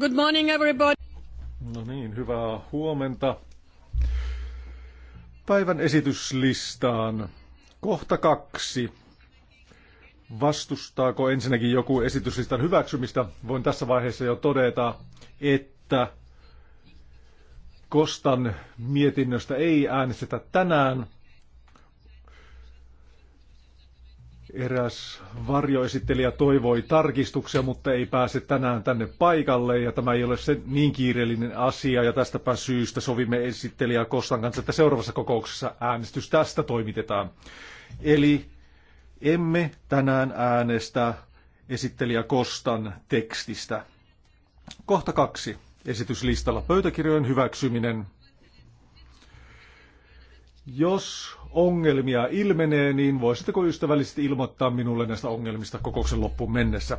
Good morning everybody. No niin, hyvää huomenta. Päivän esityslistaan. Kohta kaksi. Vastustaako ensinnäkin joku esityslistan hyväksymistä? Voin tässä vaiheessa jo todeta, että Kostan mietinnöstä ei äänestetä tänään, Eräs varjoesittelijä toivoi tarkistuksia, mutta ei pääse tänään tänne paikalle ja tämä ei ole se niin kiireellinen asia ja tästäpä syystä sovimme esittelijä Kostan kanssa, että seuraavassa kokouksessa äänestys tästä toimitetaan. Eli emme tänään äänestä esittelijä Kostan tekstistä. Kohta kaksi. Esityslistalla pöytäkirjojen hyväksyminen jos ongelmia ilmenee, niin voisitteko ystävällisesti ilmoittaa minulle näistä ongelmista kokouksen loppuun mennessä?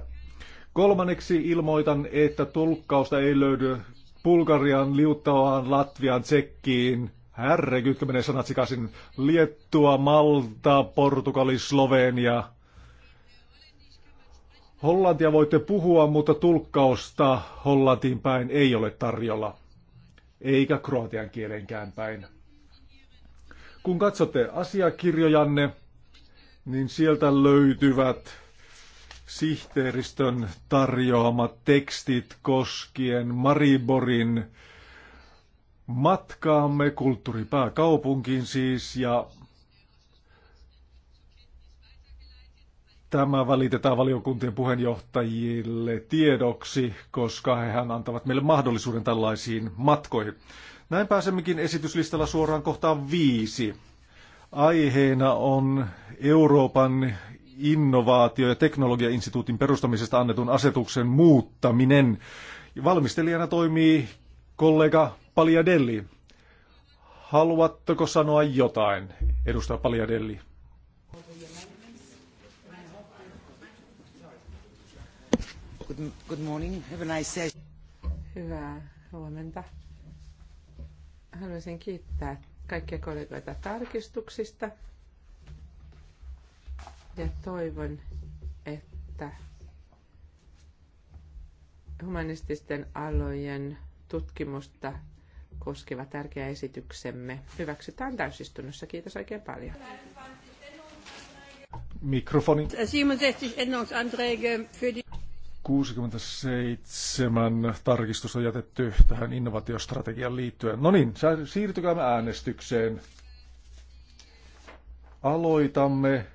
Kolmanneksi ilmoitan, että tulkkausta ei löydy Bulgarian, Liuttavaan, Latvian, Tsekkiin, herrekytkö menee sanat sikasin, Liettua, Malta, Portugali, Slovenia. Hollantia voitte puhua, mutta tulkkausta Hollantiin päin ei ole tarjolla, eikä kroatian kielenkään päin. Kun katsotte asiakirjojanne, niin sieltä löytyvät sihteeristön tarjoamat tekstit koskien Mariborin matkaamme kulttuuripääkaupunkiin siis ja Tämä välitetään valiokuntien puheenjohtajille tiedoksi, koska hehän antavat meille mahdollisuuden tällaisiin matkoihin. Näin pääsemmekin esityslistalla suoraan kohtaan viisi. Aiheena on Euroopan innovaatio- ja teknologiainstituutin perustamisesta annetun asetuksen muuttaminen. Valmistelijana toimii kollega Paliadelli. Haluatteko sanoa jotain, edustaja Paliadelli? Good, good morning. Have a nice session. Hyvää huomenta. Haluaisin kiittää kaikkia kollegoita tarkistuksista ja toivon, että humanististen alojen tutkimusta koskeva tärkeä esityksemme hyväksytään täysistunnossa. Kiitos oikein paljon. Mikrofoni. 67 Änderungsanträge für die 67 tarkistus on jätetty tähän innovaatiostrategian liittyen. No niin, siirtykää äänestykseen. Aloitamme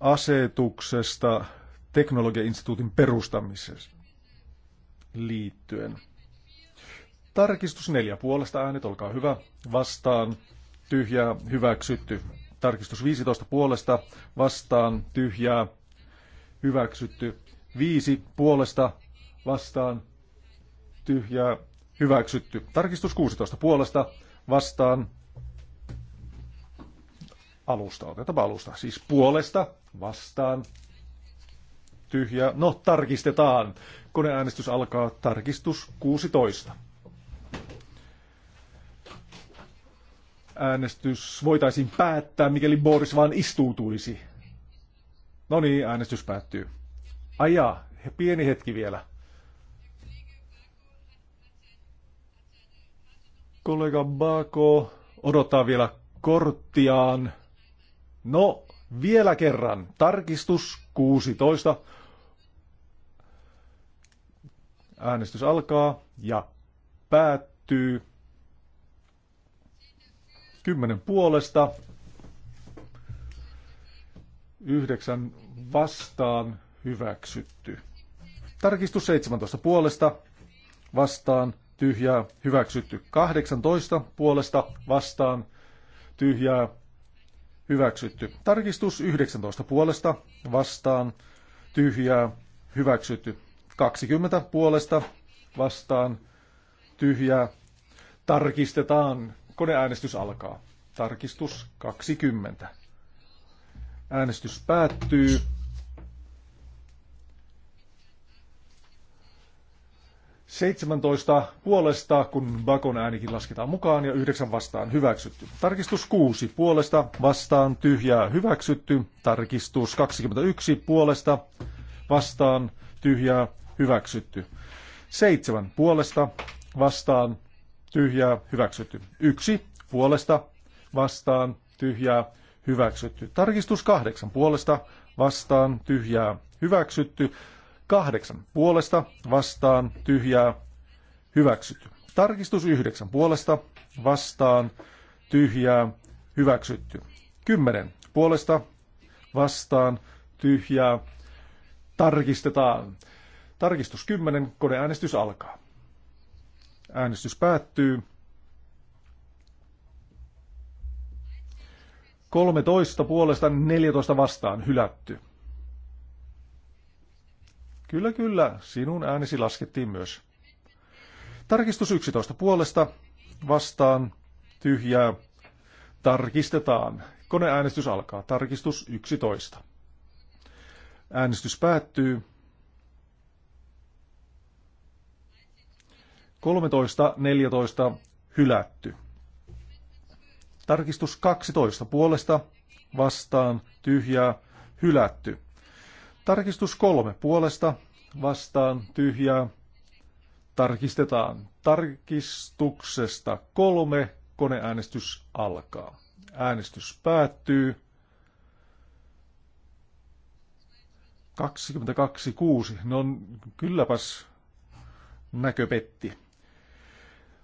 asetuksesta teknologiainstituutin perustamiseen liittyen. Tarkistus neljä puolesta äänet, olkaa hyvä. Vastaan, tyhjää, hyväksytty. Tarkistus 15 puolesta, vastaan, tyhjää, hyväksytty. Viisi puolesta vastaan tyhjää hyväksytty. Tarkistus 16 puolesta vastaan alusta. otetaan alusta. Siis puolesta vastaan tyhjää. No, tarkistetaan. Koneäänestys alkaa. Tarkistus 16. Äänestys voitaisiin päättää, mikäli Boris vaan istuutuisi. No niin, äänestys päättyy. Aja, pieni hetki vielä. Kollega Bako odottaa vielä korttiaan. No, vielä kerran. Tarkistus 16. Äänestys alkaa ja päättyy. Kymmenen puolesta. Yhdeksän vastaan hyväksytty. Tarkistus 17 puolesta vastaan tyhjää hyväksytty. 18 puolesta vastaan tyhjää hyväksytty. Tarkistus 19 puolesta vastaan tyhjää hyväksytty. 20 puolesta vastaan tyhjää tarkistetaan. Koneäänestys alkaa. Tarkistus 20. Äänestys päättyy. 17 puolesta, kun Bakon äänikin lasketaan mukaan, ja 9 vastaan hyväksytty. Tarkistus 6 puolesta, vastaan tyhjää hyväksytty. Tarkistus 21 puolesta, vastaan tyhjää hyväksytty. 7 puolesta, vastaan tyhjää hyväksytty. 1 puolesta, vastaan tyhjää hyväksytty. Tarkistus 8 puolesta, vastaan tyhjää hyväksytty. Kahdeksan puolesta vastaan tyhjää hyväksytty. Tarkistus yhdeksän puolesta vastaan tyhjää hyväksytty. Kymmenen puolesta vastaan tyhjää tarkistetaan. Tarkistus 10, koneäänestys alkaa. Äänestys päättyy. 13 puolesta 14 vastaan hylätty. Kyllä, kyllä, sinun äänesi laskettiin myös. Tarkistus 11 puolesta vastaan tyhjää. Tarkistetaan. Koneäänestys alkaa. Tarkistus 11. Äänestys päättyy. 13, 14, hylätty. Tarkistus 12 puolesta vastaan tyhjää, hylätty. Tarkistus kolme puolesta vastaan tyhjää. Tarkistetaan. Tarkistuksesta kolme koneäänestys alkaa. Äänestys päättyy. 22.6. No kylläpäs näköpetti.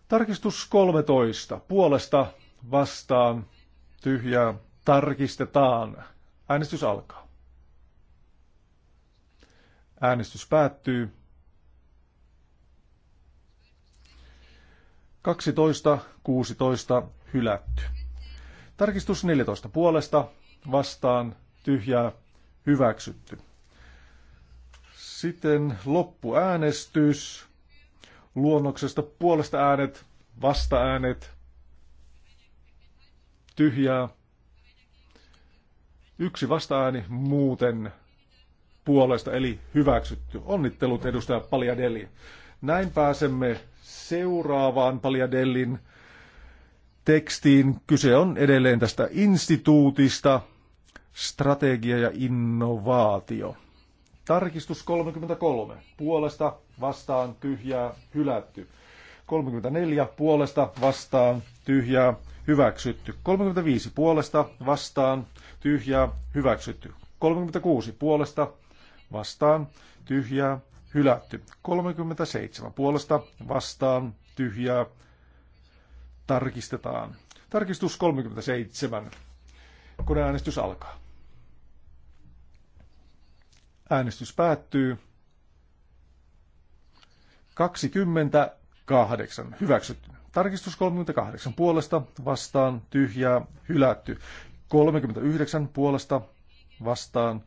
Tarkistus 13. Puolesta vastaan tyhjää tarkistetaan. Äänestys alkaa. Äänestys päättyy. 12, 16, hylätty. Tarkistus 14 puolesta, vastaan, tyhjää, hyväksytty. Sitten loppuäänestys. Luonnoksesta puolesta äänet, vasta äänet, tyhjää. Yksi vastaääni, muuten puolesta, eli hyväksytty. Onnittelut edustaja Paljadelli. Näin pääsemme seuraavaan Paljadellin tekstiin. Kyse on edelleen tästä instituutista, strategia ja innovaatio. Tarkistus 33. Puolesta vastaan tyhjää hylätty. 34. Puolesta vastaan tyhjää hyväksytty. 35. Puolesta vastaan tyhjää hyväksytty. 36. Puolesta vastaan tyhjää hylätty. 37 puolesta vastaan tyhjää tarkistetaan. Tarkistus 37. Koneäänestys alkaa. Äänestys päättyy. 28. Hyväksytty. Tarkistus 38 puolesta vastaan tyhjää hylätty. 39 puolesta vastaan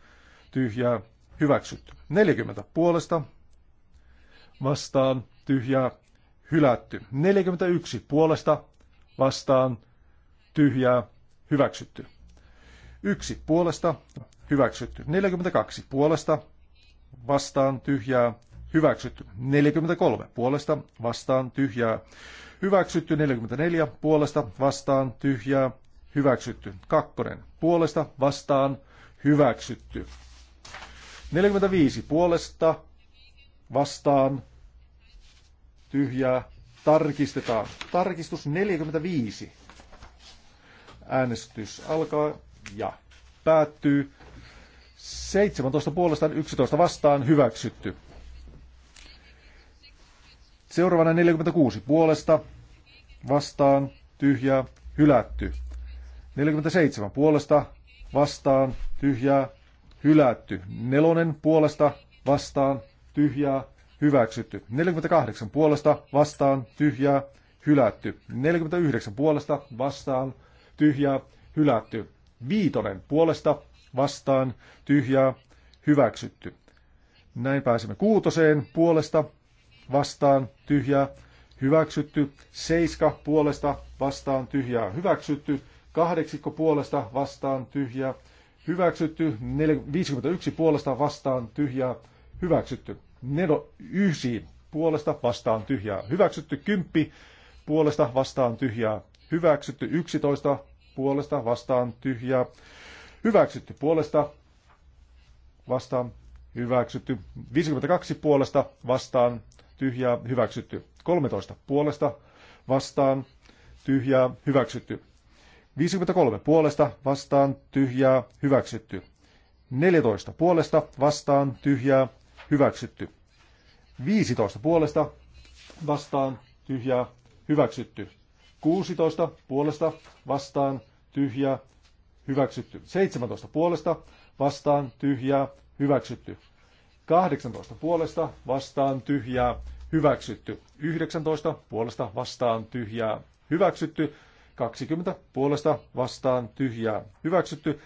tyhjää hyväksytty. 40 puolesta vastaan tyhjää hylätty. 41 puolesta vastaan tyhjää hyväksytty. 1 puolesta hyväksytty. 42 puolesta vastaan tyhjää hyväksytty. 43 puolesta vastaan tyhjää hyväksytty. 44 puolesta vastaan tyhjää hyväksytty. 2 puolesta vastaan hyväksytty. 45 puolesta vastaan tyhjää tarkistetaan. Tarkistus 45. Äänestys alkaa ja päättyy. 17 puolestaan 11 vastaan hyväksytty. Seuraavana 46 puolesta vastaan tyhjää hylätty. 47 puolesta vastaan tyhjää hylätty. Nelonen puolesta vastaan tyhjää hyväksytty. 48 puolesta vastaan tyhjää hylätty. 49 puolesta vastaan tyhjää hylätty. Viitonen puolesta vastaan tyhjää hyväksytty. Näin pääsemme kuutoseen puolesta vastaan tyhjää hyväksytty. Seiska puolesta vastaan tyhjää hyväksytty. Kahdeksikko puolesta vastaan tyhjää hyväksytty, 51 puolesta vastaan tyhjää hyväksytty, 9 puolesta vastaan tyhjää hyväksytty, 10 puolesta vastaan tyhjää hyväksytty, 11 puolesta vastaan tyhjää hyväksytty, puolesta vastaan hyväksytty, 52 puolesta vastaan tyhjää hyväksytty, 13 puolesta vastaan tyhjää hyväksytty, 53 puolesta vastaan tyhjää hyväksytty. 14 puolesta vastaan tyhjää hyväksytty. 15 puolesta vastaan tyhjää hyväksytty. 16 puolesta vastaan tyhjää hyväksytty. 17 puolesta vastaan tyhjää hyväksytty. 18 puolesta vastaan tyhjää hyväksytty. 19 puolesta vastaan tyhjää hyväksytty. 20 puolesta vastaan tyhjää hyväksytty.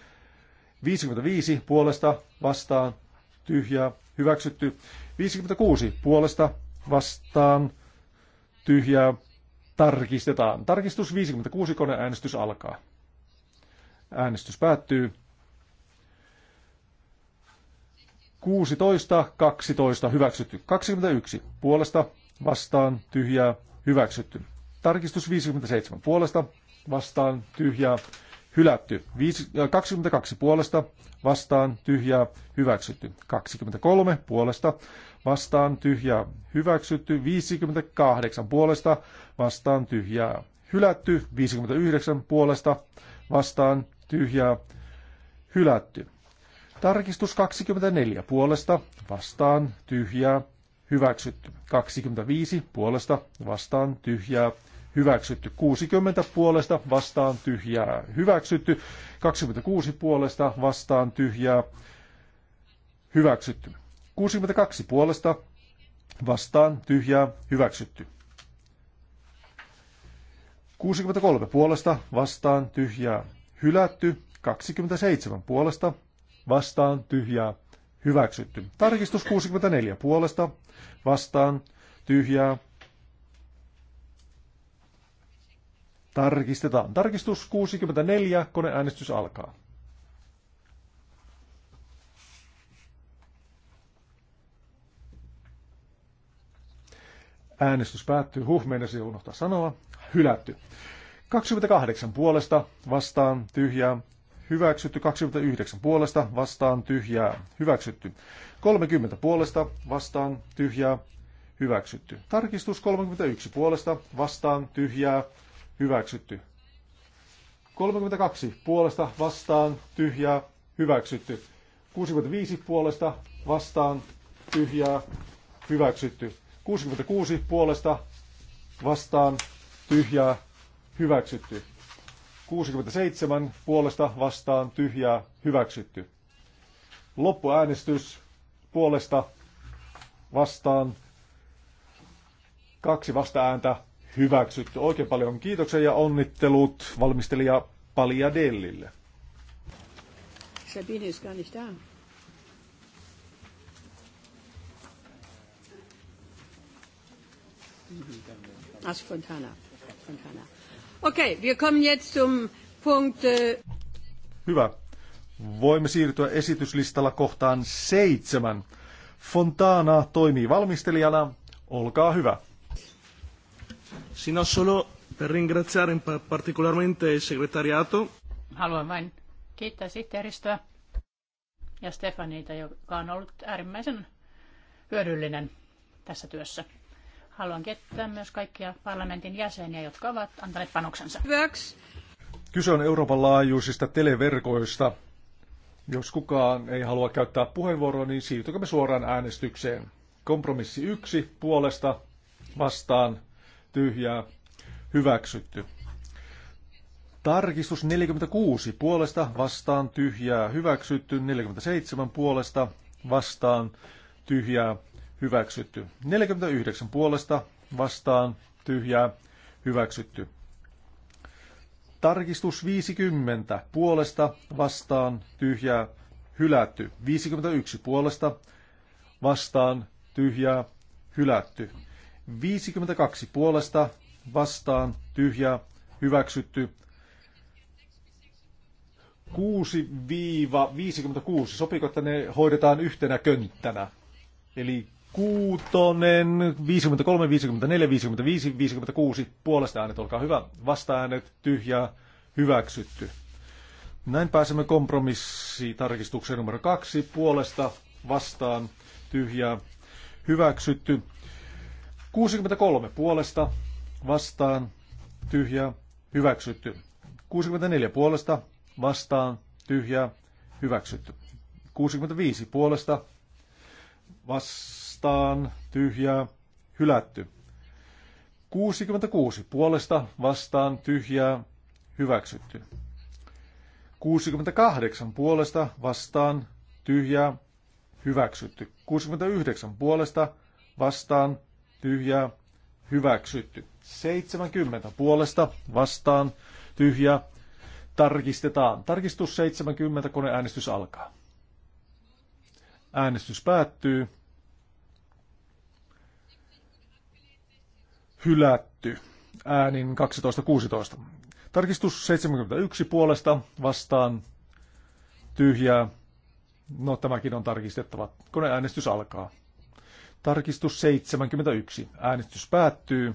55 puolesta vastaan tyhjää hyväksytty. 56 puolesta vastaan tyhjää tarkistetaan. Tarkistus 56 koneäänestys alkaa. Äänestys päättyy. 16, 12 hyväksytty. 21 puolesta vastaan tyhjää hyväksytty. Tarkistus 57 puolesta vastaan tyhjää hylätty. 22 äh, puolesta vastaan tyhjää hyväksytty. 23 puolesta vastaan tyhjää hyväksytty. 58 puolesta vastaan tyhjää hylätty. 59 puolesta vastaan tyhjää hylätty. Tarkistus 24 puolesta vastaan tyhjää hyväksytty. 25 puolesta vastaan tyhjää hyväksytty. 60 puolesta vastaan tyhjää hyväksytty. 26 puolesta vastaan tyhjää hyväksytty. 62 puolesta vastaan tyhjää hyväksytty. 63 puolesta vastaan tyhjää hylätty. 27 puolesta vastaan tyhjää Hyväksytty. Tarkistus 64 puolesta. Vastaan. Tyhjää. Tarkistetaan. Tarkistus 64. Koneäänestys alkaa. Äänestys päättyy. Huh, meinasi unohtaa sanoa. Hylätty. 28 puolesta vastaan tyhjää hyväksytty. 29 puolesta vastaan tyhjää hyväksytty. 30 puolesta vastaan tyhjää hyväksytty. Tarkistus 31 puolesta vastaan tyhjää hyväksytty. 32 puolesta vastaan tyhjää hyväksytty. 65 puolesta vastaan tyhjää hyväksytty. 66 puolesta vastaan tyhjää hyväksytty. 67 puolesta vastaan tyhjää hyväksytty. Loppuäänestys puolesta vastaan kaksi vastaääntä hyväksytty. Oikein paljon kiitoksia ja onnittelut valmistelija Paljadellille. Sabine ist gar nicht da. Ask Fontana. Fontana wir kommen jetzt zum Punkt... Äh, hyvä. Voimme siirtyä esityslistalla kohtaan seitsemän. Fontana toimii valmistelijana. Olkaa hyvä. Sinä no, solo per ringraziare particolarmente il segretariato. Haluan vain kiittää sihteeristöä ja Stefaniita, joka on ollut äärimmäisen hyödyllinen tässä työssä. Haluan kiittää myös kaikkia parlamentin jäseniä, jotka ovat antaneet panoksensa. Kyse on Euroopan laajuisista televerkoista. Jos kukaan ei halua käyttää puheenvuoroa, niin me suoraan äänestykseen. Kompromissi yksi puolesta vastaan tyhjää hyväksytty. Tarkistus 46 puolesta vastaan tyhjää hyväksytty, 47 puolesta vastaan tyhjää hyväksytty. 49 puolesta vastaan tyhjää hyväksytty. Tarkistus 50 puolesta vastaan tyhjää hylätty. 51 puolesta vastaan tyhjää hylätty. 52 puolesta vastaan tyhjää hyväksytty. 6-56. Sopiiko, että ne hoidetaan yhtenä könttänä? Eli kuutonen, 53, 54, 55, 56, puolesta äänet, olkaa hyvä, vasta äänet, tyhjää, hyväksytty. Näin pääsemme kompromissitarkistukseen numero kaksi, puolesta, vastaan, tyhjää, hyväksytty. 63 puolesta, vastaan, tyhjää, hyväksytty. 64 puolesta, vastaan, tyhjää, hyväksytty. 65 puolesta, vastaan, vastaan, tyhjää, hylätty. 66 puolesta vastaan, tyhjää, hyväksytty. 68 puolesta vastaan, tyhjää, hyväksytty. 69 puolesta vastaan, tyhjää, hyväksytty. 70 puolesta vastaan, tyhjää, tarkistetaan. Tarkistus 70, koneäänestys alkaa. Äänestys päättyy. hylätty äänin 12.16. Tarkistus 71 puolesta vastaan tyhjää. No tämäkin on tarkistettava. Koneäänestys alkaa. Tarkistus 71. Äänestys päättyy.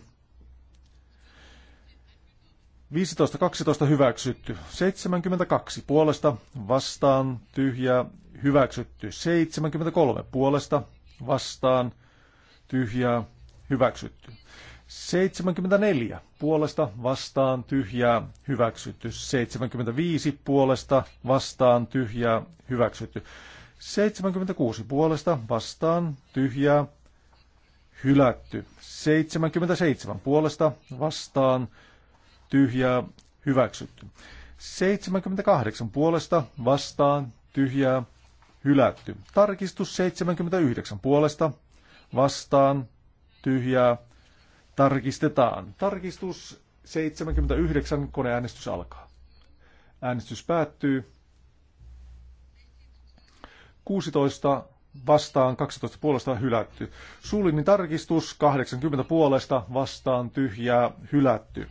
15.12 hyväksytty. 72 puolesta vastaan tyhjää hyväksytty. 73 puolesta vastaan tyhjää hyväksytty. 74 puolesta vastaan tyhjää hyväksytty. 75 puolesta vastaan tyhjää hyväksytty. 76 puolesta vastaan tyhjää hylätty. 77 puolesta vastaan tyhjää hyväksytty. 78 puolesta vastaan tyhjää hylätty. Tarkistus 79 puolesta vastaan tyhjää Tarkistetaan. Tarkistus 79, koneäänestys alkaa. Äänestys päättyy. 16 vastaan, 12 puolesta hylätty. Suullinen tarkistus 80 puolesta vastaan tyhjää hylätty.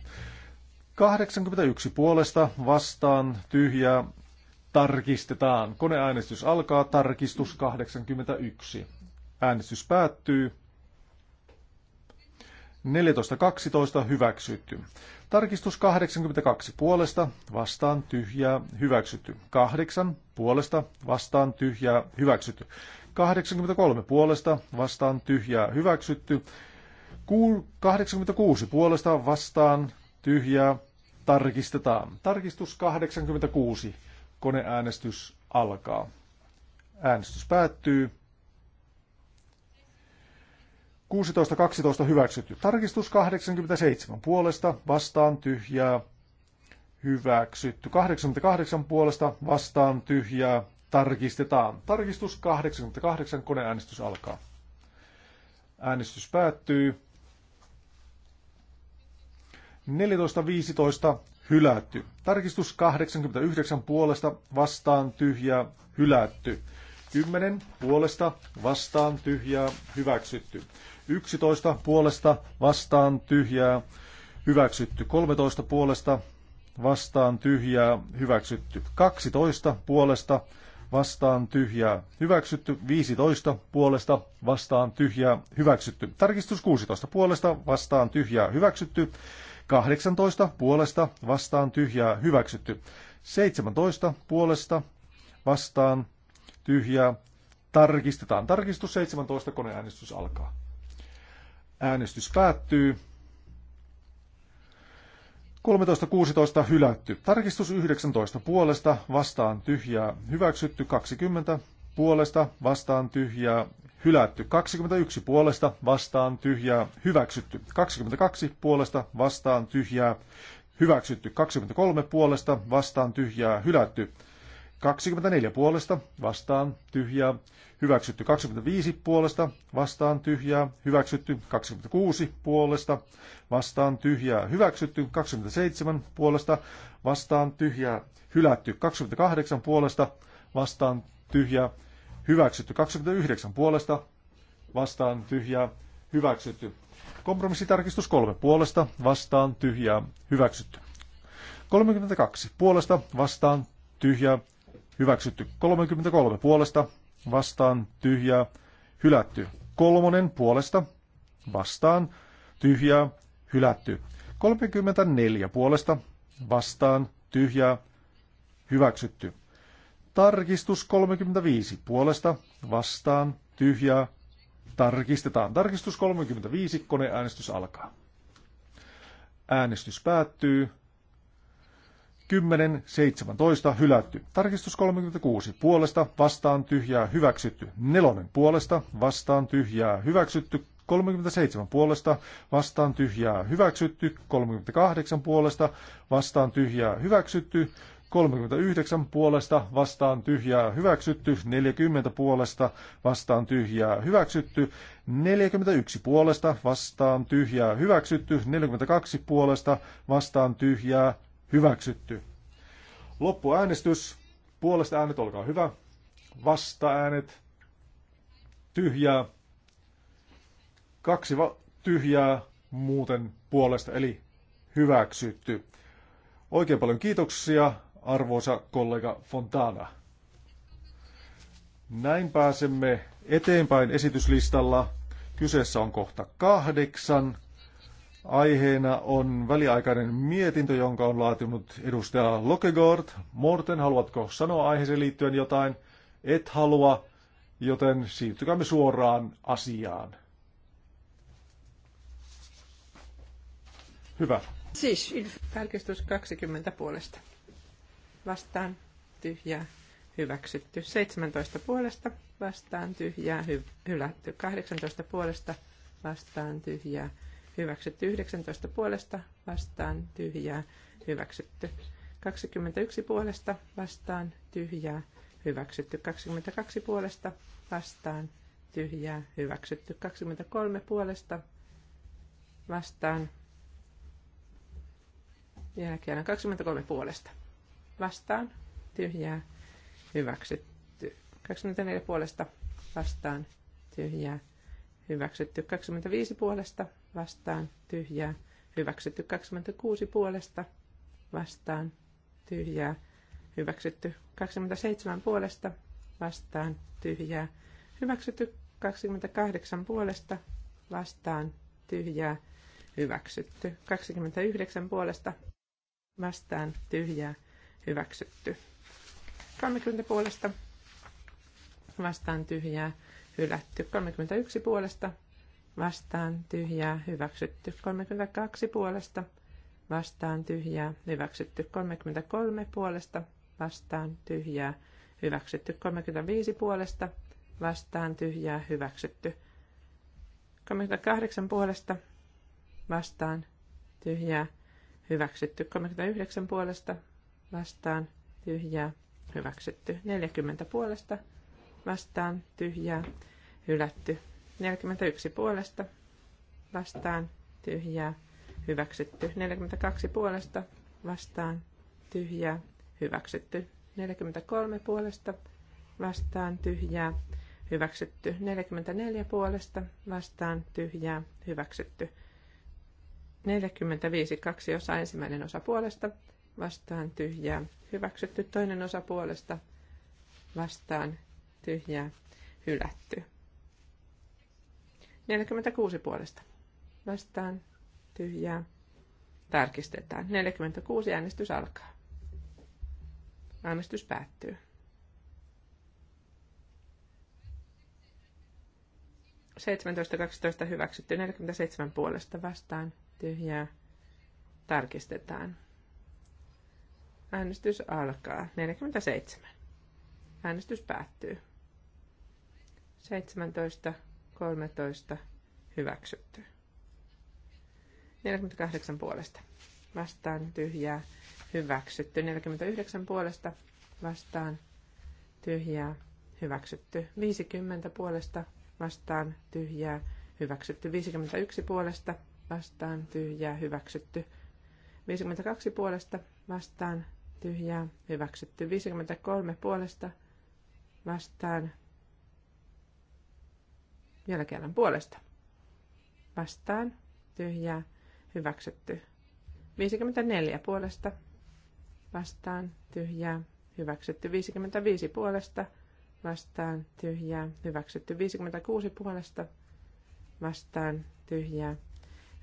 81 puolesta vastaan tyhjää tarkistetaan. Koneäänestys alkaa, tarkistus 81. Äänestys päättyy. 14.12 hyväksytty. Tarkistus 82 puolesta vastaan tyhjää hyväksytty. 8 puolesta vastaan tyhjää hyväksytty. 83 puolesta vastaan tyhjää hyväksytty. 86 puolesta vastaan tyhjää tarkistetaan. Tarkistus 86. Koneäänestys alkaa. Äänestys päättyy. 16.12 hyväksytty. Tarkistus 87 puolesta vastaan tyhjää hyväksytty. 88 puolesta vastaan tyhjää tarkistetaan. Tarkistus 88 koneäänestys alkaa. Äänestys päättyy. 14.15 hylätty. Tarkistus 89 puolesta vastaan tyhjää hylätty. 10 puolesta vastaan tyhjää hyväksytty. 11 puolesta vastaan tyhjää hyväksytty. 13 puolesta vastaan tyhjää hyväksytty. 12 puolesta vastaan tyhjää hyväksytty. 15 puolesta vastaan tyhjää hyväksytty. Tarkistus 16 puolesta vastaan tyhjää hyväksytty. 18 puolesta vastaan tyhjää hyväksytty. 17 puolesta vastaan tyhjää tarkistetaan. Tarkistus 17, koneäänestys alkaa. Äänestys päättyy. 13.16 hylätty. Tarkistus 19 puolesta vastaan tyhjää hyväksytty 20 puolesta vastaan tyhjää hylätty 21 puolesta vastaan tyhjää hyväksytty 22 puolesta vastaan tyhjää hyväksytty 23 puolesta vastaan tyhjää hylätty 24 puolesta vastaan tyhjää, hyväksytty 25 puolesta vastaan tyhjää, hyväksytty 26 puolesta vastaan tyhjää, hyväksytty 27 puolesta vastaan tyhjää, hylätty 28 puolesta vastaan tyhjää, hyväksytty 29 puolesta vastaan tyhjää, hyväksytty. Kompromissitarkistus 3 puolesta vastaan tyhjää, hyväksytty. 32 puolesta vastaan tyhjää, Hyväksytty 33 puolesta, vastaan tyhjää. Hylätty kolmonen puolesta, vastaan tyhjää. Hylätty 34 puolesta, vastaan tyhjää. Hyväksytty. Tarkistus 35 puolesta, vastaan tyhjää. Tarkistetaan. Tarkistus 35, koneäänestys alkaa. Äänestys päättyy. 10, 17 hylätty. Tarkistus 36 puolesta vastaan tyhjää hyväksytty. Nelonen puolesta vastaan tyhjää hyväksytty. 37 puolesta vastaan tyhjää hyväksytty. 38 puolesta vastaan tyhjää hyväksytty. 39 puolesta vastaan tyhjää hyväksytty, 40 puolesta vastaan tyhjää hyväksytty, 41 puolesta vastaan tyhjää hyväksytty, 42 puolesta vastaan tyhjää Hyväksytty. Loppuäänestys. Puolesta äänet, olkaa hyvä. Vasta äänet. Tyhjää. Kaksi va- tyhjää muuten puolesta, eli hyväksytty. Oikein paljon kiitoksia, arvoisa kollega Fontana. Näin pääsemme eteenpäin esityslistalla. Kyseessä on kohta kahdeksan. Aiheena on väliaikainen mietintö, jonka on laatinut edustaja Lokegord. Morten, haluatko sanoa aiheeseen liittyen jotain? Et halua, joten siirtykäämme suoraan asiaan. Hyvä. Siis tarkistus 20 puolesta. Vastaan tyhjää hyväksytty. 17 puolesta vastaan tyhjää hy- hylätty. 18 puolesta vastaan tyhjää hyväksytty 19 puolesta vastaan tyhjää, hyväksytty 21 puolesta vastaan tyhjää, hyväksytty 22 puolesta vastaan tyhjää, hyväksytty 23 puolesta vastaan jälkeen 23 puolesta vastaan tyhjää, hyväksytty 24 puolesta vastaan tyhjää, hyväksytty 25 puolesta vastaan tyhjää. Hyväksytty 26 puolesta vastaan tyhjää. Hyväksytty 27 puolesta vastaan tyhjää. Hyväksytty 28 puolesta vastaan tyhjää. Hyväksytty 29 puolesta vastaan tyhjää. Hyväksytty 30 puolesta vastaan tyhjää. Hylätty 31 puolesta vastaan tyhjää, hyväksytty 32 puolesta, vastaan tyhjää, hyväksytty 33 puolesta, vastaan tyhjää, hyväksytty 35 puolesta, vastaan tyhjää, hyväksytty 38 puolesta, vastaan tyhjää, hyväksytty 39 puolesta, vastaan tyhjää, hyväksytty 40 puolesta, vastaan tyhjää, hylätty 41 puolesta vastaan tyhjää hyväksytty. 42 puolesta vastaan tyhjää hyväksytty. 43 puolesta vastaan tyhjää hyväksytty. 44 puolesta vastaan tyhjää hyväksytty. 45 kaksi osa ensimmäinen osa puolesta vastaan tyhjää hyväksytty. Toinen osa puolesta vastaan tyhjää hylätty. 46 puolesta. Vastaan tyhjää. Tarkistetaan. 46 äänestys alkaa. Äänestys päättyy. Seitsemäntoista kaksitoista hyväksytty, 47 puolesta vastaan, tyhjää, tarkistetaan. Äänestys alkaa, 47. Äänestys päättyy. 17, 13 hyväksytty. 48 puolesta vastaan tyhjää hyväksytty. 49 puolesta vastaan tyhjää hyväksytty. 50 puolesta vastaan tyhjää hyväksytty. 51 puolesta vastaan tyhjää hyväksytty. 52 puolesta vastaan tyhjää hyväksytty. 53 puolesta vastaan vielä kerran puolesta. Vastaan. Tyhjää. Hyväksytty. 54 puolesta. Vastaan. Tyhjää. Hyväksytty. 55 puolesta. Vastaan. Tyhjää. Hyväksytty. 56 puolesta. Vastaan. Tyhjää.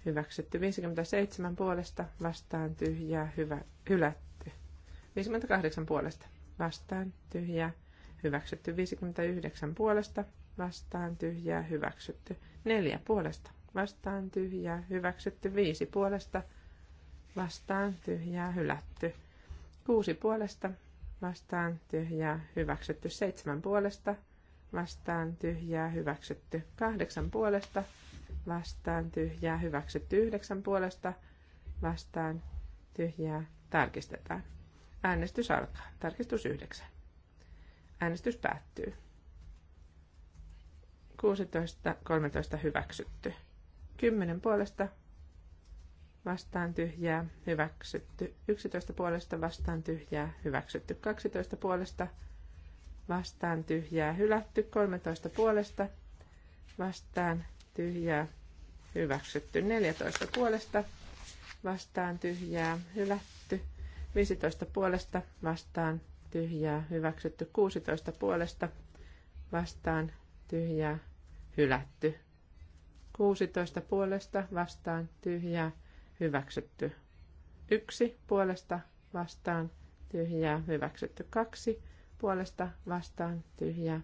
Hyväksytty. 57 puolesta. Vastaan. Tyhjää. Hyvä. Hylätty. 58 puolesta. Vastaan. Tyhjää. Hyväksytty. 59 puolesta vastaan tyhjää hyväksytty. Neljä puolesta vastaan tyhjää hyväksytty. Viisi puolesta vastaan tyhjää hylätty. Kuusi puolesta vastaan tyhjää hyväksytty. Seitsemän puolesta vastaan tyhjää hyväksytty. Kahdeksan puolesta vastaan tyhjää hyväksytty. Yhdeksän puolesta vastaan tyhjää tarkistetaan. Äänestys alkaa. Tarkistus yhdeksän. Äänestys päättyy. 16, 13 hyväksytty. 10 puolesta vastaan tyhjää, hyväksytty. 11 puolesta vastaan tyhjää, hyväksytty. 12 puolesta vastaan tyhjää, hylätty. 13 puolesta vastaan tyhjää, hyväksytty. 14 puolesta vastaan tyhjää, hylätty. 15 puolesta vastaan tyhjää, hyväksytty. 16 puolesta vastaan tyhjää, hylätty. 16 puolesta vastaan tyhjää hyväksytty. 1 puolesta vastaan tyhjää hyväksytty. 2 puolesta vastaan tyhjää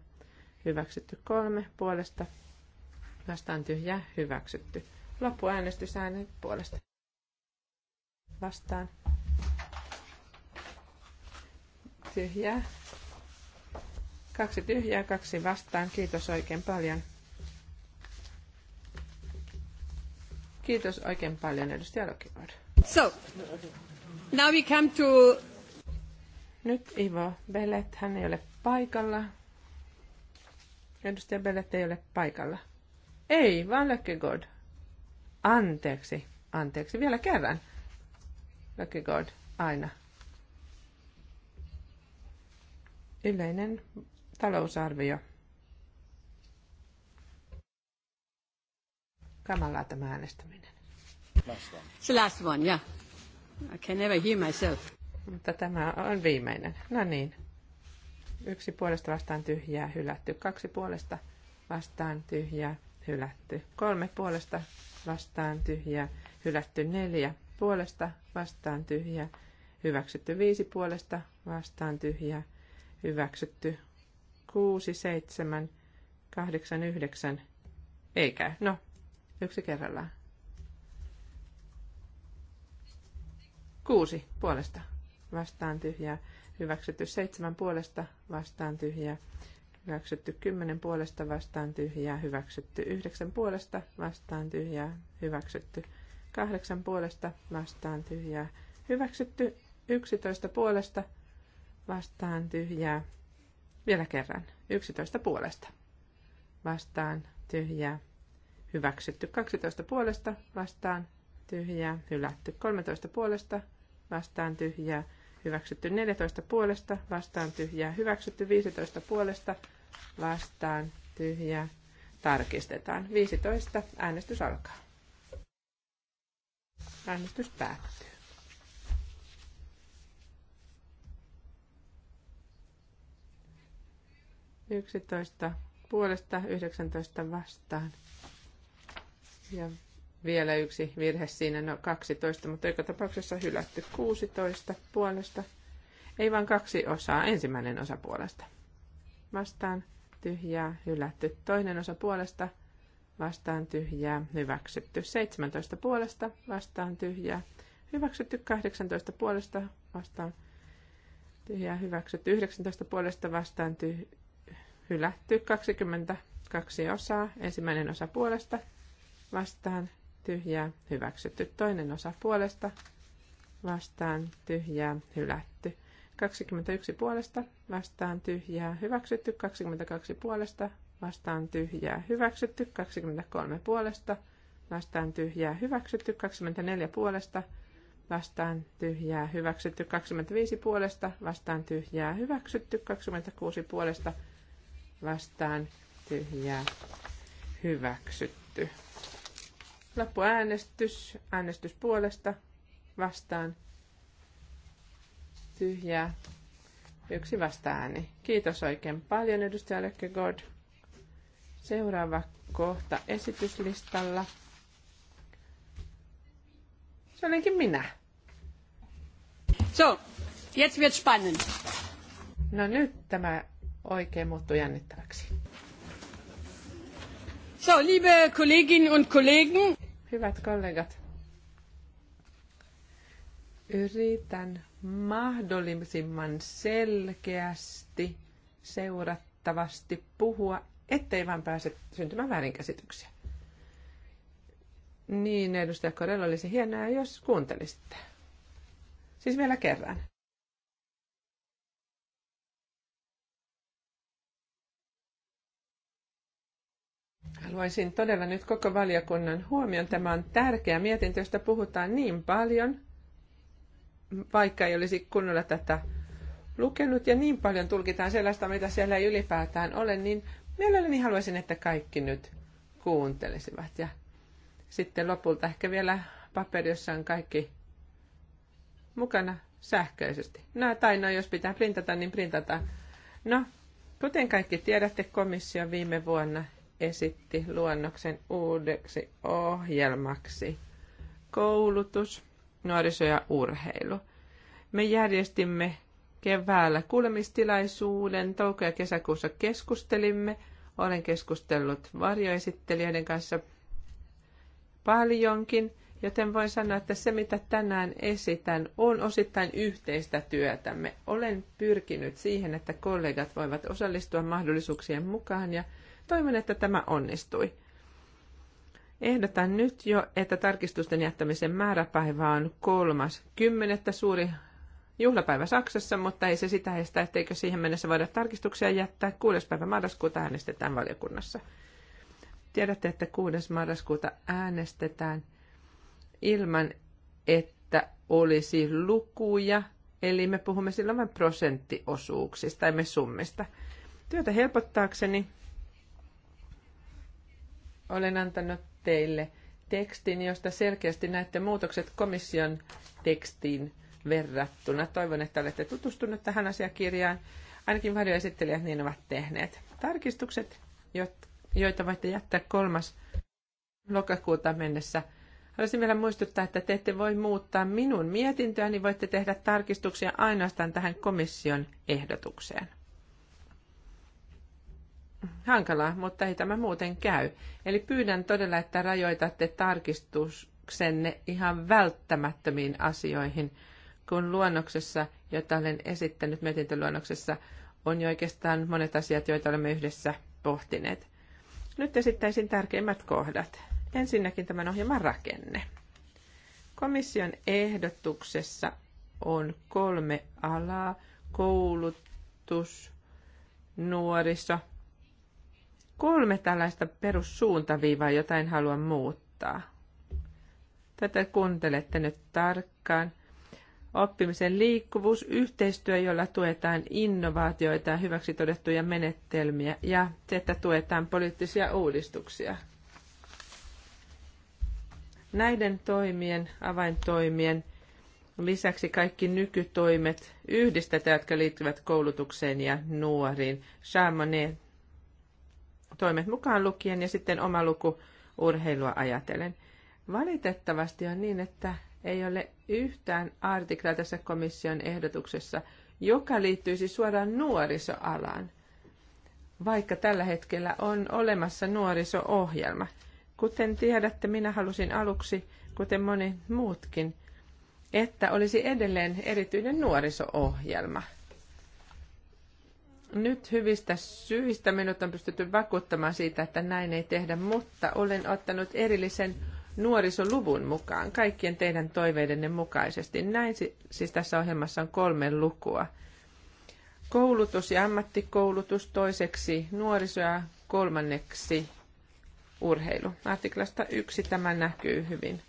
hyväksytty. 3 puolesta vastaan tyhjää hyväksytty. Loppuäänestys äänen puolesta vastaan tyhjää. Kaksi tyhjää, kaksi vastaan. Kiitos oikein paljon. Kiitos oikein paljon, edustaja Lokivaara. So, now we come to... Nyt Ivo Bellet, hän ei ole paikalla. Edustaja Bellet ei ole paikalla. Ei, vaan God. Anteeksi, anteeksi, vielä kerran. God aina. Yleinen talousarvio kamalaa tämä äänestäminen. Se last one, yeah. I can never hear myself. Mutta tämä on viimeinen. No niin. Yksi puolesta vastaan tyhjää, hylätty. Kaksi puolesta vastaan tyhjää, hylätty. Kolme puolesta vastaan tyhjää, hylätty. Neljä puolesta vastaan tyhjää, hyväksytty. Viisi puolesta vastaan tyhjää, hyväksytty. Kuusi, seitsemän, kahdeksan, yhdeksän. Eikä. No, Yksi kerrallaan. Kuusi puolesta vastaan tyhjää. Hyväksytty seitsemän puolesta vastaan tyhjää. Hyväksytty kymmenen puolesta vastaan tyhjää. Hyväksytty yhdeksän puolesta vastaan tyhjää. Hyväksytty kahdeksan puolesta vastaan tyhjää. Hyväksytty yksitoista puolesta vastaan tyhjää. Vielä kerran. yksitoista puolesta vastaan tyhjää hyväksytty 12 puolesta vastaan tyhjää, hylätty 13 puolesta vastaan tyhjää, hyväksytty 14 puolesta vastaan tyhjää, hyväksytty 15 puolesta vastaan tyhjää. Tarkistetaan 15, äänestys alkaa. Äänestys päättyy. Yksitoista puolesta, yhdeksäntoista vastaan. Ja vielä yksi virhe siinä, no 12, mutta joka tapauksessa hylätty 16 puolesta. Ei vaan kaksi osaa, ensimmäinen osa puolesta. Vastaan tyhjää, hylätty toinen osa puolesta. Vastaan tyhjää, hyväksytty 17 puolesta. Vastaan tyhjää, hyväksytty 18 puolesta. Vastaan tyhjää, hyväksytty 19 puolesta. Vastaan tyhjää, hylätty 22 osaa, ensimmäinen osa puolesta vastaan tyhjää hyväksytty. Toinen osa puolesta vastaan tyhjää hylätty. 21 puolesta vastaan tyhjää hyväksytty. 22 puolesta vastaan tyhjää hyväksytty. 23 puolesta vastaan tyhjää hyväksytty. 24 puolesta vastaan tyhjää hyväksytty. 25 puolesta vastaan tyhjää hyväksytty. 26 puolesta vastaan tyhjää hyväksytty. Loppuäänestys. Äänestys puolesta. Vastaan. Tyhjää. Yksi vastaääni. Kiitos oikein paljon edustaja Lökkegård. Seuraava kohta esityslistalla. Se olenkin minä. So, jetzt wird spannend. No nyt tämä oikein muuttuu jännittäväksi. So, liebe Kolleginnen und Kollegen. Hyvät kollegat, yritän mahdollisimman selkeästi, seurattavasti puhua, ettei vaan pääse syntymään väärinkäsityksiä. Niin, edustaja Korella, olisi hienoa, jos kuuntelisitte. Siis vielä kerran. Haluaisin todella nyt koko valiokunnan huomion. Tämä on tärkeä mietintö, josta puhutaan niin paljon, vaikka ei olisi kunnolla tätä lukenut ja niin paljon tulkitaan sellaista, mitä siellä ei ylipäätään ole, niin mielelläni haluaisin, että kaikki nyt kuuntelisivat. Ja sitten lopulta ehkä vielä paperi, jossa on kaikki mukana sähköisesti. No, tai no, jos pitää printata, niin printataan. No, kuten kaikki tiedätte, komissio viime vuonna esitti luonnoksen uudeksi ohjelmaksi koulutus, nuoriso ja urheilu. Me järjestimme keväällä kuulemistilaisuuden, touko- ja kesäkuussa keskustelimme. Olen keskustellut varjoesittelijöiden kanssa paljonkin, joten voin sanoa, että se mitä tänään esitän on osittain yhteistä työtämme. Olen pyrkinyt siihen, että kollegat voivat osallistua mahdollisuuksien mukaan ja Toivon, että tämä onnistui. Ehdotan nyt jo, että tarkistusten jättämisen määräpäivä on kolmas kymmenettä suuri juhlapäivä Saksassa, mutta ei se sitä estä, etteikö siihen mennessä voida tarkistuksia jättää. 6. päivä marraskuuta äänestetään valiokunnassa. Tiedätte, että 6. marraskuuta äänestetään ilman, että olisi lukuja, eli me puhumme silloin vain prosenttiosuuksista, emme summista. Työtä helpottaakseni olen antanut teille tekstin, josta selkeästi näette muutokset komission tekstiin verrattuna. Toivon, että olette tutustuneet tähän asiakirjaan. Ainakin varjoesittelijät niin ovat tehneet. Tarkistukset, joita voitte jättää kolmas lokakuuta mennessä. Haluaisin vielä muistuttaa, että te ette voi muuttaa minun mietintöäni, niin voitte tehdä tarkistuksia ainoastaan tähän komission ehdotukseen hankalaa, mutta ei tämä muuten käy. Eli pyydän todella, että rajoitatte tarkistuksenne ihan välttämättömiin asioihin, kun luonnoksessa, jota olen esittänyt mietintöluonnoksessa, on jo oikeastaan monet asiat, joita olemme yhdessä pohtineet. Nyt esittäisin tärkeimmät kohdat. Ensinnäkin tämän ohjelman rakenne. Komission ehdotuksessa on kolme alaa, koulutus, nuoriso kolme tällaista perussuuntaviivaa, jota en halua muuttaa. Tätä kuuntelette nyt tarkkaan. Oppimisen liikkuvuus, yhteistyö, jolla tuetaan innovaatioita ja hyväksi todettuja menetelmiä ja se, että tuetaan poliittisia uudistuksia. Näiden toimien, avaintoimien, Lisäksi kaikki nykytoimet yhdistetään, jotka liittyvät koulutukseen ja nuoriin. Chamonet toimet mukaan lukien ja sitten oma luku urheilua ajatellen. Valitettavasti on niin, että ei ole yhtään artiklaa tässä komission ehdotuksessa, joka liittyisi suoraan nuorisoalaan, vaikka tällä hetkellä on olemassa nuoriso-ohjelma. Kuten tiedätte, minä halusin aluksi, kuten moni muutkin, että olisi edelleen erityinen nuoriso-ohjelma – nyt hyvistä syistä minut on pystytty vakuuttamaan siitä, että näin ei tehdä, mutta olen ottanut erillisen nuorisoluvun mukaan, kaikkien teidän toiveidenne mukaisesti. Näin siis tässä ohjelmassa on kolme lukua. Koulutus ja ammattikoulutus, toiseksi nuoriso ja kolmanneksi urheilu. Artiklasta yksi tämä näkyy hyvin.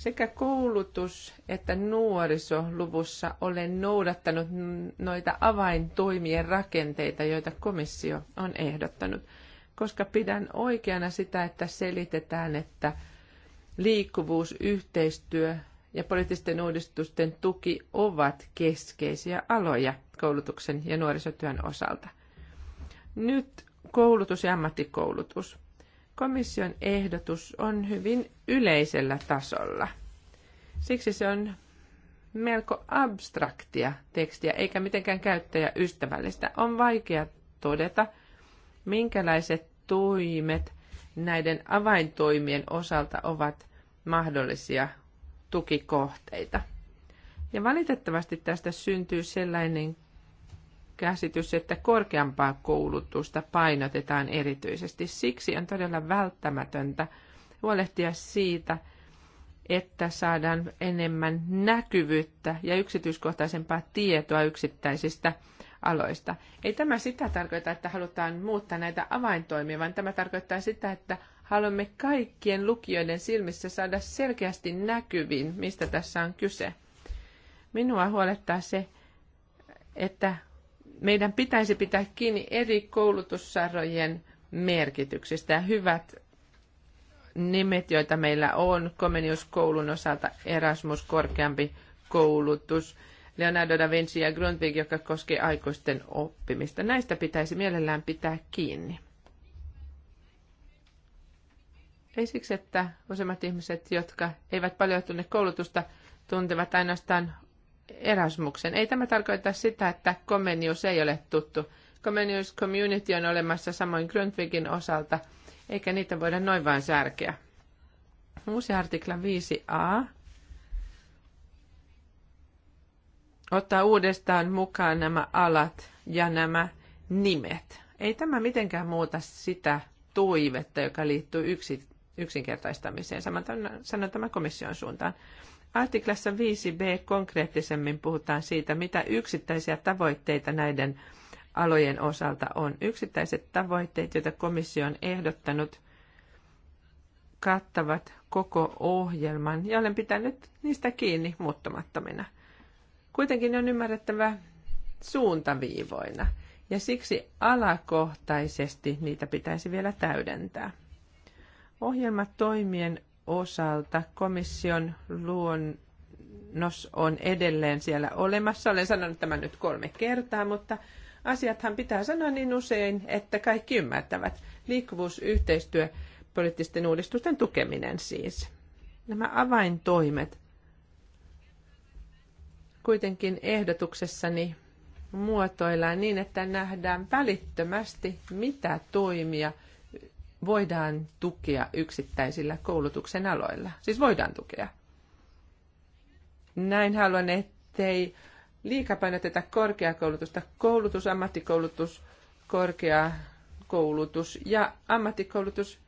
Sekä koulutus että nuorisoluvussa olen noudattanut noita avaintoimien rakenteita, joita komissio on ehdottanut, koska pidän oikeana sitä, että selitetään, että liikkuvuus, yhteistyö ja poliittisten uudistusten tuki ovat keskeisiä aloja koulutuksen ja nuorisotyön osalta. Nyt koulutus ja ammattikoulutus. Komission ehdotus on hyvin yleisellä tasolla. Siksi se on melko abstraktia tekstiä, eikä mitenkään käyttäjäystävällistä. On vaikea todeta, minkälaiset toimet näiden avaintoimien osalta ovat mahdollisia tukikohteita. Ja valitettavasti tästä syntyy sellainen käsitys, että korkeampaa koulutusta painotetaan erityisesti. Siksi on todella välttämätöntä huolehtia siitä, että saadaan enemmän näkyvyyttä ja yksityiskohtaisempaa tietoa yksittäisistä aloista. Ei tämä sitä tarkoita, että halutaan muuttaa näitä avaintoimia, vaan tämä tarkoittaa sitä, että haluamme kaikkien lukijoiden silmissä saada selkeästi näkyviin, mistä tässä on kyse. Minua huolettaa se, että meidän pitäisi pitää kiinni eri koulutussarojen merkityksistä. Ja hyvät nimet, joita meillä on, Komeniuskoulun osalta Erasmus, korkeampi koulutus, Leonardo da Vinci ja Grundtvig, joka koskee aikuisten oppimista. Näistä pitäisi mielellään pitää kiinni. Ei siksi, että useimmat ihmiset, jotka eivät paljon tunne koulutusta, tuntevat ainoastaan Erasmuksen. Ei tämä tarkoita sitä, että Comenius ei ole tuttu. Comenius Community on olemassa samoin Grundtvigin osalta, eikä niitä voida noin vain särkeä. Uusi artikla 5a ottaa uudestaan mukaan nämä alat ja nämä nimet. Ei tämä mitenkään muuta sitä toivetta, joka liittyy yksi, yksinkertaistamiseen. Samoin sanon tämä komission suuntaan. Artiklassa 5b konkreettisemmin puhutaan siitä, mitä yksittäisiä tavoitteita näiden alojen osalta on. Yksittäiset tavoitteet, joita komissio on ehdottanut, kattavat koko ohjelman ja olen pitänyt niistä kiinni muuttumattomina. Kuitenkin on ymmärrettävä suuntaviivoina ja siksi alakohtaisesti niitä pitäisi vielä täydentää. Ohjelmatoimien osalta komission luonnos on edelleen siellä olemassa. Olen sanonut tämän nyt kolme kertaa, mutta asiathan pitää sanoa niin usein, että kaikki ymmärtävät. Liikkuvuusyhteistyö, poliittisten uudistusten tukeminen siis. Nämä avaintoimet. Kuitenkin ehdotuksessani muotoillaan niin, että nähdään välittömästi, mitä toimia – voidaan tukea yksittäisillä koulutuksen aloilla. Siis voidaan tukea. Näin haluan, ettei liikapainoteta korkeakoulutusta. Koulutus, ammattikoulutus, korkeakoulutus ja ammattikoulutus,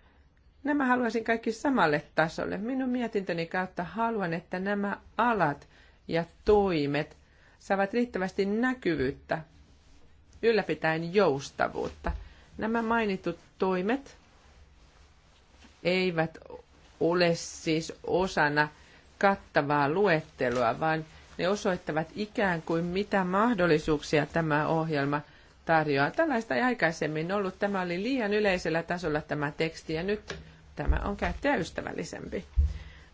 nämä haluaisin kaikki samalle tasolle. Minun mietintöni kautta haluan, että nämä alat ja toimet saavat riittävästi näkyvyyttä, ylläpitäen joustavuutta. Nämä mainitut toimet – eivät ole siis osana kattavaa luettelua, vaan ne osoittavat ikään kuin mitä mahdollisuuksia tämä ohjelma tarjoaa. Tällaista ei aikaisemmin ollut. Tämä oli liian yleisellä tasolla tämä teksti ja nyt tämä on käyttäjäystävällisempi.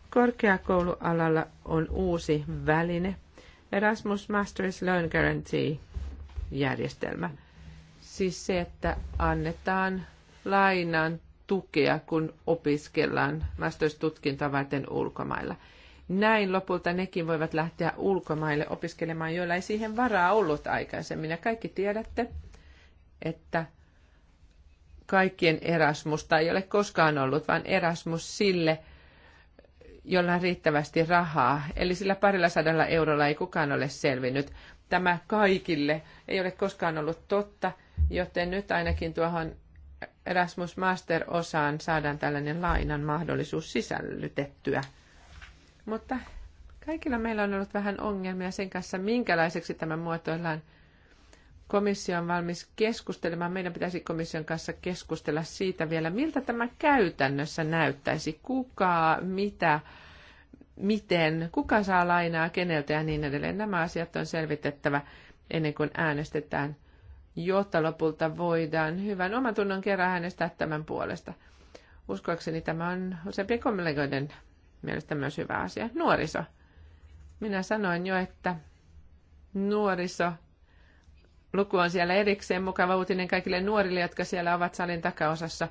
Korkeakoulualalla on uusi väline, Erasmus Masters Learn Guarantee-järjestelmä. Siis se, että annetaan lainan tukea, kun opiskellaan masterstutkintoa varten ulkomailla. Näin lopulta nekin voivat lähteä ulkomaille opiskelemaan, joilla ei siihen varaa ollut aikaisemmin. Ja kaikki tiedätte, että kaikkien Erasmusta ei ole koskaan ollut, vaan Erasmus sille, jolla on riittävästi rahaa. Eli sillä parilla sadalla eurolla ei kukaan ole selvinnyt. Tämä kaikille ei ole koskaan ollut totta, joten nyt ainakin tuohon Erasmus Master-osaan saadaan tällainen lainan mahdollisuus sisällytettyä. Mutta kaikilla meillä on ollut vähän ongelmia sen kanssa, minkälaiseksi tämä muotoillaan. Komissio on valmis keskustelemaan. Meidän pitäisi komission kanssa keskustella siitä vielä, miltä tämä käytännössä näyttäisi. Kuka, mitä, miten, kuka saa lainaa keneltä ja niin edelleen. Nämä asiat on selvitettävä ennen kuin äänestetään – jotta lopulta voidaan hyvän oman tunnon kerran hänestä tämän puolesta. Uskoakseni tämä on useampien kommelegoiden mielestä myös hyvä asia. Nuoriso. Minä sanoin jo, että nuoriso luku on siellä erikseen. Mukava uutinen kaikille nuorille, jotka siellä ovat salin takaosassa.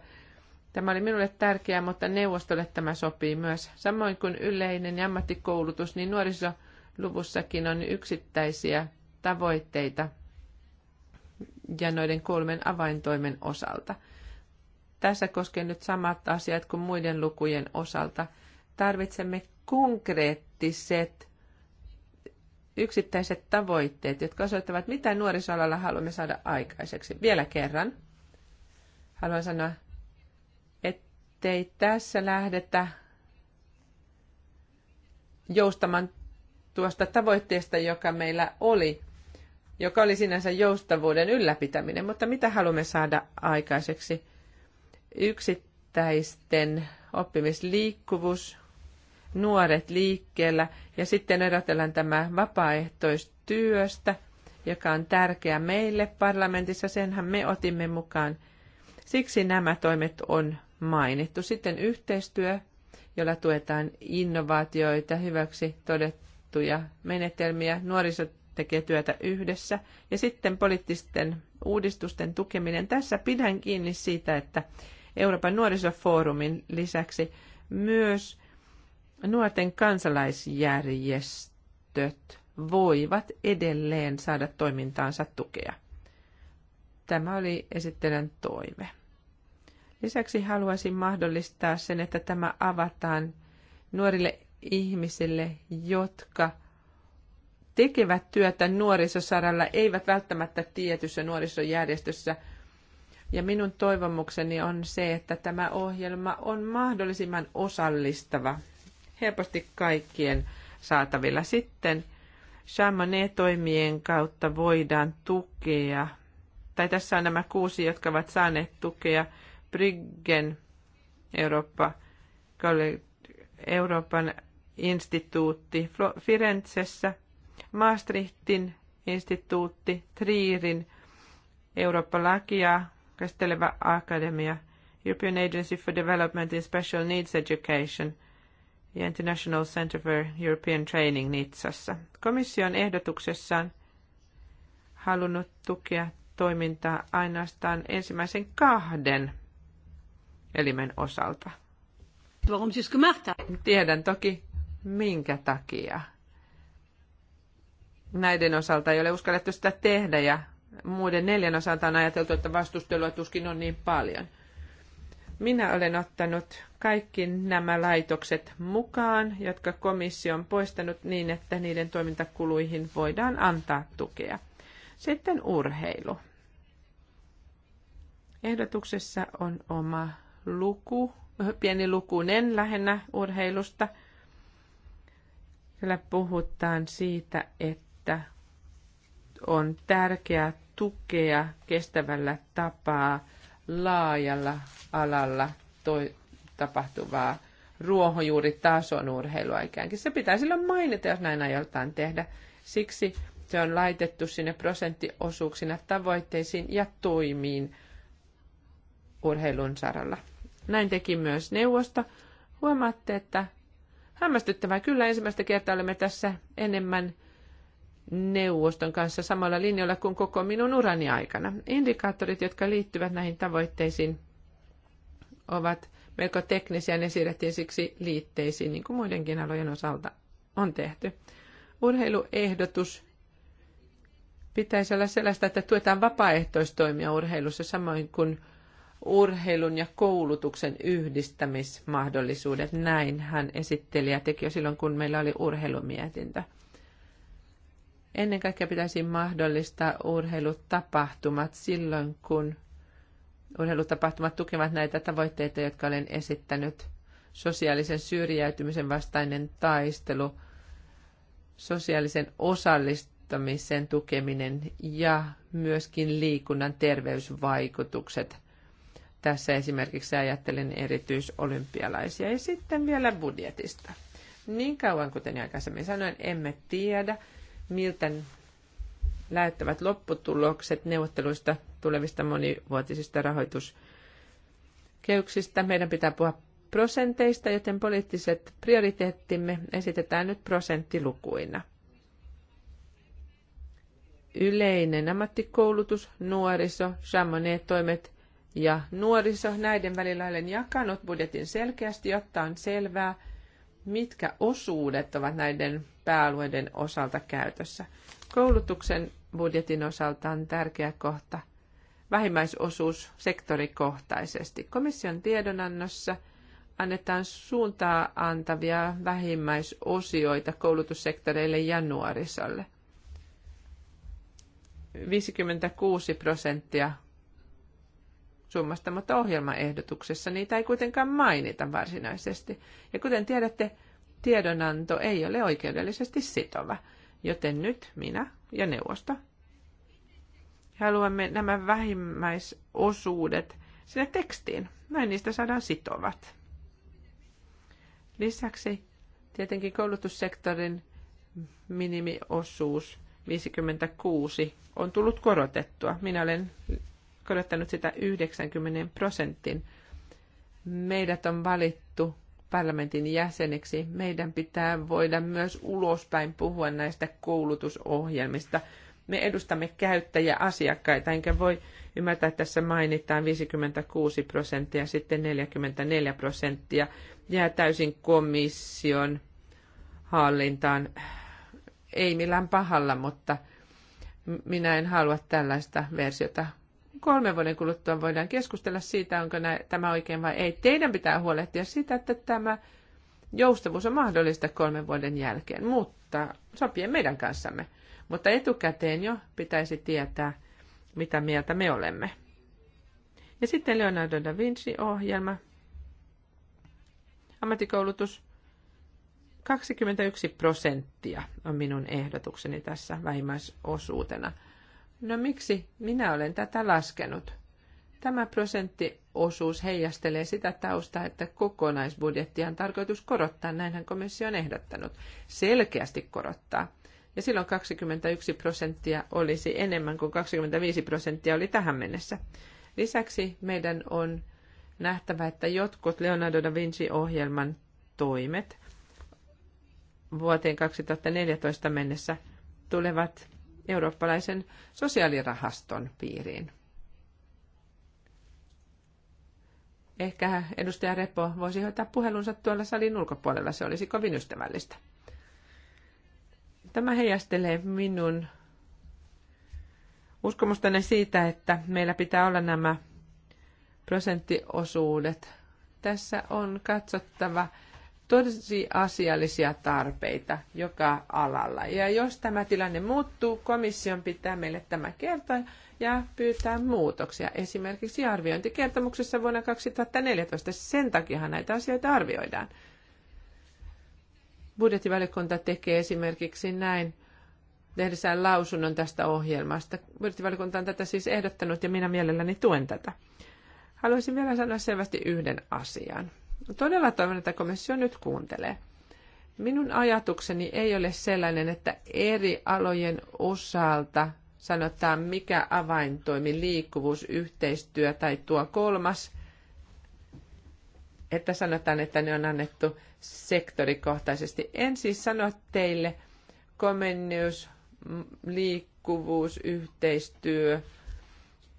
Tämä oli minulle tärkeää, mutta neuvostolle tämä sopii myös. Samoin kuin yleinen ja ammattikoulutus, niin nuorisoluvussakin on yksittäisiä tavoitteita ja noiden kolmen avaintoimen osalta. Tässä koskee nyt samat asiat kuin muiden lukujen osalta. Tarvitsemme konkreettiset yksittäiset tavoitteet, jotka osoittavat, mitä nuorisoalalla haluamme saada aikaiseksi. Vielä kerran haluan sanoa, ettei tässä lähdetä joustamaan tuosta tavoitteesta, joka meillä oli joka oli sinänsä joustavuuden ylläpitäminen, mutta mitä haluamme saada aikaiseksi? Yksittäisten oppimisliikkuvuus, nuoret liikkeellä ja sitten erotellaan tämä vapaaehtoistyöstä, joka on tärkeä meille parlamentissa, senhän me otimme mukaan. Siksi nämä toimet on mainittu. Sitten yhteistyö, jolla tuetaan innovaatioita, hyväksi todettuja menetelmiä, nuorisot tekee työtä yhdessä. Ja sitten poliittisten uudistusten tukeminen. Tässä pidän kiinni siitä, että Euroopan nuorisofoorumin lisäksi myös nuorten kansalaisjärjestöt voivat edelleen saada toimintaansa tukea. Tämä oli esittelen toive. Lisäksi haluaisin mahdollistaa sen, että tämä avataan nuorille ihmisille, jotka – tekevät työtä nuorisosaralla, eivät välttämättä tietyssä nuorisojärjestössä. Ja minun toivomukseni on se, että tämä ohjelma on mahdollisimman osallistava, helposti kaikkien saatavilla. Sitten Chamonet-toimien kautta voidaan tukea, tai tässä on nämä kuusi, jotka ovat saaneet tukea, Bryggen Eurooppa, Euroopan instituutti Firenzessä – Maastrichtin instituutti, Trierin Eurooppa-lakia käsittelevä akademia, European Agency for Development in Special Needs Education ja International Center for European Training Nitsassa. Komission ehdotuksessaan halunnut tukea toimintaa ainoastaan ensimmäisen kahden elimen osalta. Tiedän toki minkä takia näiden osalta ei ole uskallettu sitä tehdä ja muiden neljän osalta on ajateltu, että vastustelua tuskin on niin paljon. Minä olen ottanut kaikki nämä laitokset mukaan, jotka komissio on poistanut niin, että niiden toimintakuluihin voidaan antaa tukea. Sitten urheilu. Ehdotuksessa on oma luku, pieni lukunen lähinnä urheilusta. Siellä puhutaan siitä, että että on tärkeää tukea kestävällä tapaa laajalla alalla toi, tapahtuvaa ruohonjuuritason urheilua ikäänkin. Se pitää silloin mainita, jos näin aiotaan tehdä. Siksi se on laitettu sinne prosenttiosuuksina tavoitteisiin ja toimiin urheilun saralla. Näin teki myös neuvosto. Huomaatte, että hämmästyttävää kyllä ensimmäistä kertaa olemme tässä enemmän – neuvoston kanssa samalla linjalla kuin koko minun urani aikana. Indikaattorit, jotka liittyvät näihin tavoitteisiin, ovat melko teknisiä, ne siirrettiin siksi liitteisiin, niin kuin muidenkin alojen osalta on tehty. Urheiluehdotus pitäisi olla sellaista, että tuetaan vapaaehtoistoimia urheilussa samoin kuin urheilun ja koulutuksen yhdistämismahdollisuudet. Näin hän esitteli ja teki jo silloin, kun meillä oli urheilumietintä. Ennen kaikkea pitäisi mahdollistaa urheilutapahtumat silloin, kun urheilutapahtumat tukevat näitä tavoitteita, jotka olen esittänyt. Sosiaalisen syrjäytymisen vastainen taistelu, sosiaalisen osallistamisen tukeminen ja myöskin liikunnan terveysvaikutukset – tässä esimerkiksi ajattelen erityisolympialaisia. Ja sitten vielä budjetista. Niin kauan, kuten aikaisemmin sanoin, emme tiedä, miltä lähettävät lopputulokset neuvotteluista tulevista monivuotisista rahoituskeuksista. Meidän pitää puhua prosenteista, joten poliittiset prioriteettimme esitetään nyt prosenttilukuina. Yleinen ammattikoulutus, nuoriso, Chamonet-toimet ja nuoriso. Näiden välillä olen jakanut budjetin selkeästi, jotta on selvää, mitkä osuudet ovat näiden pääalueiden osalta käytössä. Koulutuksen budjetin osalta on tärkeä kohta vähimmäisosuus sektorikohtaisesti. Komission tiedonannossa annetaan suuntaa antavia vähimmäisosioita koulutussektoreille ja nuorisolle. 56 prosenttia summasta, mutta ohjelmaehdotuksessa niitä ei kuitenkaan mainita varsinaisesti. Ja kuten tiedätte, tiedonanto ei ole oikeudellisesti sitova, joten nyt minä ja neuvosto haluamme nämä vähimmäisosuudet sinne tekstiin. Näin niistä saadaan sitovat. Lisäksi tietenkin koulutussektorin minimiosuus 56 on tullut korotettua. Minä olen korottanut sitä 90 prosentin. Meidät on valittu parlamentin jäseneksi. Meidän pitää voida myös ulospäin puhua näistä koulutusohjelmista. Me edustamme käyttäjäasiakkaita, enkä voi ymmärtää, että tässä mainitaan 56 prosenttia, sitten 44 prosenttia jää täysin komission hallintaan. Ei millään pahalla, mutta minä en halua tällaista versiota kolmen vuoden kuluttua voidaan keskustella siitä, onko nä- tämä oikein vai ei. Teidän pitää huolehtia siitä, että tämä joustavuus on mahdollista kolmen vuoden jälkeen, mutta sopien meidän kanssamme. Mutta etukäteen jo pitäisi tietää, mitä mieltä me olemme. Ja sitten Leonardo da Vinci-ohjelma, ammattikoulutus. 21 prosenttia on minun ehdotukseni tässä vähimmäisosuutena – No miksi minä olen tätä laskenut? Tämä prosenttiosuus heijastelee sitä taustaa, että kokonaisbudjettia on tarkoitus korottaa, näinhän komissio on ehdottanut. Selkeästi korottaa. Ja silloin 21 prosenttia olisi enemmän kuin 25 prosenttia oli tähän mennessä. Lisäksi meidän on nähtävä, että jotkut Leonardo da Vinci-ohjelman toimet vuoteen 2014 mennessä tulevat eurooppalaisen sosiaalirahaston piiriin. Ehkä edustaja Repo voisi hoitaa puhelunsa tuolla salin ulkopuolella, se olisi kovin ystävällistä. Tämä heijastelee minun uskomustani siitä, että meillä pitää olla nämä prosenttiosuudet. Tässä on katsottava asiallisia tarpeita joka alalla. Ja jos tämä tilanne muuttuu, komission pitää meille tämä kertoa ja pyytää muutoksia. Esimerkiksi arviointikertomuksessa vuonna 2014. Sen takiahan näitä asioita arvioidaan. Budjettivaliokunta tekee esimerkiksi näin tehdessään lausunnon tästä ohjelmasta. Budjettivaliokunta on tätä siis ehdottanut ja minä mielelläni tuen tätä. Haluaisin vielä sanoa selvästi yhden asian. Todella toivon, että komissio nyt kuuntelee. Minun ajatukseni ei ole sellainen, että eri alojen osalta sanotaan, mikä avaintoimi, liikkuvuus, yhteistyö tai tuo kolmas, että sanotaan, että ne on annettu sektorikohtaisesti. En siis sano teille komennus, liikkuvuus, yhteistyö,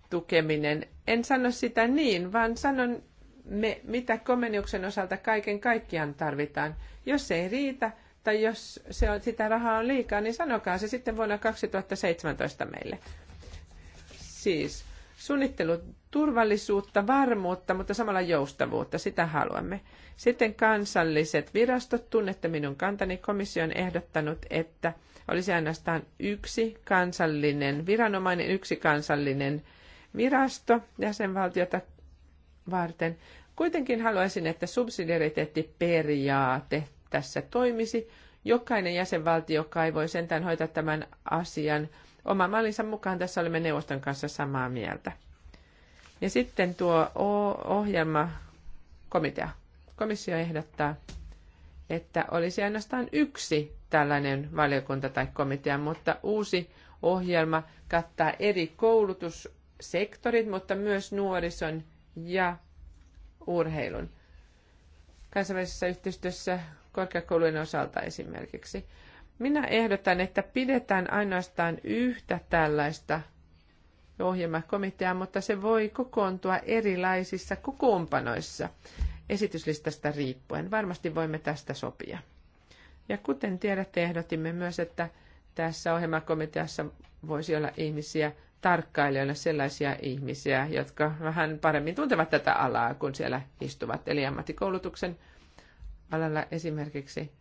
tukeminen. En sano sitä niin, vaan sanon me, mitä komennuksen osalta kaiken kaikkiaan tarvitaan. Jos se ei riitä, tai jos se on, sitä rahaa on liikaa, niin sanokaa se sitten vuonna 2017 meille. Siis suunnittelu turvallisuutta, varmuutta, mutta samalla joustavuutta, sitä haluamme. Sitten kansalliset virastot, tunnette minun kantani, komissio on ehdottanut, että olisi ainoastaan yksi kansallinen viranomainen, yksi kansallinen virasto jäsenvaltiota varten. Kuitenkin haluaisin, että subsidiariteettiperiaate tässä toimisi. Jokainen jäsenvaltio kai voi sentään hoitaa tämän asian oman mallinsa mukaan. Tässä olemme neuvoston kanssa samaa mieltä. Ja sitten tuo ohjelma komitea. Komissio ehdottaa, että olisi ainoastaan yksi tällainen valiokunta tai komitea, mutta uusi ohjelma kattaa eri koulutussektorit, mutta myös nuorison ja urheilun. Kansainvälisessä yhteistyössä korkeakoulujen osalta esimerkiksi. Minä ehdotan, että pidetään ainoastaan yhtä tällaista ohjelmakomiteaa, mutta se voi kokoontua erilaisissa kokoonpanoissa esityslistasta riippuen. Varmasti voimme tästä sopia. Ja kuten tiedätte, ehdotimme myös, että tässä ohjelmakomiteassa voisi olla ihmisiä tarkkailijoille sellaisia ihmisiä, jotka vähän paremmin tuntevat tätä alaa, kun siellä istuvat. Eli ammattikoulutuksen alalla esimerkiksi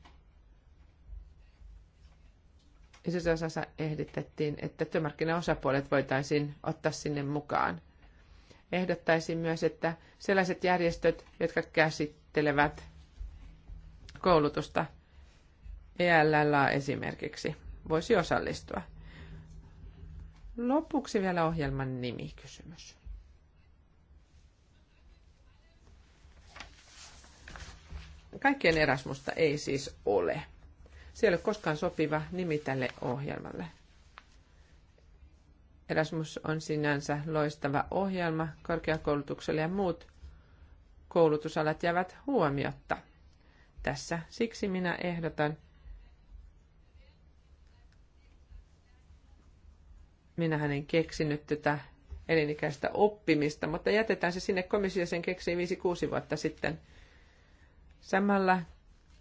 isossa osassa ehditettiin, että työmarkkinaosapuolet voitaisiin ottaa sinne mukaan. Ehdottaisin myös, että sellaiset järjestöt, jotka käsittelevät koulutusta, ELLA esimerkiksi, voisi osallistua – Lopuksi vielä ohjelman nimikysymys. Kaikkien Erasmusta ei siis ole. Se ei ole koskaan sopiva nimi tälle ohjelmalle. Erasmus on sinänsä loistava ohjelma korkeakoulutukselle ja muut koulutusalat jäävät huomiotta. Tässä siksi minä ehdotan, Minähän en keksinyt tätä elinikäistä oppimista, mutta jätetään se sinne komissio sen keksii 5-6 vuotta sitten. Samalla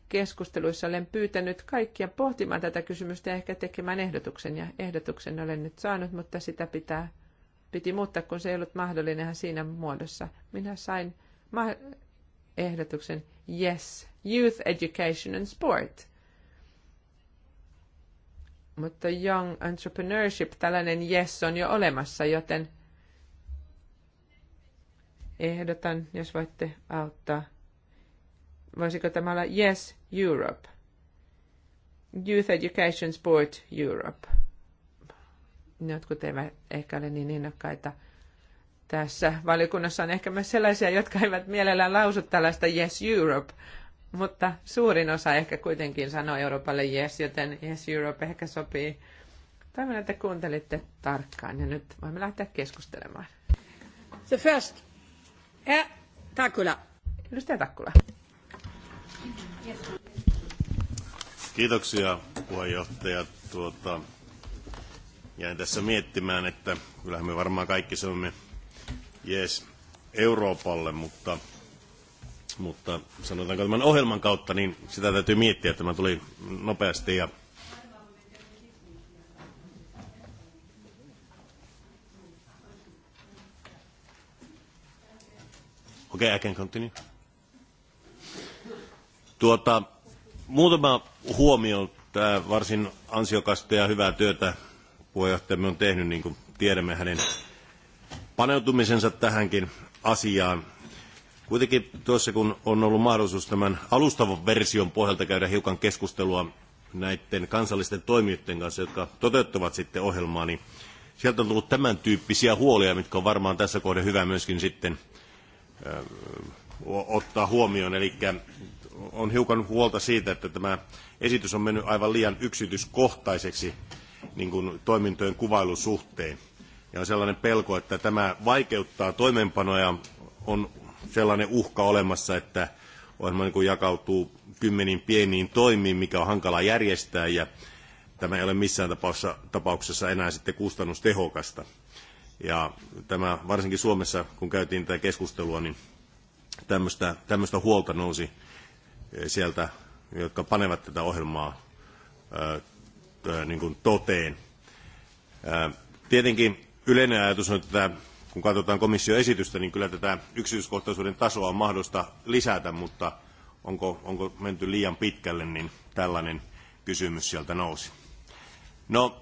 keskusteluissa olen pyytänyt kaikkia pohtimaan tätä kysymystä ja ehkä tekemään ehdotuksen, ja ehdotuksen olen nyt saanut, mutta sitä pitää, piti muuttaa, kun se ei ollut mahdollinen siinä muodossa. Minä sain ehdotuksen Yes, Youth Education and Sport – mutta Young Entrepreneurship, tällainen yes on jo olemassa, joten ehdotan, jos voitte auttaa. Voisiko tämä olla Yes Europe? Youth Education Sport Europe. Jotkut eivät ehkä ole niin innokkaita tässä valiokunnassa on ehkä myös sellaisia, jotka eivät mielellään lausu tällaista Yes Europe, mutta suurin osa ehkä kuitenkin sanoo Euroopalle yes, joten yes Europe ehkä sopii. Toivon, että kuuntelitte tarkkaan ja nyt voimme lähteä keskustelemaan. The first. E, Takula. Edustaja Takkula. Kiitoksia puheenjohtaja. Tuota, jäin tässä miettimään, että kyllähän me varmaan kaikki sanomme yes Euroopalle, mutta mutta sanotaanko tämän ohjelman kautta, niin sitä täytyy miettiä, että tämä tuli nopeasti ja Okei, okay, I can continue. Tuota, muutama huomio. Tämä varsin ansiokasta ja hyvää työtä puheenjohtajamme on tehnyt, niin kuin tiedämme hänen paneutumisensa tähänkin asiaan. Kuitenkin tuossa kun on ollut mahdollisuus tämän alustavan version pohjalta käydä hiukan keskustelua näiden kansallisten toimijoiden kanssa, jotka toteuttavat sitten ohjelmaa, niin sieltä on tullut tämän tyyppisiä huolia, mitkä on varmaan tässä kohde hyvä myöskin sitten ö, ottaa huomioon. Eli on hiukan huolta siitä, että tämä esitys on mennyt aivan liian yksityiskohtaiseksi niin kuin toimintojen kuvailusuhteen. Ja on sellainen pelko, että tämä vaikeuttaa toimeenpanoja on sellainen uhka olemassa, että ohjelma niin jakautuu kymmeniin pieniin toimiin, mikä on hankala järjestää ja tämä ei ole missään tapauksessa, tapauksessa enää sitten kustannustehokasta. Ja tämä varsinkin Suomessa, kun käytiin tätä keskustelua, niin tämmöistä, tämmöistä huolta nousi eh, sieltä, jotka panevat tätä ohjelmaa ää, eh, eh, niin kuin toteen. Ää, tietenkin yleinen ajatus on, että kun katsotaan komission esitystä, niin kyllä tätä yksityiskohtaisuuden tasoa on mahdollista lisätä, mutta onko, onko menty liian pitkälle, niin tällainen kysymys sieltä nousi. No,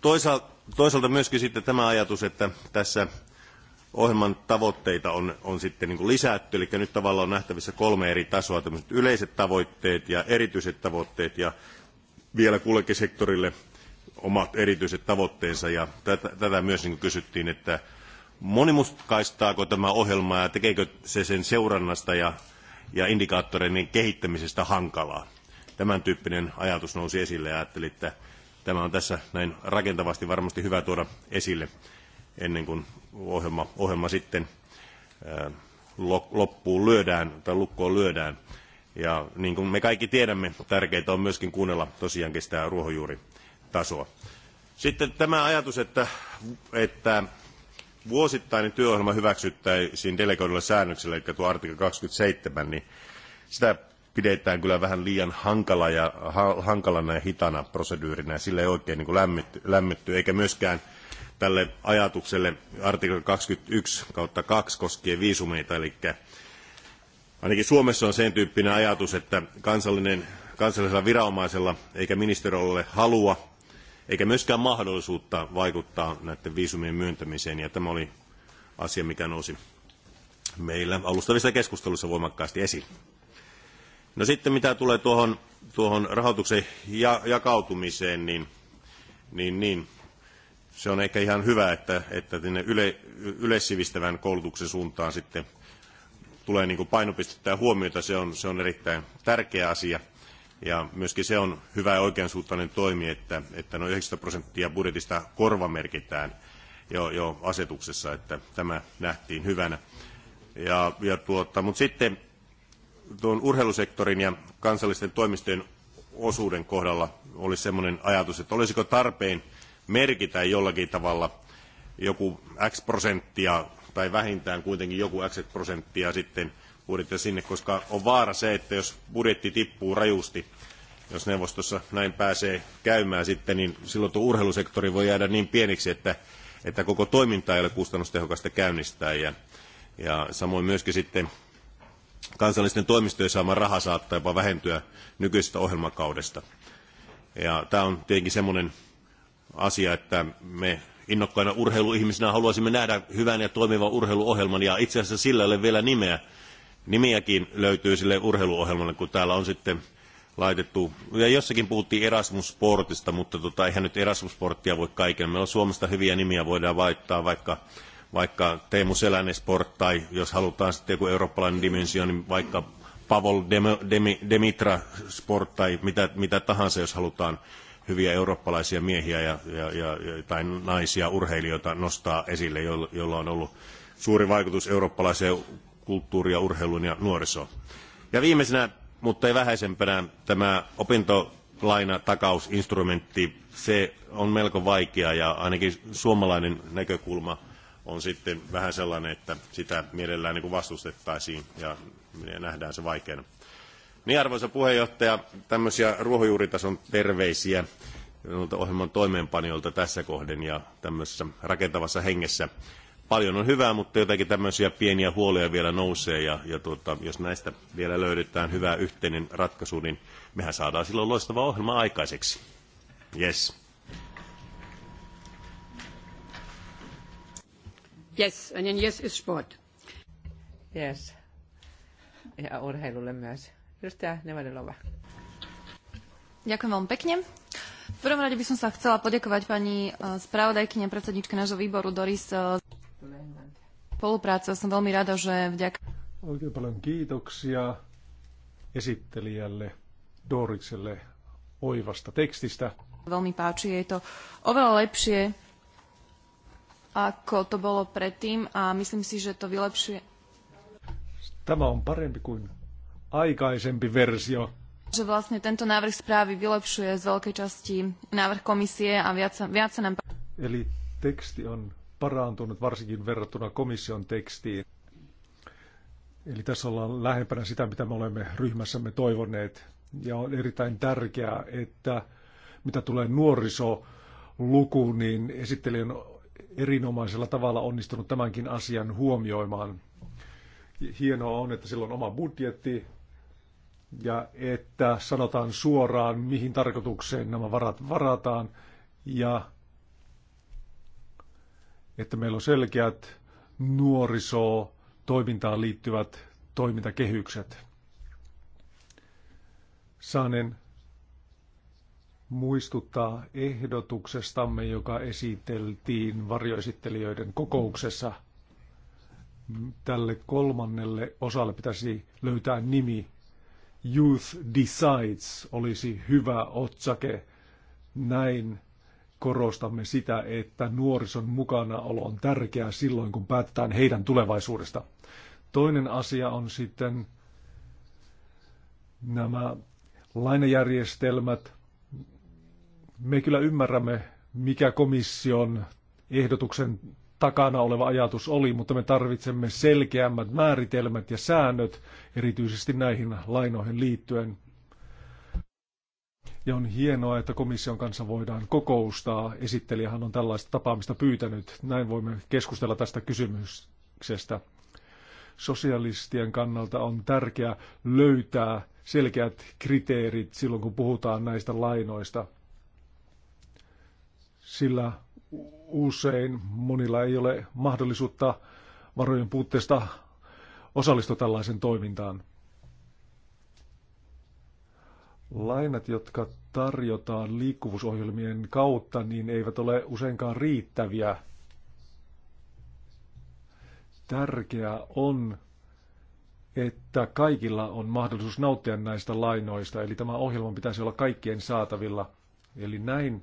toisaalta, toisaalta myöskin sitten tämä ajatus, että tässä ohjelman tavoitteita on, on sitten niin kuin lisätty, eli nyt tavallaan on nähtävissä kolme eri tasoa, tämmöiset yleiset tavoitteet ja erityiset tavoitteet ja vielä kullekin sektorille omat erityiset tavoitteensa ja tätä, tätä myös niin kysyttiin, että monimutkaistaako tämä ohjelma ja tekeekö se sen seurannasta ja, ja indikaattoreiden kehittämisestä hankalaa? Tämän tyyppinen ajatus nousi esille ja ajattelin, että tämä on tässä näin rakentavasti varmasti hyvä tuoda esille ennen kuin ohjelma, ohjelma sitten loppuun lyödään tai lukkoon lyödään. Ja niin kuin me kaikki tiedämme, tärkeintä on myöskin kuunnella tosiaankin sitä ruohonjuuritasoa. Sitten tämä ajatus, että, että vuosittainen työohjelma hyväksyttäisiin delegoidulla säännöksellä, eli tuo artikla 27, niin sitä pidetään kyllä vähän liian hankala ja, ha, hankalana ja hitana proseduurina, ja sillä ei oikein niin kuin lämmitty, lämmitty, eikä myöskään tälle ajatukselle artikla 21 kautta 2 koskien viisumeita, eli ainakin Suomessa on sen tyyppinen ajatus, että kansallinen, kansallisella viranomaisella eikä ministeriöllä ole halua eikä myöskään mahdollisuutta vaikuttaa näiden viisumien myöntämiseen. Ja tämä oli asia, mikä nousi meillä alustavissa keskusteluissa voimakkaasti esiin. No sitten mitä tulee tuohon, tuohon rahoituksen ja, jakautumiseen, niin, niin, niin se on ehkä ihan hyvä, että, että yle, yleissivistävän koulutuksen suuntaan sitten tulee niin painopistettä ja huomiota. Se on, se on erittäin tärkeä asia. Ja myöskin se on hyvä ja oikeansuuntainen toimi, että, että noin 90 prosenttia budjetista korvamerkitään jo, jo asetuksessa, että tämä nähtiin hyvänä. Ja, ja tuota, mutta sitten tuon urheilusektorin ja kansallisten toimistojen osuuden kohdalla oli sellainen ajatus, että olisiko tarpeen merkitä jollakin tavalla joku x prosenttia tai vähintään kuitenkin joku x prosenttia sitten – budjettia sinne, koska on vaara se, että jos budjetti tippuu rajusti, jos neuvostossa näin pääsee käymään sitten, niin silloin tuo urheilusektori voi jäädä niin pieniksi, että, että koko toiminta ei ole kustannustehokasta käynnistää. Ja, ja samoin myöskin sitten kansallisten toimistojen saama raha saattaa jopa vähentyä nykyisestä ohjelmakaudesta. Ja tämä on tietenkin semmoinen asia, että me innokkaina urheiluihmisinä haluaisimme nähdä hyvän ja toimivan urheiluohjelman, ja itse asiassa sillä ei ole vielä nimeä, nimiäkin löytyy sille urheiluohjelmalle, kun täällä on sitten laitettu, ja jossakin puhuttiin Erasmus Sportista, mutta tota, eihän nyt Erasmus Sporttia voi kaiken. Meillä on Suomesta hyviä nimiä, voidaan vaihtaa vaikka, vaikka Teemu Selänen Sport, tai jos halutaan sitten joku eurooppalainen dimensio, niin vaikka Pavol Dem Dem Demitra Sport tai mitä, mitä tahansa, jos halutaan hyviä eurooppalaisia miehiä ja, ja, ja, tai naisia urheilijoita nostaa esille, jolla on ollut suuri vaikutus eurooppalaiseen kulttuuria, urheilun ja nuorisoon. Ja viimeisenä, mutta ei vähäisempänä, tämä opintolainatakausinstrumentti, se on melko vaikea ja ainakin suomalainen näkökulma on sitten vähän sellainen, että sitä mielellään niin kuin vastustettaisiin ja nähdään se vaikeana. Niin arvoisa puheenjohtaja, tämmöisiä ruohonjuuritason terveisiä ohjelman toimeenpanijoilta tässä kohden ja tämmöisessä rakentavassa hengessä paljon on hyvää, mutta jotakin tämmöisiä pieniä huolia vielä nousee ja, ja tuota, jos näistä vielä löydetään hyvää yhteinen ratkaisu, niin mehän saadaan silloin loistava ohjelma aikaiseksi. Yes. Yes, and then yes is sport. Yes. Ja urheilulle myös. Edustaja Nevadilova. Ďakujem veľmi pekne. V prvom rade by som sa chcela poďakovať pani eh, spravodajkyne predsedničke nášho výboru Doris eh, spolupráce. Som veľmi rada, že vďaka... Oikein paljon kiitoksia esittelijälle Dorikselle oivasta tekstistä. Veľmi páči, je to oveľa lepšie, ako to bolo predtým a myslím si, že to vylepšuje. Tämä on parempi kuin aikaisempi versio. Že vlastne tento návrh správy vylepšuje z veľkej časti návrh komisie a viac, viac sa nám... Eli teksti on parantunut varsinkin verrattuna komission tekstiin. Eli tässä ollaan lähempänä sitä, mitä me olemme ryhmässämme toivoneet. Ja on erittäin tärkeää, että mitä tulee nuorisoluku, niin on erinomaisella tavalla onnistunut tämänkin asian huomioimaan. Hienoa on, että sillä on oma budjetti ja että sanotaan suoraan, mihin tarkoitukseen nämä varat varataan ja että meillä on selkeät nuoriso toimintaan liittyvät toimintakehykset. Saanen muistuttaa ehdotuksestamme, joka esiteltiin varjoesittelijöiden kokouksessa. Tälle kolmannelle osalle pitäisi löytää nimi Youth Decides olisi hyvä otsake. Näin korostamme sitä, että nuorison mukanaolo on tärkeää silloin, kun päätetään heidän tulevaisuudesta. Toinen asia on sitten nämä lainajärjestelmät. Me kyllä ymmärrämme, mikä komission ehdotuksen takana oleva ajatus oli, mutta me tarvitsemme selkeämmät määritelmät ja säännöt erityisesti näihin lainoihin liittyen. Ja on hienoa, että komission kanssa voidaan kokoustaa. Esittelijähän on tällaista tapaamista pyytänyt. Näin voimme keskustella tästä kysymyksestä. Sosialistien kannalta on tärkeää löytää selkeät kriteerit silloin, kun puhutaan näistä lainoista. Sillä usein monilla ei ole mahdollisuutta varojen puutteesta osallistua tällaisen toimintaan. Lainat, jotka tarjotaan liikkuvuusohjelmien kautta, niin eivät ole useinkaan riittäviä. Tärkeää on, että kaikilla on mahdollisuus nauttia näistä lainoista, eli tämä ohjelma pitäisi olla kaikkien saatavilla. Eli näin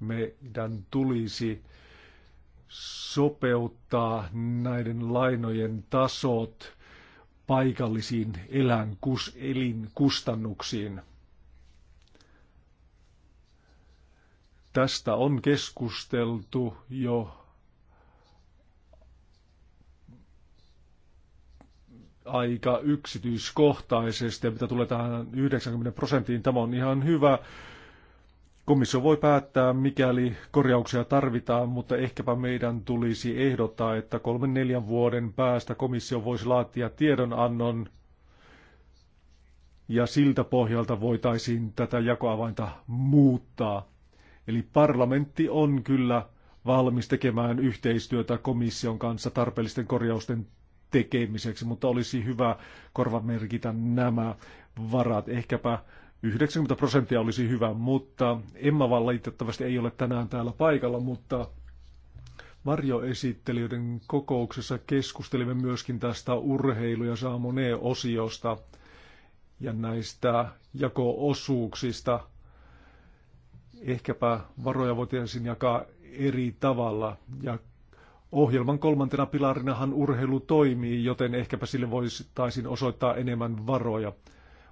meidän tulisi sopeuttaa näiden lainojen tasot paikallisiin elinkustannuksiin. Tästä on keskusteltu jo aika yksityiskohtaisesti, mitä tulee tähän 90 prosenttiin, tämä on ihan hyvä. Komissio voi päättää, mikäli korjauksia tarvitaan, mutta ehkäpä meidän tulisi ehdottaa, että kolmen neljän vuoden päästä komissio voisi laatia tiedonannon, ja siltä pohjalta voitaisiin tätä jakoavainta muuttaa. Eli parlamentti on kyllä valmis tekemään yhteistyötä komission kanssa tarpeellisten korjausten tekemiseksi, mutta olisi hyvä korvamerkitä nämä varat. Ehkäpä 90 prosenttia olisi hyvä, mutta Emma valitettavasti ei ole tänään täällä paikalla, mutta varjoesittelijöiden kokouksessa keskustelimme myöskin tästä urheilu- ja saamoneen osiosta ja näistä jako-osuuksista – ehkäpä varoja voitaisiin jakaa eri tavalla. Ja ohjelman kolmantena pilarinahan urheilu toimii, joten ehkäpä sille voitaisiin osoittaa enemmän varoja.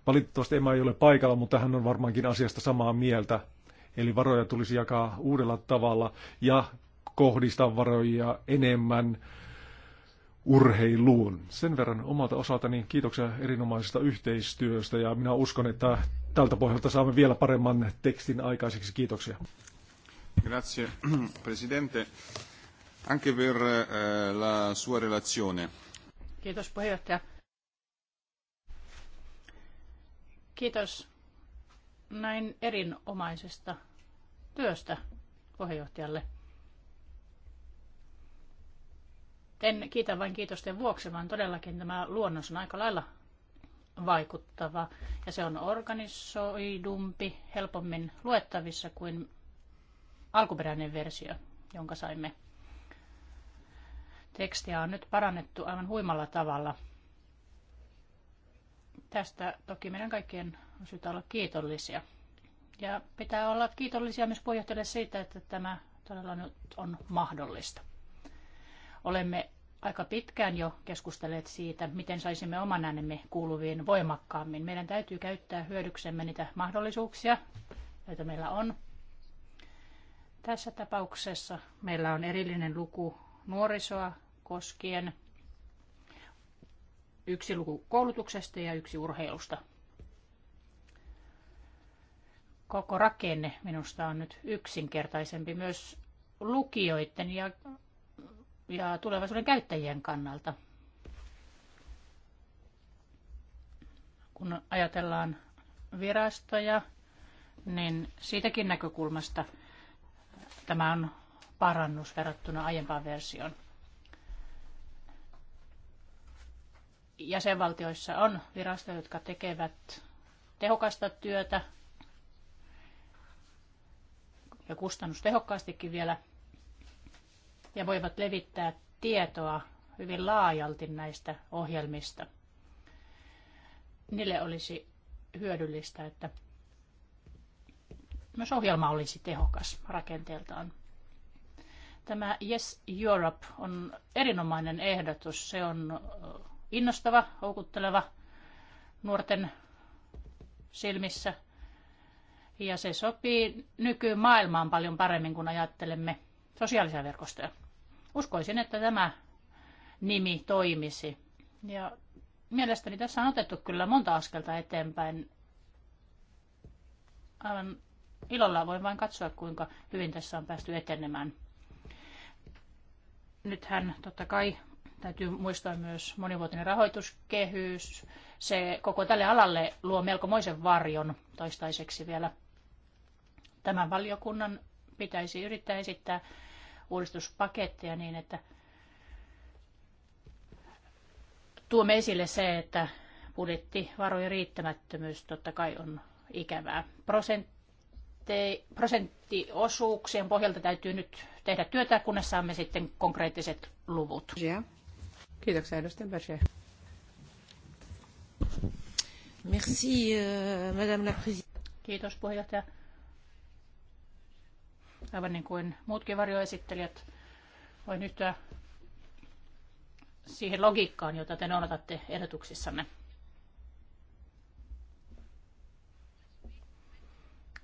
Valitettavasti Emma ei ole paikalla, mutta hän on varmaankin asiasta samaa mieltä. Eli varoja tulisi jakaa uudella tavalla ja kohdistaa varoja enemmän urheiluun. Sen verran omalta osaltani kiitoksia erinomaisesta yhteistyöstä ja minä uskon, että tältä pohjalta saamme vielä paremman tekstin aikaiseksi. Kiitoksia. Grazie, Presidente. Anche per eh, la sua relazione. Kiitos puheenjohtaja. Kiitos näin erinomaisesta työstä puheenjohtajalle. En kiitä vain kiitosten vuoksi, vaan todellakin tämä luonnos on aika lailla vaikuttava ja se on organisoidumpi, helpommin luettavissa kuin alkuperäinen versio, jonka saimme. Tekstiä on nyt parannettu aivan huimalla tavalla. Tästä toki meidän kaikkien on syytä olla kiitollisia. Ja pitää olla kiitollisia myös puheenjohtajalle siitä, että tämä todella nyt on mahdollista. Olemme aika pitkään jo keskustelleet siitä, miten saisimme oman äänemme kuuluviin voimakkaammin. Meidän täytyy käyttää hyödyksemme niitä mahdollisuuksia, joita meillä on. Tässä tapauksessa meillä on erillinen luku nuorisoa koskien, yksi luku koulutuksesta ja yksi urheilusta. Koko rakenne minusta on nyt yksinkertaisempi myös lukijoiden ja ja tulevaisuuden käyttäjien kannalta. Kun ajatellaan virastoja, niin siitäkin näkökulmasta tämä on parannus verrattuna aiempaan versioon. Jäsenvaltioissa on virastoja, jotka tekevät tehokasta työtä ja kustannustehokkaastikin vielä – ja voivat levittää tietoa hyvin laajalti näistä ohjelmista. Niille olisi hyödyllistä, että myös ohjelma olisi tehokas rakenteeltaan. Tämä Yes Europe on erinomainen ehdotus. Se on innostava, houkutteleva nuorten silmissä. Ja se sopii nykymaailmaan paljon paremmin, kun ajattelemme sosiaalisia verkostoja. Uskoisin, että tämä nimi toimisi. Ja mielestäni tässä on otettu kyllä monta askelta eteenpäin. Aivan ilolla voin vain katsoa, kuinka hyvin tässä on päästy etenemään. Nythän totta kai täytyy muistaa myös monivuotinen rahoituskehys. Se koko tälle alalle luo melkomoisen varjon toistaiseksi vielä. Tämän valiokunnan pitäisi yrittää esittää uudistuspaketteja niin, että tuomme esille se, että budjettivarojen riittämättömyys totta kai on ikävää. Prosentti, prosenttiosuuksien pohjalta täytyy nyt tehdä työtä, kunnes saamme sitten konkreettiset luvut. Ja. Kiitoksia edustaja Berger. Merci, euh, Madame la Présidente. Kiitos puheenjohtaja aivan niin kuin muutkin varjoesittelijät, voin yhtyä siihen logiikkaan, jota te noudatatte ehdotuksissanne.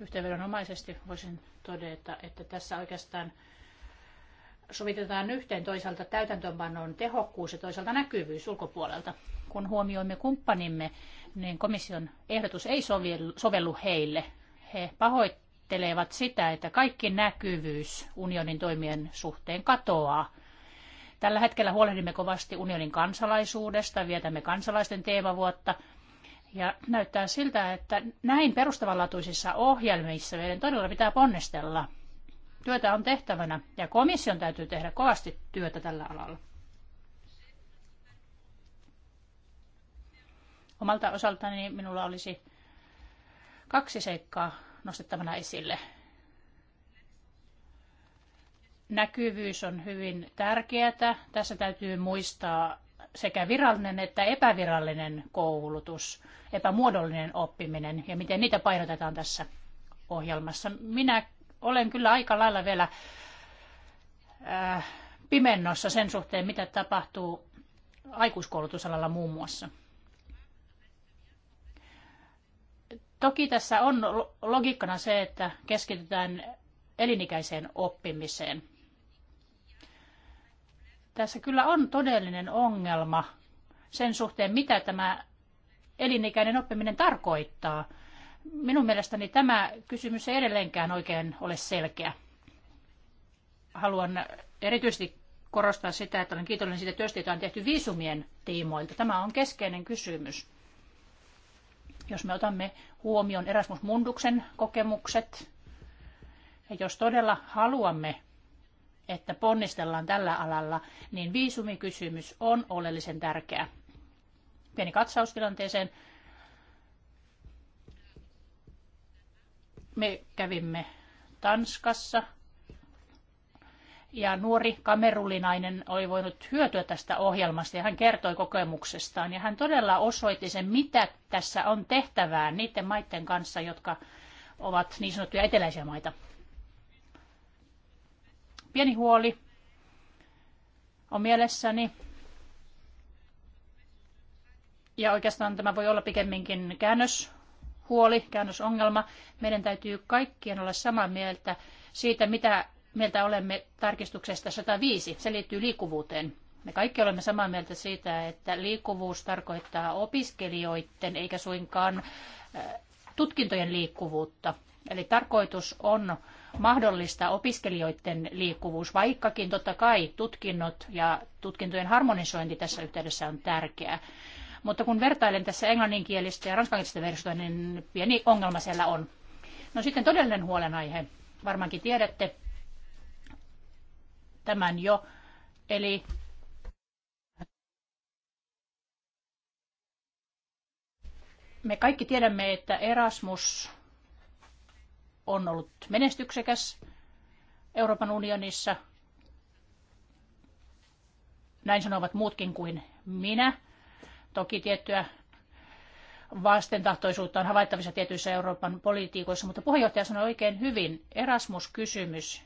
Yhteenvedonomaisesti voisin todeta, että tässä oikeastaan sovitetaan yhteen toisaalta täytäntöönpanon tehokkuus ja toisaalta näkyvyys ulkopuolelta. Kun huomioimme kumppanimme, niin komission ehdotus ei sovellu heille. He pahoittavat ajattelevat sitä, että kaikki näkyvyys unionin toimien suhteen katoaa. Tällä hetkellä huolehdimme kovasti unionin kansalaisuudesta, vietämme kansalaisten teemavuotta. Ja näyttää siltä, että näin perustavanlaatuisissa ohjelmissa meidän todella pitää ponnistella. Työtä on tehtävänä ja komission täytyy tehdä kovasti työtä tällä alalla. Omalta osaltani minulla olisi kaksi seikkaa nostettavana esille. Näkyvyys on hyvin tärkeää. Tässä täytyy muistaa sekä virallinen että epävirallinen koulutus, epämuodollinen oppiminen ja miten niitä painotetaan tässä ohjelmassa. Minä olen kyllä aika lailla vielä äh, pimennossa sen suhteen, mitä tapahtuu aikuiskoulutusalalla muun muassa. Toki tässä on logiikkana se, että keskitytään elinikäiseen oppimiseen. Tässä kyllä on todellinen ongelma sen suhteen, mitä tämä elinikäinen oppiminen tarkoittaa. Minun mielestäni tämä kysymys ei edelleenkään oikein ole selkeä. Haluan erityisesti korostaa sitä, että olen kiitollinen siitä työstä, jota on tehty viisumien tiimoilta. Tämä on keskeinen kysymys. Jos me otamme huomioon Erasmus Munduksen kokemukset, ja jos todella haluamme, että ponnistellaan tällä alalla, niin viisumikysymys on oleellisen tärkeä. Pieni katsaustilanteeseen. Me kävimme Tanskassa ja nuori kamerulinainen oli voinut hyötyä tästä ohjelmasta ja hän kertoi kokemuksestaan. Ja hän todella osoitti sen, mitä tässä on tehtävää niiden maiden kanssa, jotka ovat niin sanottuja eteläisiä maita. Pieni huoli on mielessäni. Ja oikeastaan tämä voi olla pikemminkin huoli, käännösongelma. Meidän täytyy kaikkien olla samaa mieltä siitä, mitä mieltä olemme tarkistuksesta 105. Se liittyy liikkuvuuteen. Me kaikki olemme samaa mieltä siitä, että liikkuvuus tarkoittaa opiskelijoiden eikä suinkaan äh, tutkintojen liikkuvuutta. Eli tarkoitus on mahdollistaa opiskelijoiden liikkuvuus, vaikkakin totta kai tutkinnot ja tutkintojen harmonisointi tässä yhteydessä on tärkeää. Mutta kun vertailen tässä englanninkielistä ja ranskankielistä versiota, niin pieni ongelma siellä on. No sitten todellinen huolenaihe. Varmaankin tiedätte, tämän jo. Eli me kaikki tiedämme, että Erasmus on ollut menestyksekäs Euroopan unionissa. Näin sanovat muutkin kuin minä. Toki tiettyä vastentahtoisuutta on havaittavissa tietyissä Euroopan politiikoissa, mutta puheenjohtaja sanoi oikein hyvin, Erasmus-kysymys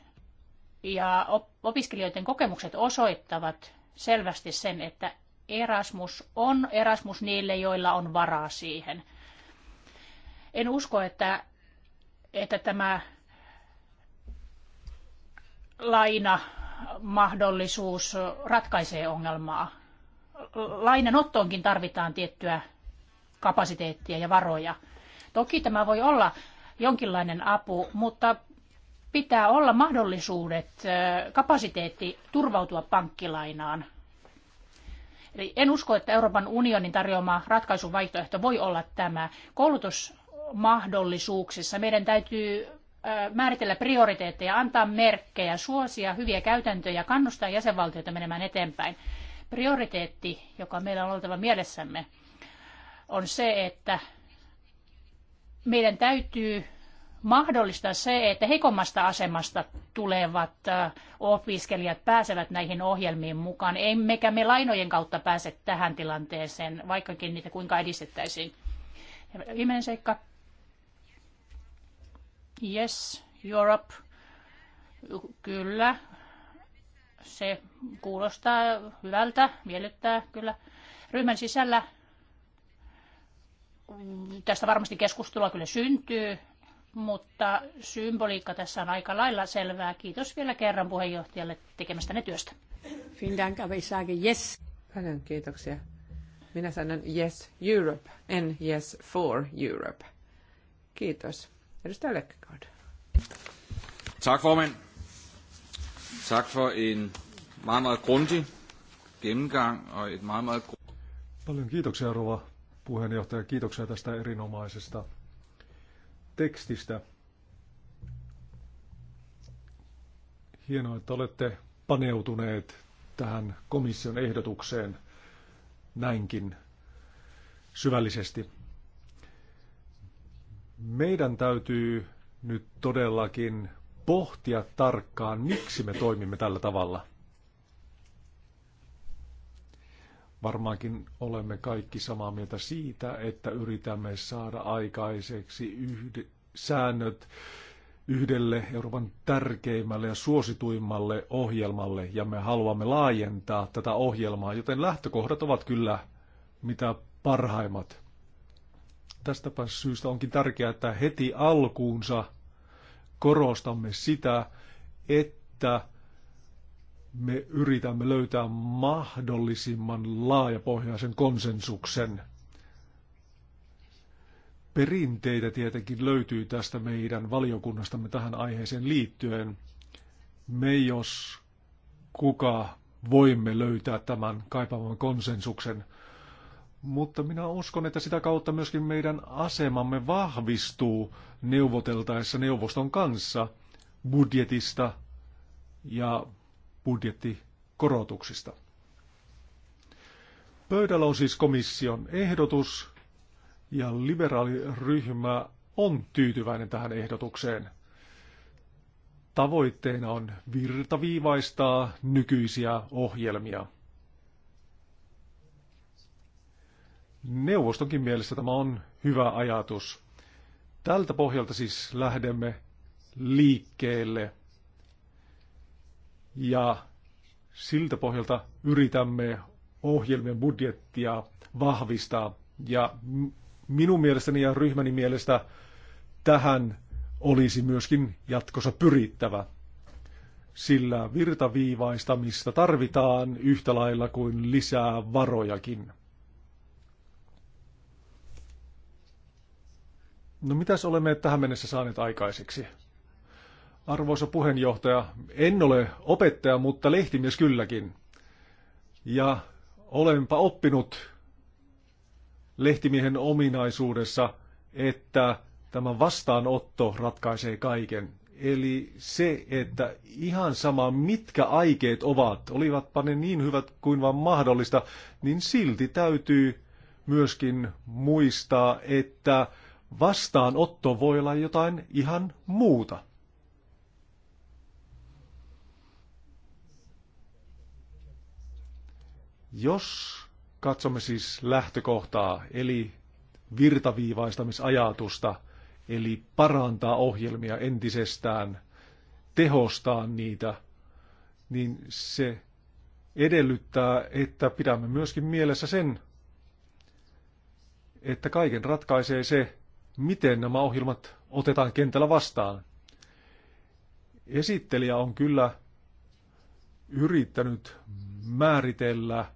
ja opiskelijoiden kokemukset osoittavat selvästi sen, että Erasmus on Erasmus niille, joilla on varaa siihen. En usko, että, että tämä laina mahdollisuus ratkaisee ongelmaa. Lainanottoonkin tarvitaan tiettyä kapasiteettia ja varoja. Toki tämä voi olla jonkinlainen apu, mutta pitää olla mahdollisuudet, kapasiteetti turvautua pankkilainaan. Eli en usko, että Euroopan unionin tarjoama ratkaisuvaihtoehto voi olla tämä. Koulutusmahdollisuuksissa meidän täytyy määritellä prioriteetteja, antaa merkkejä, suosia hyviä käytäntöjä, kannustaa jäsenvaltioita menemään eteenpäin. Prioriteetti, joka meillä on oltava mielessämme, on se, että meidän täytyy mahdollistaa se, että heikommasta asemasta tulevat opiskelijat pääsevät näihin ohjelmiin mukaan. Emmekä me lainojen kautta pääse tähän tilanteeseen, vaikkakin niitä kuinka edistettäisiin. Viimeinen seikka. Yes, Europe. Kyllä. Se kuulostaa hyvältä, miellyttää kyllä. Ryhmän sisällä tästä varmasti keskustelua kyllä syntyy mutta symboliikka tässä on aika lailla selvää. Kiitos vielä kerran puheenjohtajalle tekemästänne työstä. yes. Paljon kiitoksia. Minä sanon yes Europe, en yes for Europe. Kiitos. Edustaja Lekkegaard. Tak formand. Tak for en meget, meget grundig gennemgang og et meget, meget... Paljon kiitoksia, rouva puheenjohtaja. Kiitoksia tästä erinomaisesta tekstistä. Hienoa, että olette paneutuneet tähän komission ehdotukseen näinkin syvällisesti. Meidän täytyy nyt todellakin pohtia tarkkaan, miksi me toimimme tällä tavalla – Varmaankin olemme kaikki samaa mieltä siitä, että yritämme saada aikaiseksi yhd- säännöt yhdelle Euroopan tärkeimmälle ja suosituimmalle ohjelmalle, ja me haluamme laajentaa tätä ohjelmaa, joten lähtökohdat ovat kyllä mitä parhaimmat. Tästäpä syystä onkin tärkeää, että heti alkuunsa korostamme sitä, että me yritämme löytää mahdollisimman laajapohjaisen konsensuksen. Perinteitä tietenkin löytyy tästä meidän valiokunnastamme tähän aiheeseen liittyen. Me jos kuka voimme löytää tämän kaipaavan konsensuksen. Mutta minä uskon, että sitä kautta myöskin meidän asemamme vahvistuu neuvoteltaessa neuvoston kanssa budjetista ja budjettikorotuksista. Pöydällä on siis komission ehdotus ja liberaaliryhmä on tyytyväinen tähän ehdotukseen. Tavoitteena on virtaviivaistaa nykyisiä ohjelmia. Neuvostonkin mielestä tämä on hyvä ajatus. Tältä pohjalta siis lähdemme liikkeelle – ja siltä pohjalta yritämme ohjelmien budjettia vahvistaa. Ja minun mielestäni ja ryhmäni mielestä tähän olisi myöskin jatkossa pyrittävä. Sillä virtaviivaistamista tarvitaan yhtä lailla kuin lisää varojakin. No mitäs olemme tähän mennessä saaneet aikaiseksi? Arvoisa puheenjohtaja, en ole opettaja, mutta lehtimies kylläkin. Ja olenpa oppinut lehtimiehen ominaisuudessa, että tämä vastaanotto ratkaisee kaiken. Eli se, että ihan sama mitkä aikeet ovat, olivatpa ne niin hyvät kuin vaan mahdollista, niin silti täytyy myöskin muistaa, että vastaanotto voi olla jotain ihan muuta. Jos katsomme siis lähtökohtaa, eli virtaviivaistamisajatusta, eli parantaa ohjelmia entisestään, tehostaa niitä, niin se edellyttää, että pidämme myöskin mielessä sen, että kaiken ratkaisee se, miten nämä ohjelmat otetaan kentällä vastaan. Esittelijä on kyllä yrittänyt määritellä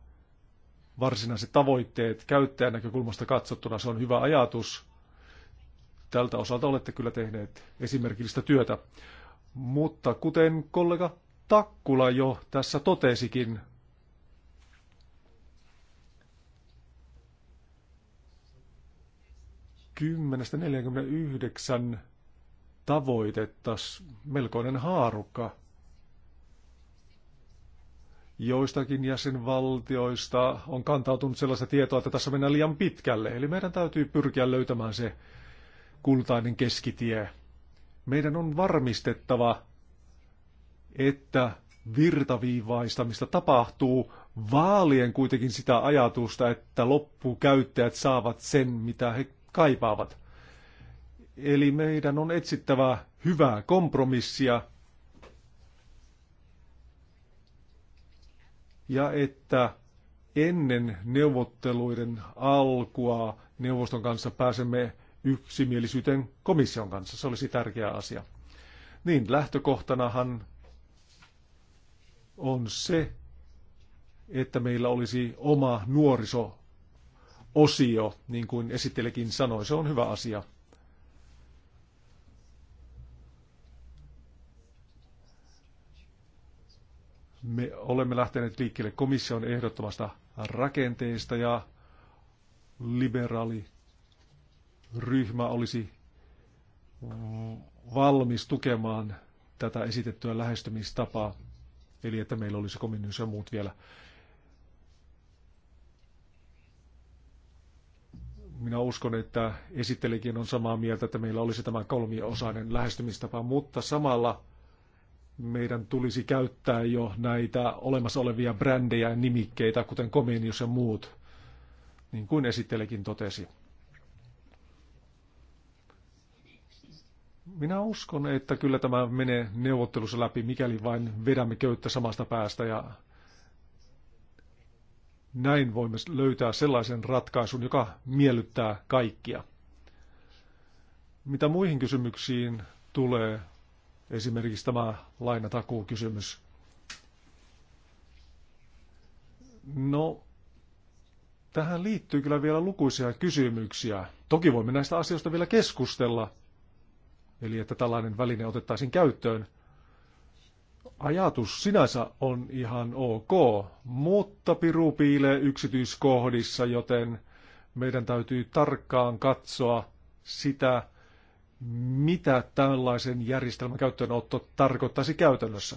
varsinaiset tavoitteet käyttäjän näkökulmasta katsottuna. Se on hyvä ajatus. Tältä osalta olette kyllä tehneet esimerkillistä työtä. Mutta kuten kollega Takkula jo tässä totesikin, kymmenestä 49 tavoitetta, melkoinen haarukka joistakin jäsenvaltioista on kantautunut sellaista tietoa, että tässä mennään liian pitkälle. Eli meidän täytyy pyrkiä löytämään se kultainen keskitie. Meidän on varmistettava, että virtaviivaistamista tapahtuu vaalien kuitenkin sitä ajatusta, että loppukäyttäjät saavat sen, mitä he kaipaavat. Eli meidän on etsittävä hyvää kompromissia – ja että ennen neuvotteluiden alkua neuvoston kanssa pääsemme yksimielisyyteen komission kanssa. Se olisi tärkeä asia. Niin, lähtökohtanahan on se, että meillä olisi oma nuoriso-osio, niin kuin esittelekin sanoi. Se on hyvä asia. Me olemme lähteneet liikkeelle komission ehdottomasta rakenteesta ja liberaali ryhmä olisi valmis tukemaan tätä esitettyä lähestymistapaa, eli että meillä olisi kommunius ja muut vielä. Minä uskon, että esittelikin on samaa mieltä, että meillä olisi tämä kolmiosainen lähestymistapa, mutta samalla meidän tulisi käyttää jo näitä olemassa olevia brändejä ja nimikkeitä, kuten Comenius ja muut, niin kuin esittelekin totesi. Minä uskon, että kyllä tämä menee neuvottelussa läpi, mikäli vain vedämme köyttä samasta päästä ja näin voimme löytää sellaisen ratkaisun, joka miellyttää kaikkia. Mitä muihin kysymyksiin tulee, Esimerkiksi tämä lainatakuukysymys. No, tähän liittyy kyllä vielä lukuisia kysymyksiä. Toki voimme näistä asioista vielä keskustella, eli että tällainen väline otettaisiin käyttöön. Ajatus sinänsä on ihan ok, mutta piru piilee yksityiskohdissa, joten meidän täytyy tarkkaan katsoa sitä, mitä tällaisen järjestelmän käyttöönotto tarkoittaisi käytännössä.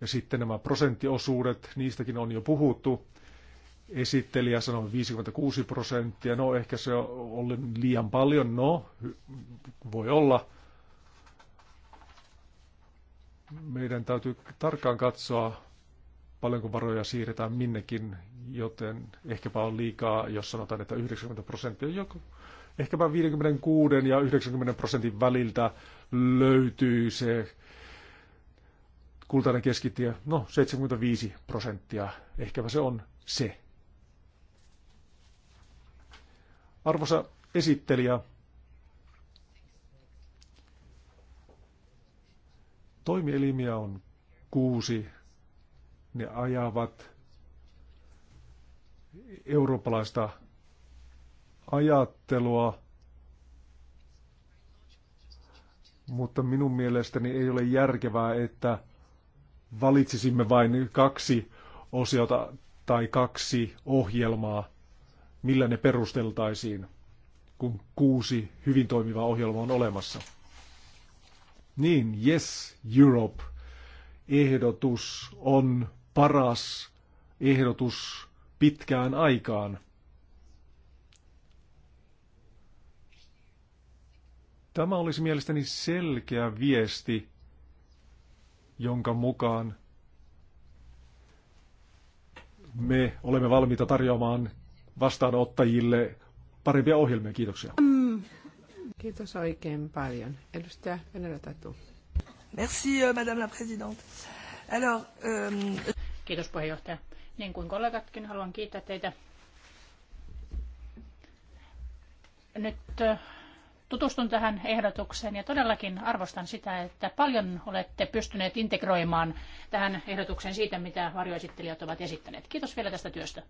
Ja sitten nämä prosenttiosuudet, niistäkin on jo puhuttu. Esittelijä sanoi 56 prosenttia, no ehkä se oli liian paljon, no voi olla. Meidän täytyy tarkkaan katsoa, paljonko varoja siirretään minnekin, joten ehkäpä on liikaa, jos sanotaan, että 90 prosenttia joku ehkäpä 56 ja 90 prosentin väliltä löytyy se kultainen keskitie, no 75 prosenttia, ehkäpä se on se. Arvoisa esittelijä, toimielimiä on kuusi. Ne ajavat eurooppalaista ajattelua, mutta minun mielestäni ei ole järkevää, että valitsisimme vain kaksi osiota tai kaksi ohjelmaa, millä ne perusteltaisiin, kun kuusi hyvin toimivaa ohjelmaa on olemassa. Niin, Yes Europe ehdotus on paras ehdotus pitkään aikaan – Tämä olisi mielestäni selkeä viesti, jonka mukaan me olemme valmiita tarjoamaan vastaanottajille parempia ohjelmia. Kiitoksia. Kiitos oikein paljon. Edustaja Venäjä Tatu. Merci, euh, madame la présidente. Alors, um... Kiitos puheenjohtaja. Niin kuin kollegatkin, haluan kiittää teitä. Nyt äh, tutustun tähän ehdotukseen ja todellakin arvostan sitä, että paljon olette pystyneet integroimaan tähän ehdotukseen siitä, mitä varjoesittelijät ovat esittäneet. Kiitos vielä tästä työstä.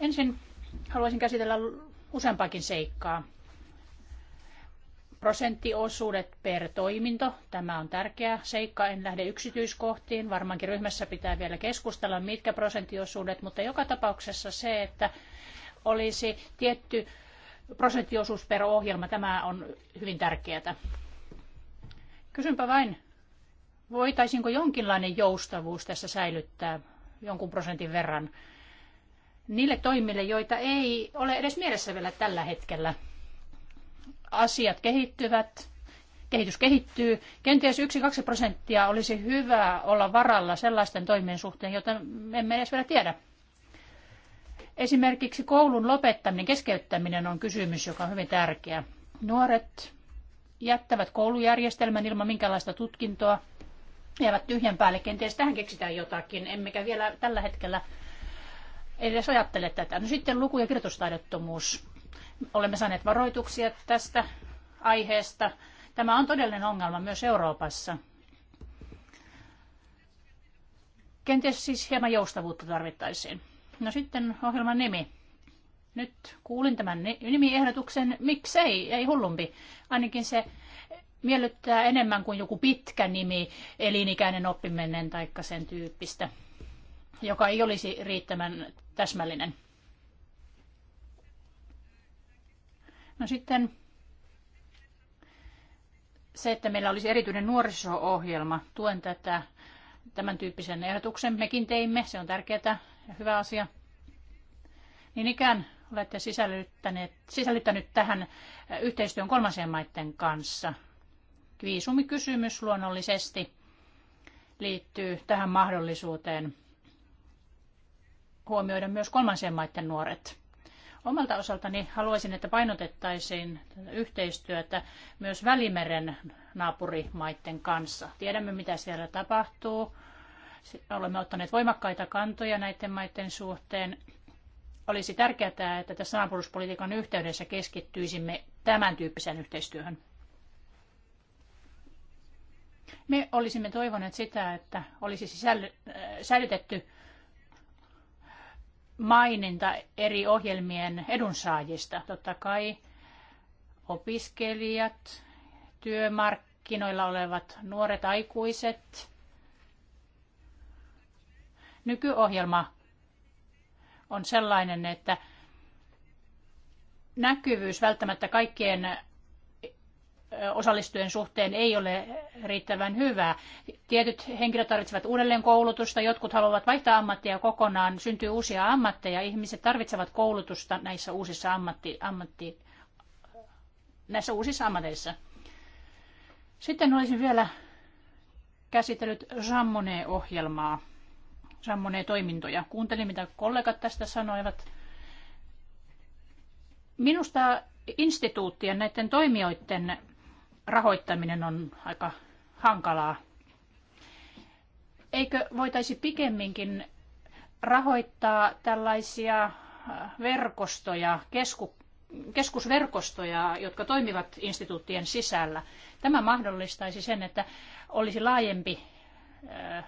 Ensin haluaisin käsitellä useampaakin seikkaa. Prosenttiosuudet per toiminto, tämä on tärkeä seikka, en lähde yksityiskohtiin. Varmaankin ryhmässä pitää vielä keskustella, mitkä prosenttiosuudet, mutta joka tapauksessa se, että olisi tietty prosenttiosuus per ohjelma, tämä on hyvin tärkeää. Kysynpä vain, voitaisiinko jonkinlainen joustavuus tässä säilyttää jonkun prosentin verran niille toimille, joita ei ole edes mielessä vielä tällä hetkellä. Asiat kehittyvät, kehitys kehittyy. Kenties 1-2 prosenttia olisi hyvä olla varalla sellaisten toimien suhteen, joita emme edes vielä tiedä. Esimerkiksi koulun lopettaminen, keskeyttäminen on kysymys, joka on hyvin tärkeä. Nuoret jättävät koulujärjestelmän ilman minkälaista tutkintoa, jäävät tyhjän päälle, kenties tähän keksitään jotakin, emmekä vielä tällä hetkellä edes ajattele tätä. No sitten luku- ja kirjoitustaidottomuus. Olemme saaneet varoituksia tästä aiheesta. Tämä on todellinen ongelma myös Euroopassa. Kenties siis hieman joustavuutta tarvittaisiin. No sitten ohjelman nimi. Nyt kuulin tämän nimiehdotuksen. Miksei? Ei hullumpi. Ainakin se miellyttää enemmän kuin joku pitkä nimi, elinikäinen oppiminen tai sen tyyppistä, joka ei olisi riittävän täsmällinen. No sitten se, että meillä olisi erityinen nuoriso-ohjelma. Tuen tätä, tämän tyyppisen ehdotuksen mekin teimme, se on tärkeää hyvä asia. Niin ikään olette sisällyttäneet, sisällyttänyt tähän yhteistyön kolmansien maiden kanssa. Viisumikysymys luonnollisesti liittyy tähän mahdollisuuteen huomioida myös kolmansien maiden nuoret. Omalta osaltani haluaisin, että painotettaisiin yhteistyötä myös Välimeren naapurimaiden kanssa. Tiedämme, mitä siellä tapahtuu olemme ottaneet voimakkaita kantoja näiden maiden suhteen. Olisi tärkeää, että tässä naapuruuspolitiikan yhteydessä keskittyisimme tämän tyyppiseen yhteistyöhön. Me olisimme toivoneet sitä, että olisi äh, säilytetty maininta eri ohjelmien edunsaajista. Totta kai opiskelijat, työmarkkinoilla olevat nuoret aikuiset, Nykyohjelma on sellainen, että näkyvyys välttämättä kaikkien osallistujien suhteen ei ole riittävän hyvää. Tietyt henkilöt tarvitsevat uudelleen koulutusta, jotkut haluavat vaihtaa ammattia kokonaan, syntyy uusia ammatteja, ihmiset tarvitsevat koulutusta näissä uusissa, ammatti, ammatti, näissä uusissa ammateissa. Sitten olisin vielä käsitellyt Sammoneen ohjelmaa sammonee toimintoja. Kuuntelin, mitä kollegat tästä sanoivat. Minusta instituuttien, näiden toimijoiden rahoittaminen on aika hankalaa. Eikö voitaisi pikemminkin rahoittaa tällaisia äh, verkostoja, kesku, keskusverkostoja, jotka toimivat instituuttien sisällä. Tämä mahdollistaisi sen, että olisi laajempi äh,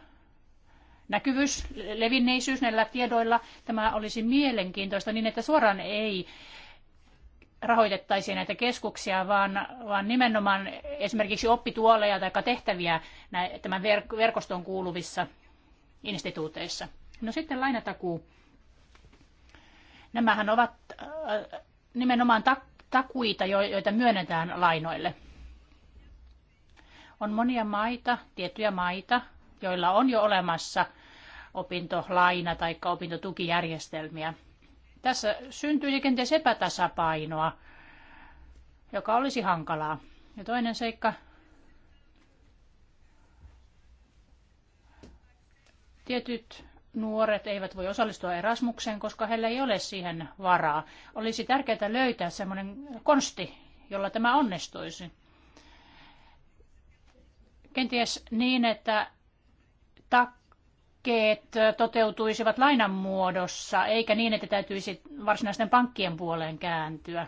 näkyvyys, levinneisyys näillä tiedoilla. Tämä olisi mielenkiintoista niin, että suoraan ei rahoitettaisiin näitä keskuksia, vaan, vaan nimenomaan esimerkiksi oppituoleja tai tehtäviä tämän verkostoon kuuluvissa instituuteissa. No sitten lainatakuu. Nämähän ovat äh, nimenomaan takuita, joita myönnetään lainoille. On monia maita, tiettyjä maita, joilla on jo olemassa opintolaina tai opintotukijärjestelmiä. Tässä syntyisi kenties epätasapainoa, joka olisi hankalaa. Ja toinen seikka. Tietyt nuoret eivät voi osallistua Erasmukseen, koska heillä ei ole siihen varaa. Olisi tärkeää löytää semmoinen konsti, jolla tämä onnistuisi. Kenties niin, että takkeet toteutuisivat lainan muodossa, eikä niin, että täytyisi varsinaisten pankkien puoleen kääntyä.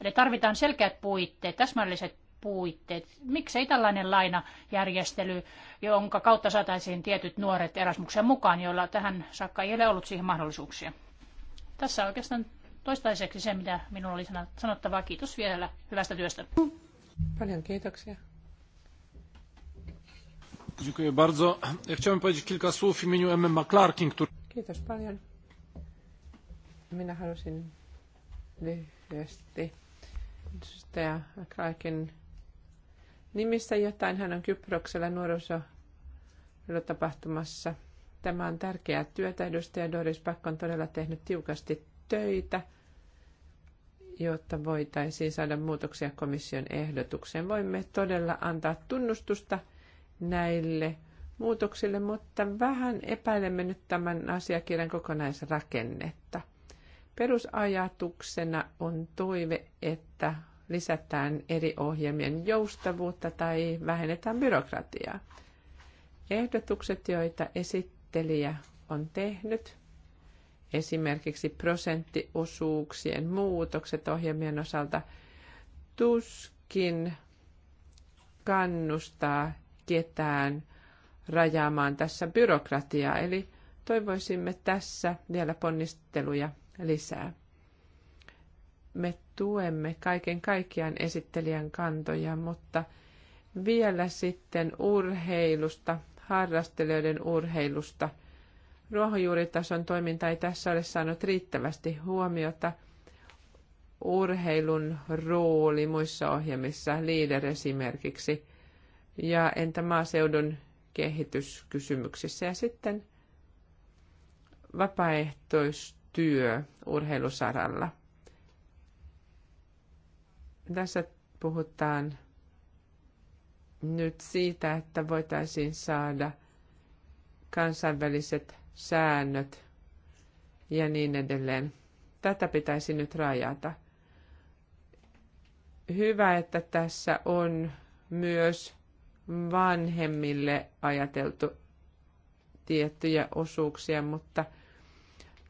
Eli tarvitaan selkeät puitteet, täsmälliset puitteet. Miksei tällainen lainajärjestely, jonka kautta saataisiin tietyt nuoret Erasmuksen mukaan, joilla tähän saakka ei ole ollut siihen mahdollisuuksia. Tässä oikeastaan toistaiseksi se, mitä minulla oli sanottavaa. Kiitos vielä hyvästä työstä. Paljon kiitoksia. Dziękuję bardzo. Ja powiedzieć kilka słów w imieniu Emmy McClarkin, który... Kiitos paljon. Minä halusin lyhyesti edustaja McClarkin nimissä jotain. Hän on Kyproksella nuorisotapahtumassa. Tämä on tärkeää työtä. Edustaja Doris Back on todella tehnyt tiukasti töitä, jotta voitaisiin saada muutoksia komission ehdotukseen. Voimme todella antaa tunnustusta näille muutoksille, mutta vähän epäilemme nyt tämän asiakirjan kokonaisrakennetta. Perusajatuksena on toive, että lisätään eri ohjelmien joustavuutta tai vähennetään byrokratiaa. Ehdotukset, joita esittelijä on tehnyt, esimerkiksi prosenttiosuuksien muutokset ohjelmien osalta, tuskin kannustaa ketään rajaamaan tässä byrokratiaa, eli toivoisimme tässä vielä ponnisteluja lisää. Me tuemme kaiken kaikkiaan esittelijän kantoja, mutta vielä sitten urheilusta, harrastelijoiden urheilusta. Ruohonjuuritason toiminta ei tässä ole saanut riittävästi huomiota. Urheilun rooli muissa ohjelmissa, liider esimerkiksi, ja entä maaseudun kehityskysymyksissä ja sitten vapaaehtoistyö urheilusaralla. Tässä puhutaan nyt siitä, että voitaisiin saada kansainväliset säännöt ja niin edelleen. Tätä pitäisi nyt rajata. Hyvä, että tässä on myös vanhemmille ajateltu tiettyjä osuuksia, mutta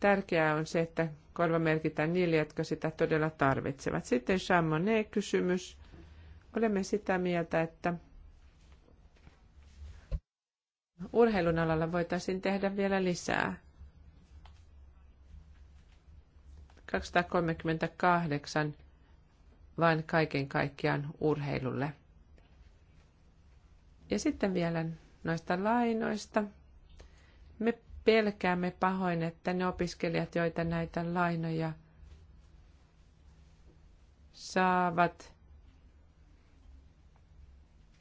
tärkeää on se, että korva merkitään niille, jotka sitä todella tarvitsevat. Sitten Chamonix-kysymys. Olemme sitä mieltä, että urheilun alalla voitaisiin tehdä vielä lisää. 238 vain kaiken kaikkiaan urheilulle. Ja sitten vielä noista lainoista. Me pelkäämme pahoin, että ne opiskelijat, joita näitä lainoja saavat,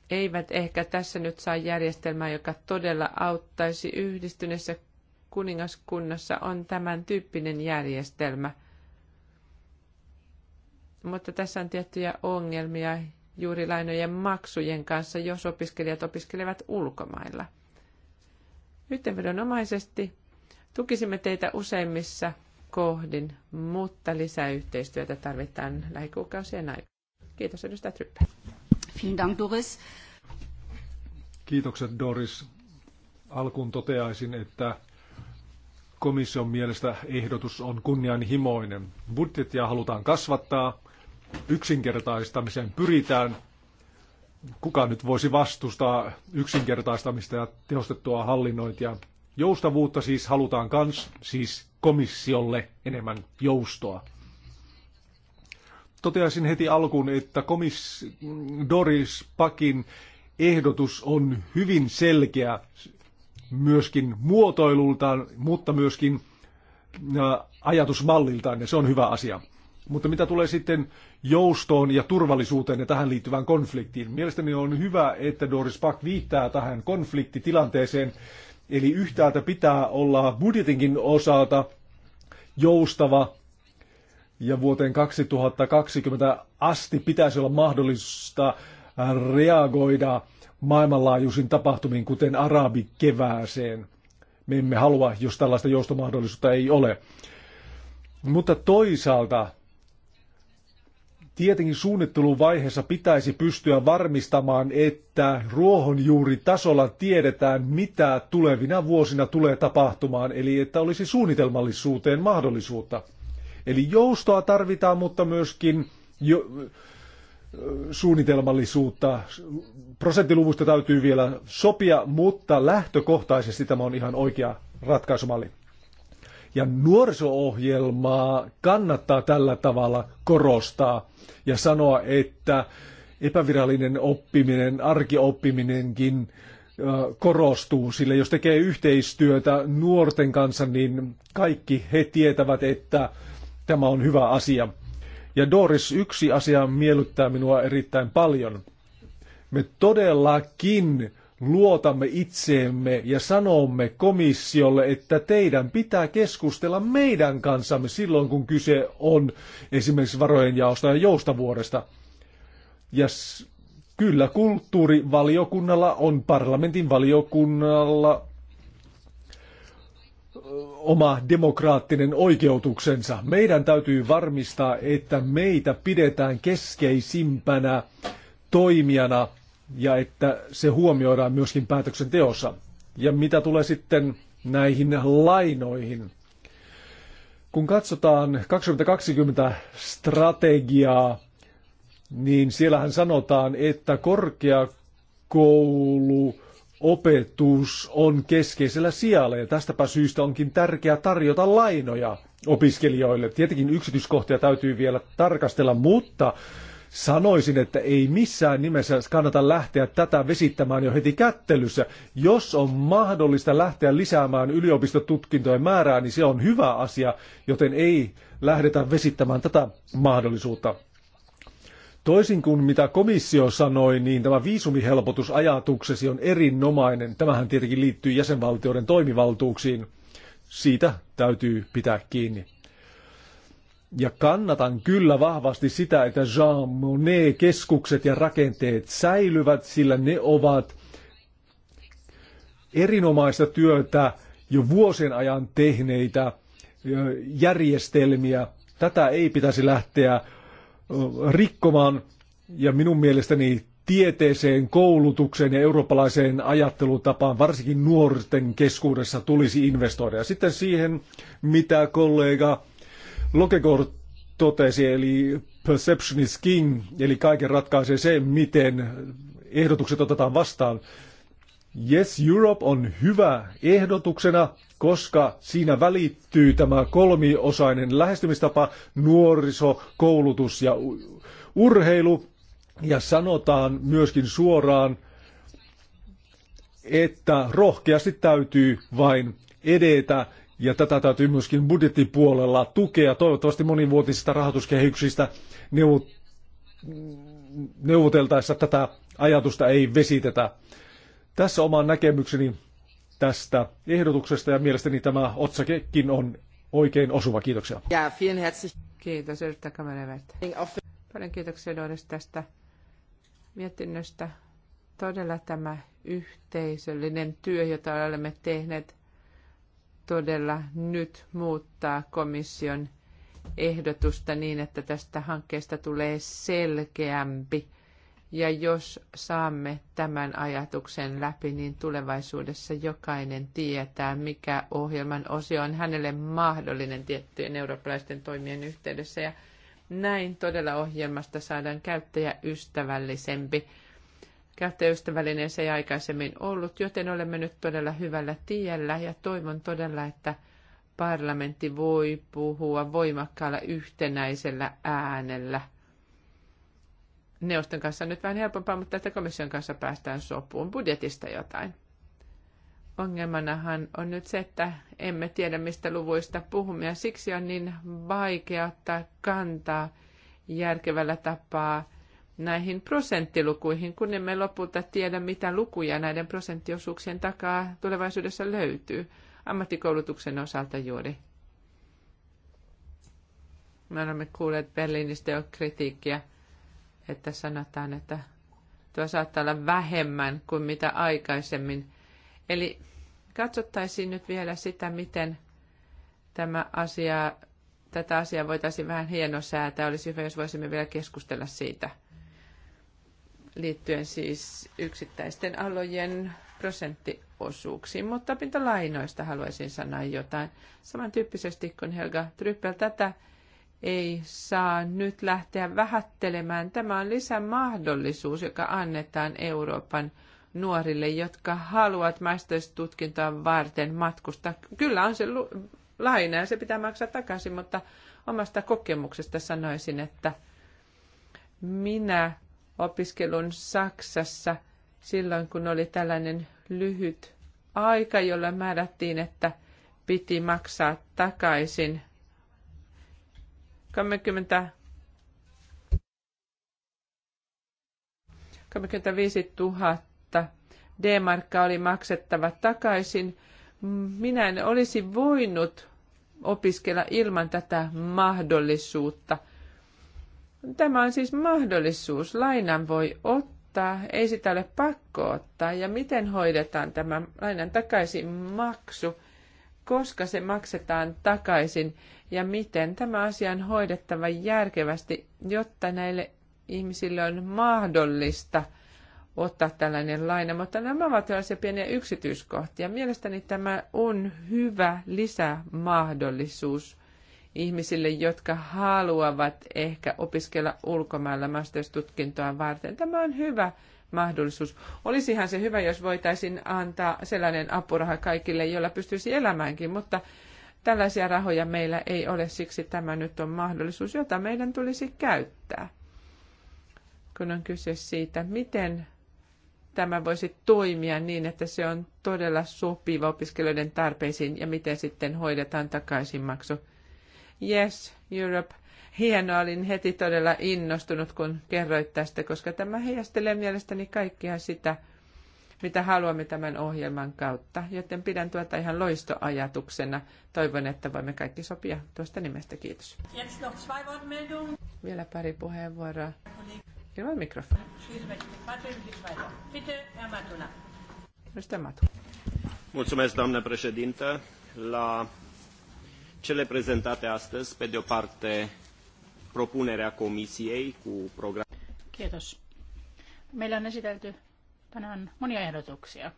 eivät ehkä tässä nyt saa järjestelmää, joka todella auttaisi. Yhdistyneessä kuningaskunnassa on tämän tyyppinen järjestelmä. Mutta tässä on tiettyjä ongelmia, juuri lainojen maksujen kanssa, jos opiskelijat opiskelevat ulkomailla. Yhteenvedonomaisesti tukisimme teitä useimmissa kohdin, mutta lisää yhteistyötä tarvitaan lähikuukausien aikana. Kiitos edustaja Tryppä. Dank, Doris. Kiitokset Doris. Alkuun toteaisin, että komission mielestä ehdotus on kunnianhimoinen. Budjettia halutaan kasvattaa, yksinkertaistamiseen pyritään. Kuka nyt voisi vastustaa yksinkertaistamista ja tehostettua hallinnointia? Joustavuutta siis halutaan kans, siis komissiolle enemmän joustoa. Toteaisin heti alkuun, että komis Doris Pakin ehdotus on hyvin selkeä myöskin muotoilultaan, mutta myöskin ajatusmalliltaan, ja se on hyvä asia. Mutta mitä tulee sitten joustoon ja turvallisuuteen ja tähän liittyvään konfliktiin? Mielestäni on hyvä, että Doris Pack viittaa tähän konfliktitilanteeseen. Eli yhtäältä pitää olla budjetinkin osalta joustava ja vuoteen 2020 asti pitäisi olla mahdollista reagoida maailmanlaajuisiin tapahtumiin, kuten arabikevääseen. Me emme halua, jos tällaista joustomahdollisuutta ei ole. Mutta toisaalta Tietenkin suunnitteluvaiheessa pitäisi pystyä varmistamaan, että ruohonjuuritasolla tiedetään, mitä tulevina vuosina tulee tapahtumaan, eli että olisi suunnitelmallisuuteen mahdollisuutta. Eli joustoa tarvitaan, mutta myöskin jo, suunnitelmallisuutta. Prosenttiluvusta täytyy vielä sopia, mutta lähtökohtaisesti tämä on ihan oikea ratkaisumalli. Ja nuoriso-ohjelmaa kannattaa tällä tavalla korostaa ja sanoa, että epävirallinen oppiminen, arkioppiminenkin korostuu, sillä jos tekee yhteistyötä nuorten kanssa, niin kaikki he tietävät, että tämä on hyvä asia. Ja Doris, yksi asia miellyttää minua erittäin paljon. Me todellakin luotamme itseemme ja sanomme komissiolle, että teidän pitää keskustella meidän kanssamme silloin, kun kyse on esimerkiksi varojen jaosta ja joustavuodesta. Ja kyllä kulttuurivaliokunnalla on parlamentin valiokunnalla oma demokraattinen oikeutuksensa. Meidän täytyy varmistaa, että meitä pidetään keskeisimpänä toimijana – ja että se huomioidaan myöskin päätöksenteossa. Ja mitä tulee sitten näihin lainoihin? Kun katsotaan 2020 strategiaa, niin siellähän sanotaan, että korkeakouluopetus on keskeisellä sijalla ja tästäpä syystä onkin tärkeää tarjota lainoja opiskelijoille. Tietenkin yksityiskohtia täytyy vielä tarkastella, mutta Sanoisin, että ei missään nimessä kannata lähteä tätä vesittämään jo heti kättelyssä. Jos on mahdollista lähteä lisäämään yliopistotutkintojen määrää, niin se on hyvä asia, joten ei lähdetä vesittämään tätä mahdollisuutta. Toisin kuin mitä komissio sanoi, niin tämä viisumihelpotusajatuksesi on erinomainen. Tämähän tietenkin liittyy jäsenvaltioiden toimivaltuuksiin. Siitä täytyy pitää kiinni. Ja kannatan kyllä vahvasti sitä, että Jean Monnet-keskukset ja rakenteet säilyvät, sillä ne ovat erinomaista työtä jo vuosien ajan tehneitä järjestelmiä. Tätä ei pitäisi lähteä rikkomaan ja minun mielestäni tieteeseen, koulutukseen ja eurooppalaiseen ajattelutapaan, varsinkin nuorten keskuudessa, tulisi investoida. Ja sitten siihen, mitä kollega Lokegor totesi, eli perception is king, eli kaiken ratkaisee se, miten ehdotukset otetaan vastaan. Yes Europe on hyvä ehdotuksena, koska siinä välittyy tämä kolmiosainen lähestymistapa, nuoriso, koulutus ja urheilu. Ja sanotaan myöskin suoraan, että rohkeasti täytyy vain edetä ja tätä täytyy myöskin budjettipuolella tukea. Toivottavasti monivuotisista rahoituskehyksistä neuvoteltaessa tätä ajatusta ei vesitetä. Tässä oma näkemykseni tästä ehdotuksesta ja mielestäni tämä otsakekin on oikein osuva. Kiitoksia. Ja, Kiitos Yrttä Kamerevert. Paljon kiitoksia Doris tästä mietinnöstä. Todella tämä yhteisöllinen työ, jota olemme tehneet, todella nyt muuttaa komission ehdotusta niin, että tästä hankkeesta tulee selkeämpi. Ja jos saamme tämän ajatuksen läpi, niin tulevaisuudessa jokainen tietää, mikä ohjelman osio on hänelle mahdollinen tiettyjen eurooppalaisten toimien yhteydessä. Ja näin todella ohjelmasta saadaan käyttäjäystävällisempi käyttäjäystä välineessä ei aikaisemmin ollut, joten olemme nyt todella hyvällä tiellä ja toivon todella, että parlamentti voi puhua voimakkaalla yhtenäisellä äänellä. Neuvoston kanssa on nyt vähän helpompaa, mutta että komission kanssa päästään sopuun budjetista jotain. Ongelmanahan on nyt se, että emme tiedä mistä luvuista puhumme ja siksi on niin vaikea ottaa kantaa järkevällä tapaa näihin prosenttilukuihin, kun emme lopulta tiedä, mitä lukuja näiden prosenttiosuuksien takaa tulevaisuudessa löytyy ammattikoulutuksen osalta juuri. Me olemme kuulleet Berliinistä jo kritiikkiä, että sanotaan, että tuo saattaa olla vähemmän kuin mitä aikaisemmin. Eli katsottaisiin nyt vielä sitä, miten tämä asia, tätä asiaa voitaisiin vähän hienosäätää. Olisi hyvä, jos voisimme vielä keskustella siitä liittyen siis yksittäisten alojen prosenttiosuuksiin, mutta opintolainoista haluaisin sanoa jotain. Samantyyppisesti kuin Helga Tryppel, tätä ei saa nyt lähteä vähättelemään. Tämä on lisämahdollisuus, joka annetaan Euroopan nuorille, jotka haluavat maisteristutkintoa varten matkustaa. Kyllä on se laina ja se pitää maksaa takaisin, mutta omasta kokemuksesta sanoisin, että minä opiskelun Saksassa silloin, kun oli tällainen lyhyt aika, jolla määrättiin, että piti maksaa takaisin 30 35 000 D-markkaa oli maksettava takaisin. Minä en olisi voinut opiskella ilman tätä mahdollisuutta. Tämä on siis mahdollisuus. Lainan voi ottaa, ei sitä ole pakko ottaa. Ja miten hoidetaan tämä lainan takaisin maksu? koska se maksetaan takaisin ja miten tämä asia on hoidettava järkevästi, jotta näille ihmisille on mahdollista ottaa tällainen laina. Mutta nämä ovat tällaisia pieniä yksityiskohtia. Mielestäni tämä on hyvä lisämahdollisuus ihmisille, jotka haluavat ehkä opiskella ulkomailla masterstutkintoa varten. Tämä on hyvä mahdollisuus. Olisihan se hyvä, jos voitaisiin antaa sellainen apuraha kaikille, jolla pystyisi elämäänkin, mutta tällaisia rahoja meillä ei ole, siksi tämä nyt on mahdollisuus, jota meidän tulisi käyttää. Kun on kyse siitä, miten tämä voisi toimia niin, että se on todella sopiva opiskelijoiden tarpeisiin ja miten sitten hoidetaan takaisinmaksu. maksu Yes Europe. Hienoa, olin heti todella innostunut, kun kerroit tästä, koska tämä heijastelee mielestäni kaikkia sitä, mitä haluamme tämän ohjelman kautta, joten pidän tuota ihan loistoajatuksena. Toivon, että voimme kaikki sopia tuosta nimestä. Kiitos. Vielä pari puheenvuoroa. Ilman mikrofoni. Matu. Mulțumesc, doamnă președintă. La Cele prezentate astăzi, pe de o parte, propunerea Comisiei cu program... Kiitos. Meillä on esitelty tänään monia ehdotuksia.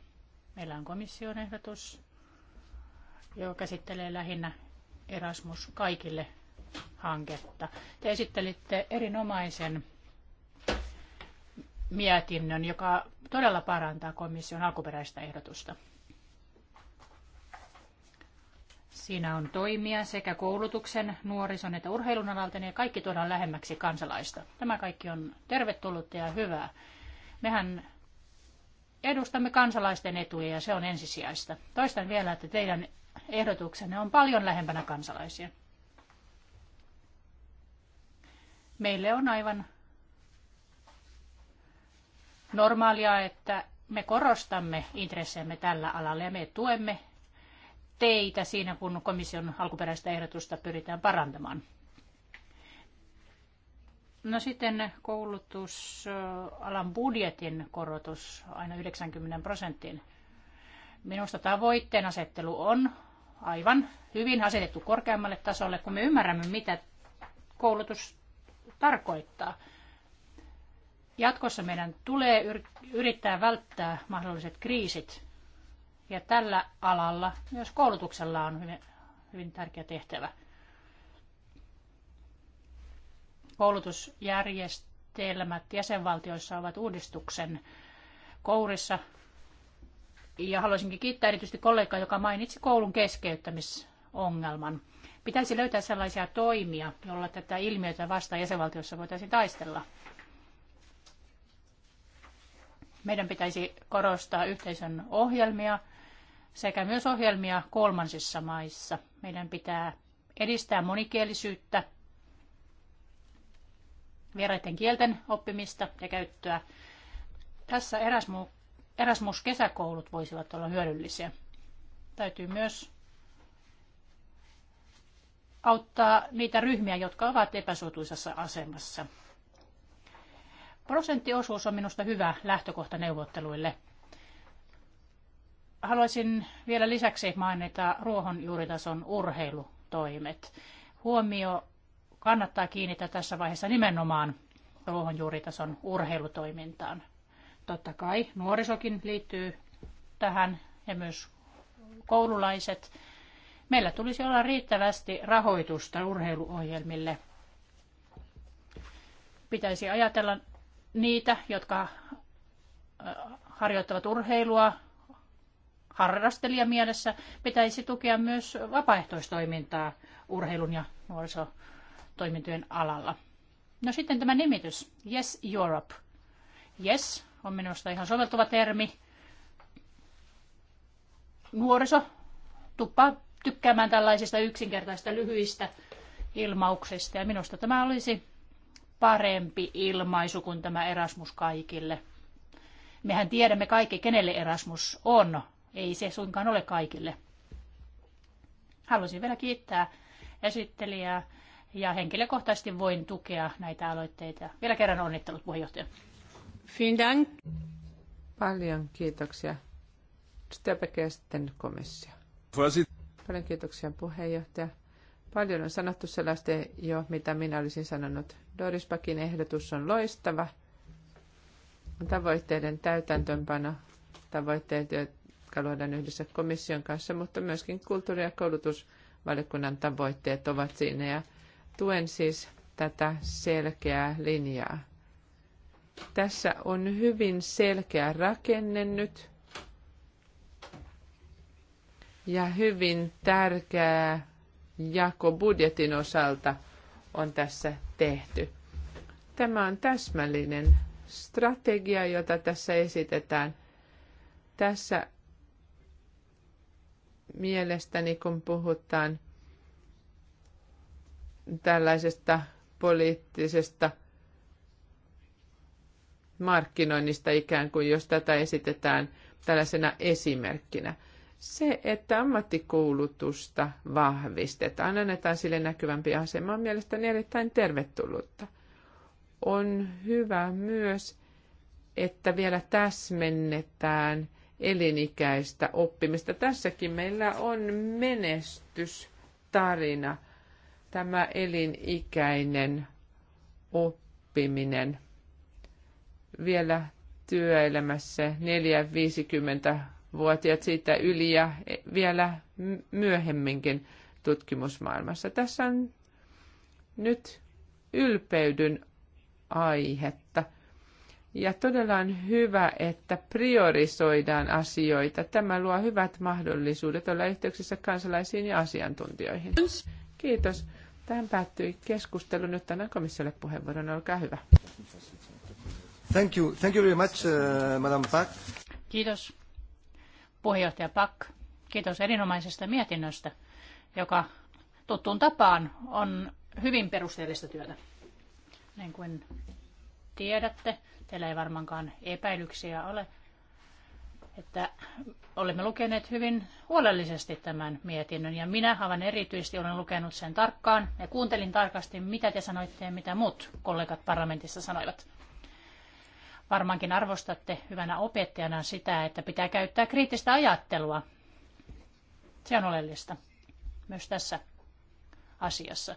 Meillä on komission ehdotus, joka käsittelee lähinnä Erasmus kaikille hanketta. Te esittelitte erinomaisen mietinnön, joka todella parantaa komission alkuperäistä ehdotusta. Siinä on toimia sekä koulutuksen, nuorison että urheilun alalta, ja kaikki tuodaan lähemmäksi kansalaista. Tämä kaikki on tervetullutta ja hyvää. Mehän edustamme kansalaisten etuja ja se on ensisijaista. Toistan vielä, että teidän ehdotuksenne on paljon lähempänä kansalaisia. Meille on aivan normaalia, että me korostamme intressejämme tällä alalla ja me tuemme teitä siinä, kun komission alkuperäistä ehdotusta pyritään parantamaan? No sitten koulutusalan budjetin korotus aina 90 prosenttiin. Minusta tavoitteen asettelu on aivan hyvin asetettu korkeammalle tasolle, kun me ymmärrämme, mitä koulutus tarkoittaa. Jatkossa meidän tulee yrittää välttää mahdolliset kriisit. Ja tällä alalla myös koulutuksella on hyvin, hyvin tärkeä tehtävä. Koulutusjärjestelmät jäsenvaltioissa ovat uudistuksen kourissa. Ja haluaisinkin kiittää erityisesti kollegaa, joka mainitsi koulun keskeyttämisongelman. Pitäisi löytää sellaisia toimia, joilla tätä ilmiötä vastaan jäsenvaltiossa voitaisiin taistella. Meidän pitäisi korostaa yhteisön ohjelmia – sekä myös ohjelmia kolmansissa maissa. Meidän pitää edistää monikielisyyttä, vieraiden kielten oppimista ja käyttöä. Tässä Erasmus-kesäkoulut voisivat olla hyödyllisiä. Täytyy myös auttaa niitä ryhmiä, jotka ovat epäsuotuisassa asemassa. Prosenttiosuus on minusta hyvä lähtökohta neuvotteluille – Haluaisin vielä lisäksi mainita ruohonjuuritason urheilutoimet. Huomio kannattaa kiinnittää tässä vaiheessa nimenomaan ruohonjuuritason urheilutoimintaan. Totta kai nuorisokin liittyy tähän ja myös koululaiset. Meillä tulisi olla riittävästi rahoitusta urheiluohjelmille. Pitäisi ajatella niitä, jotka harjoittavat urheilua, harrastelijamielessä pitäisi tukea myös vapaaehtoistoimintaa urheilun ja nuorisotoimintojen alalla. No sitten tämä nimitys, Yes Europe. Yes on minusta ihan soveltuva termi. Nuoriso tuppaa tykkäämään tällaisista yksinkertaisista lyhyistä ilmauksista ja minusta tämä olisi parempi ilmaisu kuin tämä Erasmus kaikille. Mehän tiedämme kaikki, kenelle Erasmus on. Ei se suinkaan ole kaikille. Haluaisin vielä kiittää esittelijää ja henkilökohtaisesti voin tukea näitä aloitteita. Vielä kerran onnittelut puheenjohtaja. Vielen Paljon kiitoksia. Stöpeke sitten komissio. Paljon kiitoksia puheenjohtaja. Paljon on sanottu sellaista jo, mitä minä olisin sanonut. Doris Pakin ehdotus on loistava. Tavoitteiden täytäntöönpano, tavoitteet, jotka luodaan yhdessä komission kanssa, mutta myöskin kulttuuri- ja koulutusvaliokunnan tavoitteet ovat siinä. Ja tuen siis tätä selkeää linjaa. Tässä on hyvin selkeä rakenne nyt ja hyvin tärkeä jako budjetin osalta on tässä tehty. Tämä on täsmällinen strategia, jota tässä esitetään. Tässä mielestäni, kun puhutaan tällaisesta poliittisesta markkinoinnista ikään kuin, jos tätä esitetään tällaisena esimerkkinä. Se, että ammattikoulutusta vahvistetaan, annetaan sille näkyvämpi asema, on mielestäni erittäin tervetullutta. On hyvä myös, että vielä täsmennetään – elinikäistä oppimista. Tässäkin meillä on menestystarina, tämä elinikäinen oppiminen. Vielä työelämässä 4-50-vuotiaat siitä yli ja vielä myöhemminkin tutkimusmaailmassa. Tässä on nyt ylpeydyn aihetta – ja todella on hyvä, että priorisoidaan asioita. Tämä luo hyvät mahdollisuudet olla yhteyksissä kansalaisiin ja asiantuntijoihin. Kiitos. Tähän päättyi keskustelu. Nyt tänään komissiolle puheenvuoron. Olkaa hyvä. Thank you. Thank you very much, uh, Madam Pak. Kiitos, puheenjohtaja Pak. Kiitos erinomaisesta mietinnöstä, joka tuttuun tapaan on hyvin perusteellista työtä. Niin kuin tiedätte, Teillä ei varmaankaan epäilyksiä ole, että olemme lukeneet hyvin huolellisesti tämän mietinnön ja minä aivan erityisesti olen lukenut sen tarkkaan ja kuuntelin tarkasti, mitä te sanoitte ja mitä muut kollegat parlamentissa sanoivat. Varmaankin arvostatte hyvänä opettajana sitä, että pitää käyttää kriittistä ajattelua. Se on oleellista myös tässä asiassa.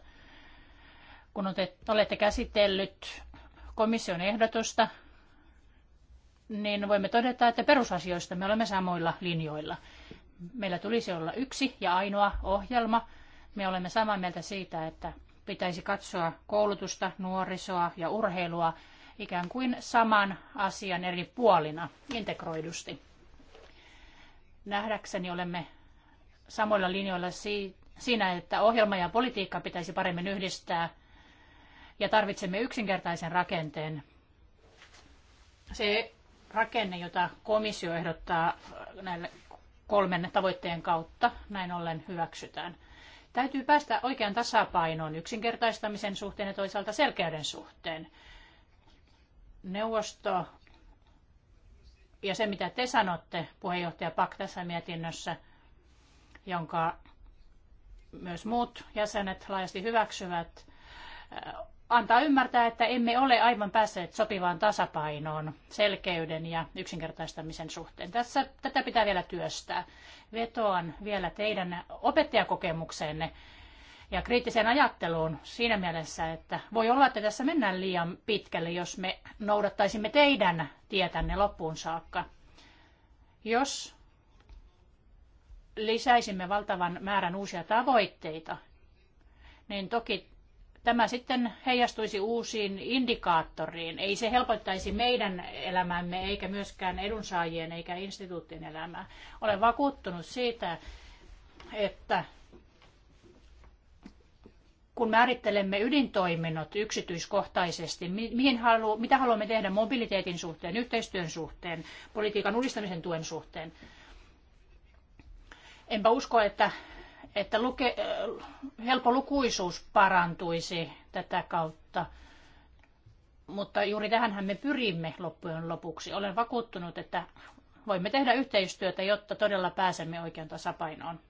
Kun olette käsitellyt komission ehdotusta niin voimme todeta, että perusasioista me olemme samoilla linjoilla. Meillä tulisi olla yksi ja ainoa ohjelma. Me olemme samaa mieltä siitä, että pitäisi katsoa koulutusta, nuorisoa ja urheilua ikään kuin saman asian eri puolina integroidusti. Nähdäkseni olemme samoilla linjoilla siinä, että ohjelma ja politiikka pitäisi paremmin yhdistää ja tarvitsemme yksinkertaisen rakenteen. Se rakenne, jota komissio ehdottaa näille kolmen tavoitteen kautta, näin ollen hyväksytään. Täytyy päästä oikean tasapainoon yksinkertaistamisen suhteen ja toisaalta selkeyden suhteen. Neuvosto ja se, mitä te sanotte, puheenjohtaja Pak tässä mietinnössä, jonka myös muut jäsenet laajasti hyväksyvät, antaa ymmärtää, että emme ole aivan päässeet sopivaan tasapainoon selkeyden ja yksinkertaistamisen suhteen. Tässä tätä pitää vielä työstää. Vetoan vielä teidän opettajakokemukseenne ja kriittiseen ajatteluun siinä mielessä, että voi olla, että tässä mennään liian pitkälle, jos me noudattaisimme teidän tietänne loppuun saakka. Jos lisäisimme valtavan määrän uusia tavoitteita, niin toki tämä sitten heijastuisi uusiin indikaattoriin. Ei se helpottaisi meidän elämämme eikä myöskään edunsaajien eikä instituutin elämää. Olen vakuuttunut siitä, että kun määrittelemme ydintoiminnot yksityiskohtaisesti, mihin halu, mitä haluamme tehdä mobiliteetin suhteen, yhteistyön suhteen, politiikan uudistamisen tuen suhteen, enpä usko, että että luke, äh, lukuisuus parantuisi tätä kautta. Mutta juuri tähänhän me pyrimme loppujen lopuksi. Olen vakuuttunut, että voimme tehdä yhteistyötä, jotta todella pääsemme oikean tasapainoon.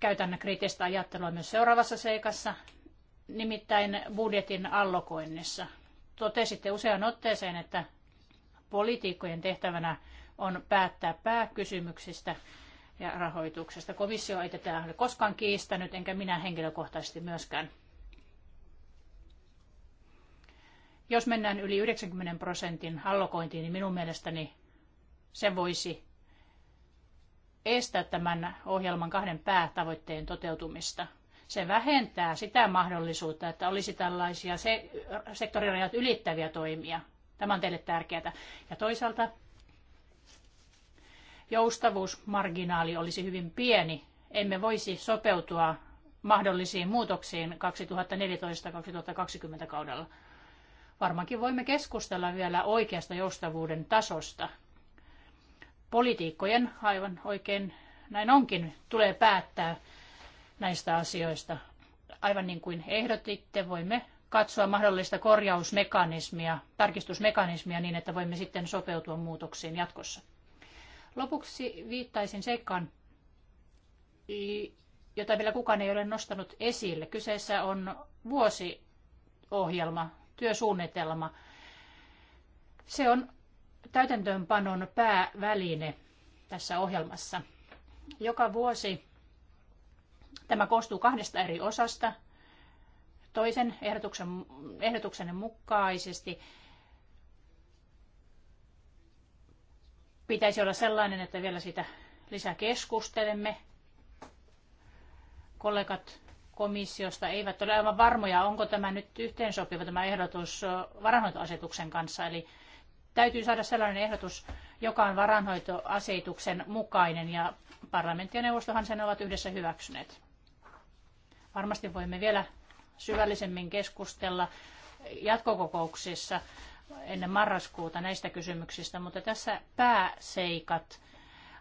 Käytän kriittistä ajattelua myös seuraavassa seikassa, nimittäin budjetin allokoinnissa. Totesitte usean otteeseen, että poliitikkojen tehtävänä on päättää pääkysymyksistä – ja rahoituksesta. Komissio ei tätä ole koskaan kiistänyt, enkä minä henkilökohtaisesti myöskään. Jos mennään yli 90 prosentin allokointiin, niin minun mielestäni se voisi estää tämän ohjelman kahden päätavoitteen toteutumista. Se vähentää sitä mahdollisuutta, että olisi tällaisia se, sektorirajat ylittäviä toimia. Tämä on teille tärkeää. Ja toisaalta joustavuusmarginaali olisi hyvin pieni. Emme voisi sopeutua mahdollisiin muutoksiin 2014-2020 kaudella. Varmaankin voimme keskustella vielä oikeasta joustavuuden tasosta. Politiikkojen aivan oikein näin onkin, tulee päättää näistä asioista. Aivan niin kuin ehdotitte, voimme katsoa mahdollista korjausmekanismia, tarkistusmekanismia niin, että voimme sitten sopeutua muutoksiin jatkossa. Lopuksi viittaisin seikkaan, jota vielä kukaan ei ole nostanut esille. Kyseessä on vuosiohjelma, työsuunnitelma. Se on täytäntöönpanon pääväline tässä ohjelmassa. Joka vuosi tämä koostuu kahdesta eri osasta. Toisen ehdotuksen, ehdotuksen mukaisesti pitäisi olla sellainen, että vielä sitä lisää keskustelemme. Kollegat komissiosta eivät ole aivan varmoja, onko tämä nyt yhteensopiva tämä ehdotus varanhoitoasetuksen kanssa. Eli täytyy saada sellainen ehdotus, joka on varanhoitoasetuksen mukainen ja parlamentti ja neuvostohan sen ovat yhdessä hyväksyneet. Varmasti voimme vielä syvällisemmin keskustella jatkokokouksissa ennen marraskuuta näistä kysymyksistä, mutta tässä pääseikat.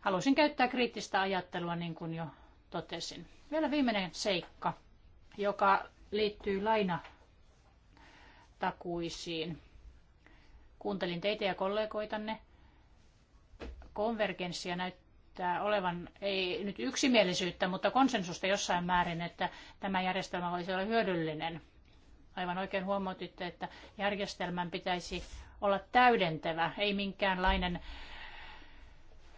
Haluaisin käyttää kriittistä ajattelua, niin kuin jo totesin. Vielä viimeinen seikka, joka liittyy lainatakuisiin. Kuuntelin teitä ja kollegoitanne. Konvergenssia näyttää olevan, ei nyt yksimielisyyttä, mutta konsensusta jossain määrin, että tämä järjestelmä voisi olla hyödyllinen – Aivan oikein huomautitte, että järjestelmän pitäisi olla täydentävä, ei minkäänlainen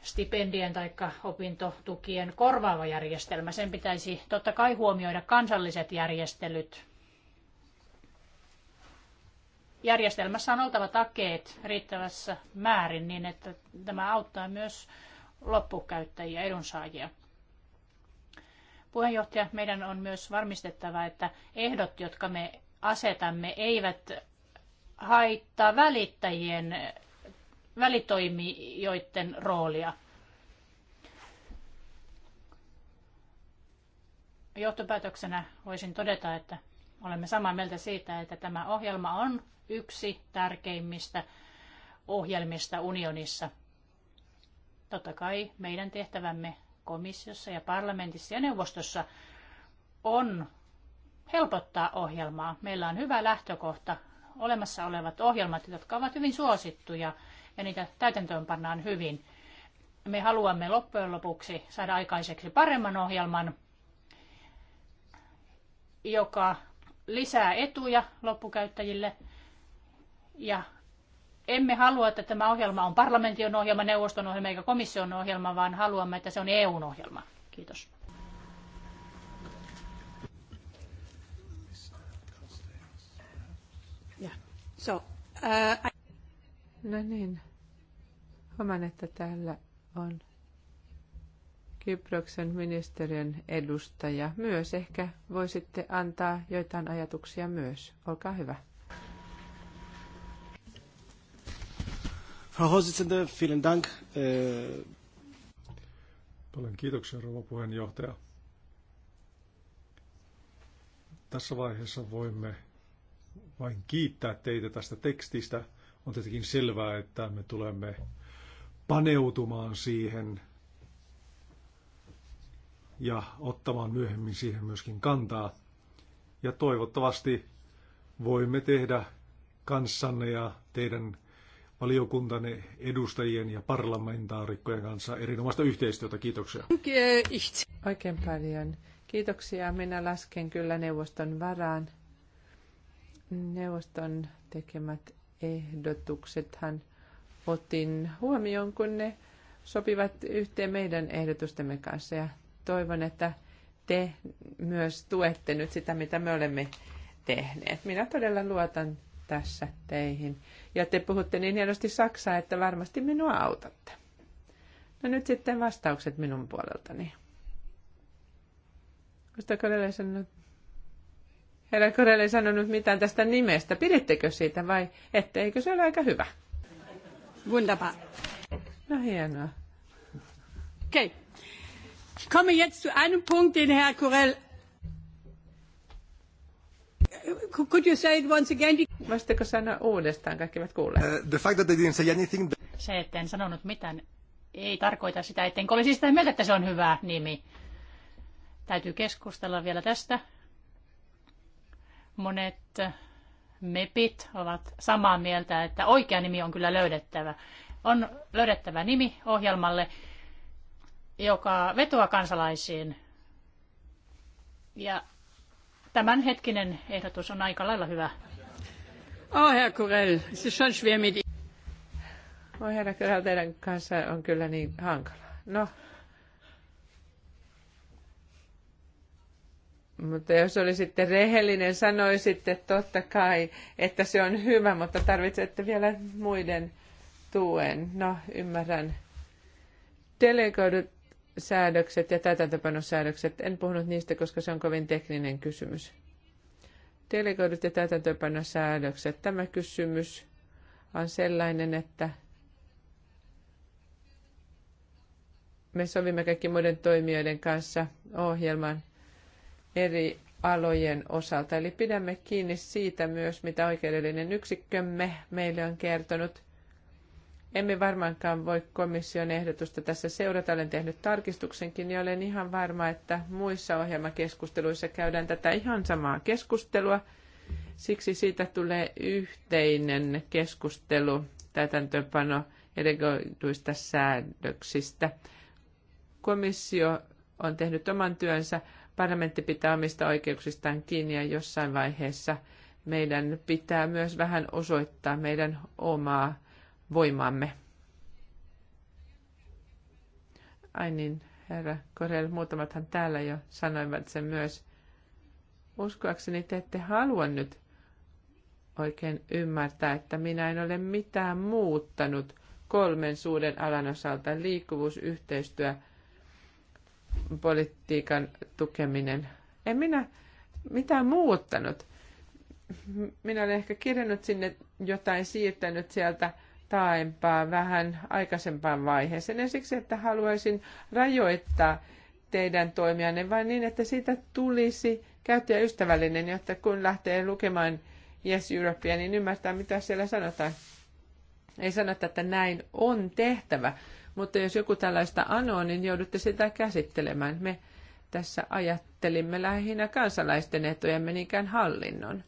stipendien tai opintotukien korvaava järjestelmä. Sen pitäisi totta kai huomioida kansalliset järjestelyt. Järjestelmässä on oltava takeet riittävässä määrin niin, että tämä auttaa myös loppukäyttäjiä, edunsaajia. Puheenjohtaja, meidän on myös varmistettava, että ehdot, jotka me asetamme eivät haittaa välittäjien, välitoimijoiden roolia. Johtopäätöksenä voisin todeta, että olemme samaa mieltä siitä, että tämä ohjelma on yksi tärkeimmistä ohjelmista unionissa. Totta kai meidän tehtävämme komissiossa ja parlamentissa ja neuvostossa on helpottaa ohjelmaa. Meillä on hyvä lähtökohta, olemassa olevat ohjelmat, jotka ovat hyvin suosittuja ja niitä täytäntöön pannaan hyvin. Me haluamme loppujen lopuksi saada aikaiseksi paremman ohjelman, joka lisää etuja loppukäyttäjille ja emme halua, että tämä ohjelma on parlamentin ohjelma, neuvoston ohjelma eikä komission ohjelma, vaan haluamme, että se on EUn ohjelma. Kiitos. So, uh, I... No niin. Huomaan, että täällä on Kyproksen ministeriön edustaja myös. Ehkä voisitte antaa joitain ajatuksia myös. Olkaa hyvä. Frau Vorsitzende, vielen Dank. Äh, Paljon kiitoksia, rouva puheenjohtaja. Tässä vaiheessa voimme vain kiittää teitä tästä tekstistä. On tietenkin selvää, että me tulemme paneutumaan siihen ja ottamaan myöhemmin siihen myöskin kantaa. Ja toivottavasti voimme tehdä kanssanne ja teidän valiokuntanne edustajien ja parlamentaarikkojen kanssa erinomaista yhteistyötä. Kiitoksia. Oikein paljon. Kiitoksia. Minä lasken kyllä neuvoston varaan neuvoston tekemät ehdotuksethan otin huomioon, kun ne sopivat yhteen meidän ehdotustemme kanssa ja toivon, että te myös tuette nyt sitä, mitä me olemme tehneet. Minä todella luotan tässä teihin. Ja te puhutte niin hienosti Saksaa, että varmasti minua autatte. No nyt sitten vastaukset minun puoleltani. Kosta Kalele sanoi, Herra Korel ei sanonut mitään tästä nimestä. Pidittekö siitä vai etteikö se ole aika hyvä? Wunderbar. No hienoa. Okei. Okay. komme jetzt zu einem Punkt, den Herr Korel could you say it once again? Voisitteko sanoa uudestaan, kaikki eivät kuule. Uh, the fact that they didn't say anything... Se, että en sanonut mitään, ei tarkoita sitä, ettenkö olisi sitä mieltä, että se on hyvä nimi. Täytyy keskustella vielä tästä Monet MEPit ovat samaa mieltä, että oikea nimi on kyllä löydettävä. On löydettävä nimi ohjelmalle, joka vetoaa kansalaisiin. Ja tämän hetkinen ehdotus on aika lailla hyvä. Oh, Herr Kurell, se on schwer mit Oh, herra, Kurell, teidän kanssa on kyllä niin hankala. No, Mutta jos olisitte rehellinen, sanoisitte totta kai, että se on hyvä, mutta tarvitsette vielä muiden tuen. No, ymmärrän. Delegoidut säädökset ja täytäntöpanosäädökset. En puhunut niistä, koska se on kovin tekninen kysymys. Delegoidut ja täytäntöpanosäädökset. Tämä kysymys on sellainen, että me sovimme kaikki muiden toimijoiden kanssa ohjelman – eri alojen osalta. Eli pidämme kiinni siitä myös, mitä oikeudellinen yksikkömme meille on kertonut. Emme varmaankaan voi komission ehdotusta tässä seurata. Olen tehnyt tarkistuksenkin ja olen ihan varma, että muissa ohjelmakeskusteluissa käydään tätä ihan samaa keskustelua. Siksi siitä tulee yhteinen keskustelu täytäntöpano erikoituista säädöksistä. Komissio on tehnyt oman työnsä parlamentti pitää omista oikeuksistaan kiinni ja jossain vaiheessa meidän pitää myös vähän osoittaa meidän omaa voimamme. Ai niin, herra Korel, muutamathan täällä jo sanoivat sen myös. Uskoakseni te ette halua nyt oikein ymmärtää, että minä en ole mitään muuttanut kolmen suuden alan osalta liikkuvuusyhteistyö. yhteistyö, politiikan tukeminen. En minä mitään muuttanut. Minä olen ehkä kirjannut sinne jotain, siirtänyt sieltä taempaa vähän aikaisempaan vaiheeseen. Ja siksi, että haluaisin rajoittaa teidän toimianne vain niin, että siitä tulisi käyttäjäystävällinen, jotta kun lähtee lukemaan Yes Europea, niin ymmärtää, mitä siellä sanotaan. Ei sanota, että näin on tehtävä, mutta jos joku tällaista anoo, niin joudutte sitä käsittelemään. Me tässä ajattelimme lähinnä kansalaisten etujemme niinkään hallinnon.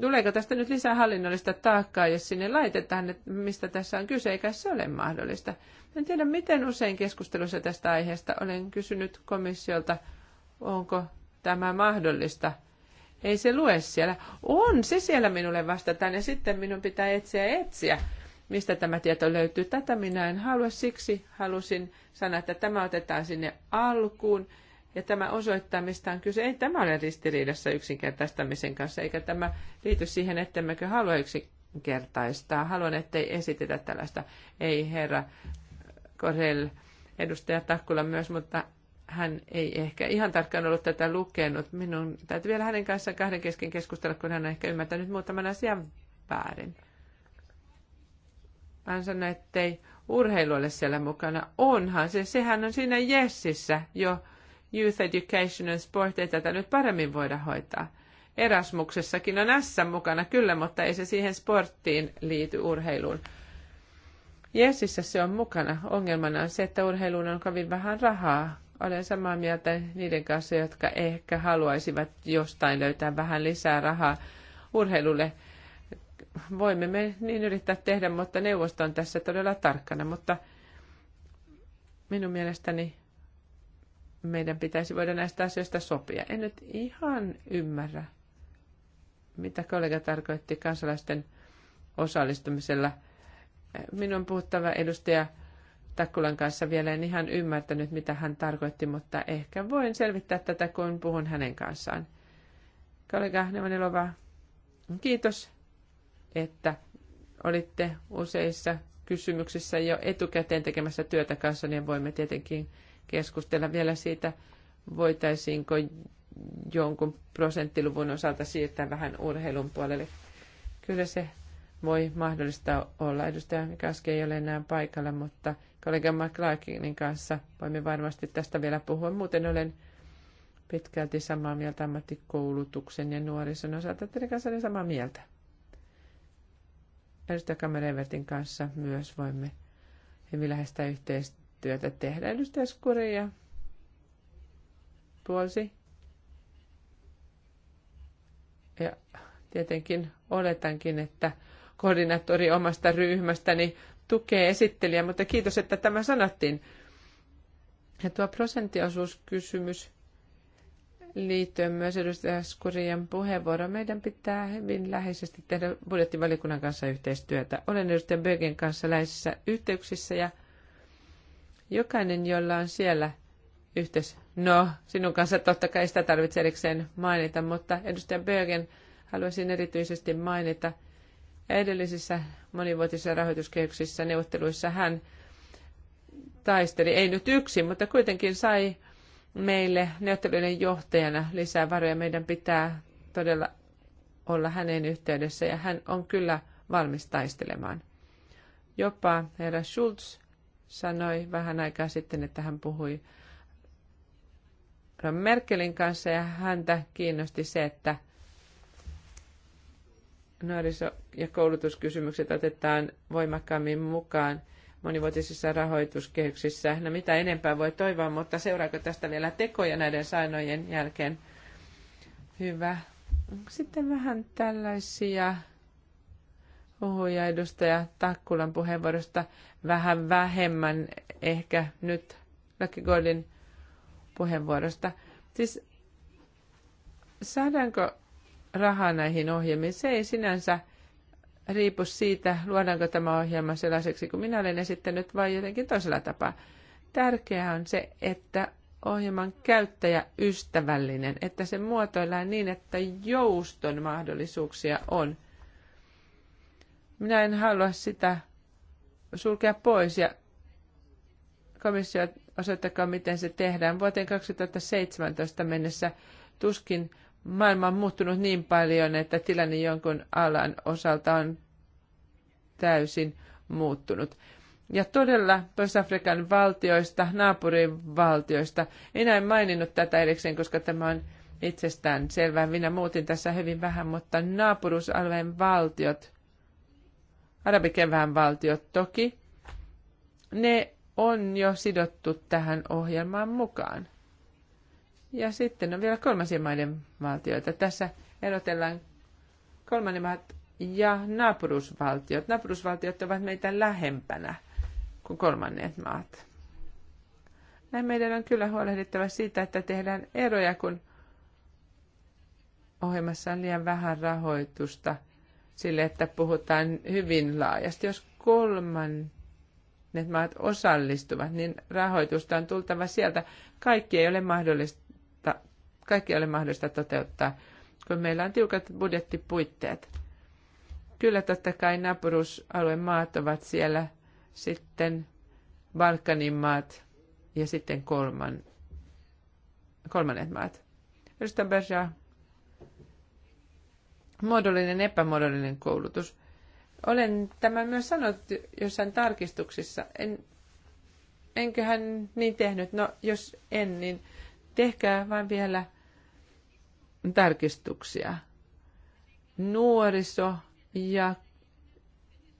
Tuleeko tästä nyt lisää hallinnollista taakkaa, jos sinne laitetaan, että mistä tässä on kyse, eikä se ole mahdollista? En tiedä, miten usein keskustelussa tästä aiheesta olen kysynyt komissiolta, onko tämä mahdollista – ei se lue siellä. On, se siellä minulle vastataan ja sitten minun pitää etsiä etsiä, mistä tämä tieto löytyy. Tätä minä en halua, siksi halusin sanoa, että tämä otetaan sinne alkuun ja tämä osoittaa, mistä on kyse. Ei tämä ole ristiriidassa yksinkertaistamisen kanssa, eikä tämä liity siihen, ettemmekö halua yksinkertaistaa. Haluan, ettei esitetä tällaista, ei herra Korel, edustaja Takkula myös, mutta hän ei ehkä ihan tarkkaan ollut tätä lukenut. Minun täytyy vielä hänen kanssaan kahden kesken keskustella, kun hän on ehkä ymmärtänyt muutaman asian väärin. Hän sanoi, ettei urheilu ole siellä mukana. Onhan se, sehän on siinä Jessissä jo Youth Education and Sport, ei tätä nyt paremmin voida hoitaa. Erasmuksessakin on S mukana kyllä, mutta ei se siihen sporttiin liity urheiluun. Jessissä se on mukana. Ongelmana on se, että urheiluun on kovin vähän rahaa olen samaa mieltä niiden kanssa, jotka ehkä haluaisivat jostain löytää vähän lisää rahaa urheilulle. Voimme me niin yrittää tehdä, mutta neuvosto on tässä todella tarkkana. Mutta minun mielestäni meidän pitäisi voida näistä asioista sopia. En nyt ihan ymmärrä, mitä kollega tarkoitti kansalaisten osallistumisella. Minun puhuttava edustaja Takkulan kanssa vielä en ihan ymmärtänyt, mitä hän tarkoitti, mutta ehkä voin selvittää tätä, kun puhun hänen kanssaan. Kollega Nevanilova, kiitos, että olitte useissa kysymyksissä jo etukäteen tekemässä työtä kanssa, niin voimme tietenkin keskustella vielä siitä, voitaisiinko jonkun prosenttiluvun osalta siirtää vähän urheilun puolelle. Kyllä se voi mahdollista olla. Edustaja Kaski ei ole enää paikalla, mutta kollega McLarkinin kanssa voimme varmasti tästä vielä puhua. Muuten olen pitkälti samaa mieltä ammattikoulutuksen ja nuorison osalta. Teidän kanssa olen samaa mieltä. Edustaja Kamerevertin kanssa myös voimme hyvin läheistä yhteistyötä tehdä. Edustaja Skuri ja Puolsi. Ja tietenkin oletankin, että koordinaattori omasta ryhmästäni tukee esittelijä, mutta kiitos, että tämä sanottiin. Ja tuo prosenttiosuuskysymys liittyen myös edustaja Skurien puheenvuoroon. Meidän pitää hyvin läheisesti tehdä budjettivalikunnan kanssa yhteistyötä. Olen edustaja Bögen kanssa läheisissä yhteyksissä ja jokainen, jolla on siellä yhteys. No, sinun kanssa totta kai sitä tarvitse erikseen mainita, mutta edustaja Bögen haluaisin erityisesti mainita – Edellisissä monivuotisissa rahoituskehyksissä neuvotteluissa hän taisteli, ei nyt yksin, mutta kuitenkin sai meille neuvottelujen johtajana lisää varoja. Meidän pitää todella olla hänen yhteydessä ja hän on kyllä valmis taistelemaan. Jopa herra Schulz sanoi vähän aikaa sitten, että hän puhui Merkelin kanssa ja häntä kiinnosti se, että nuoriso- ja koulutuskysymykset otetaan voimakkaammin mukaan monivuotisissa rahoituskehyksissä. No mitä enempää voi toivoa, mutta seuraako tästä vielä tekoja näiden sainojen jälkeen? Hyvä. Sitten vähän tällaisia puhuja edustaja Takkulan puheenvuorosta vähän vähemmän ehkä nyt Goldin puheenvuorosta. Siis saadaanko rahaa näihin ohjelmiin. Se ei sinänsä riipu siitä, luodaanko tämä ohjelma sellaiseksi kuin minä olen esittänyt vai jotenkin toisella tapaa. Tärkeää on se, että ohjelman käyttäjä ystävällinen, että se muotoillaan niin, että jouston mahdollisuuksia on. Minä en halua sitä sulkea pois ja komissio osoittakaa, miten se tehdään. Vuoteen 2017 mennessä tuskin maailma on muuttunut niin paljon, että tilanne jonkun alan osalta on täysin muuttunut. Ja todella Pohjois-Afrikan valtioista, valtioista, minä en maininnut tätä erikseen, koska tämä on itsestään selvää. Minä muutin tässä hyvin vähän, mutta naapurusalueen valtiot, arabikevään valtiot toki, ne on jo sidottu tähän ohjelmaan mukaan. Ja sitten on vielä kolmansien maiden valtioita. Tässä erotellaan kolmannen maat ja naapurusvaltiot. Naapurusvaltiot ovat meitä lähempänä kuin kolmannet maat. Näin meidän on kyllä huolehdittava siitä, että tehdään eroja, kun ohjelmassa on liian vähän rahoitusta sille, että puhutaan hyvin laajasti. Jos kolmannet maat osallistuvat, niin rahoitusta on tultava sieltä. Kaikki ei ole mahdollista kaikki ole mahdollista toteuttaa, kun meillä on tiukat budjettipuitteet. Kyllä totta kai naapuruusalueen maat ovat siellä sitten Balkanin maat ja sitten kolman, kolmannet maat. Ystävä Berja, muodollinen, epämuodollinen koulutus. Olen tämän myös sanonut jossain tarkistuksissa. En, enköhän niin tehnyt? No, jos en, niin tehkää vain vielä tarkistuksia. Nuoriso ja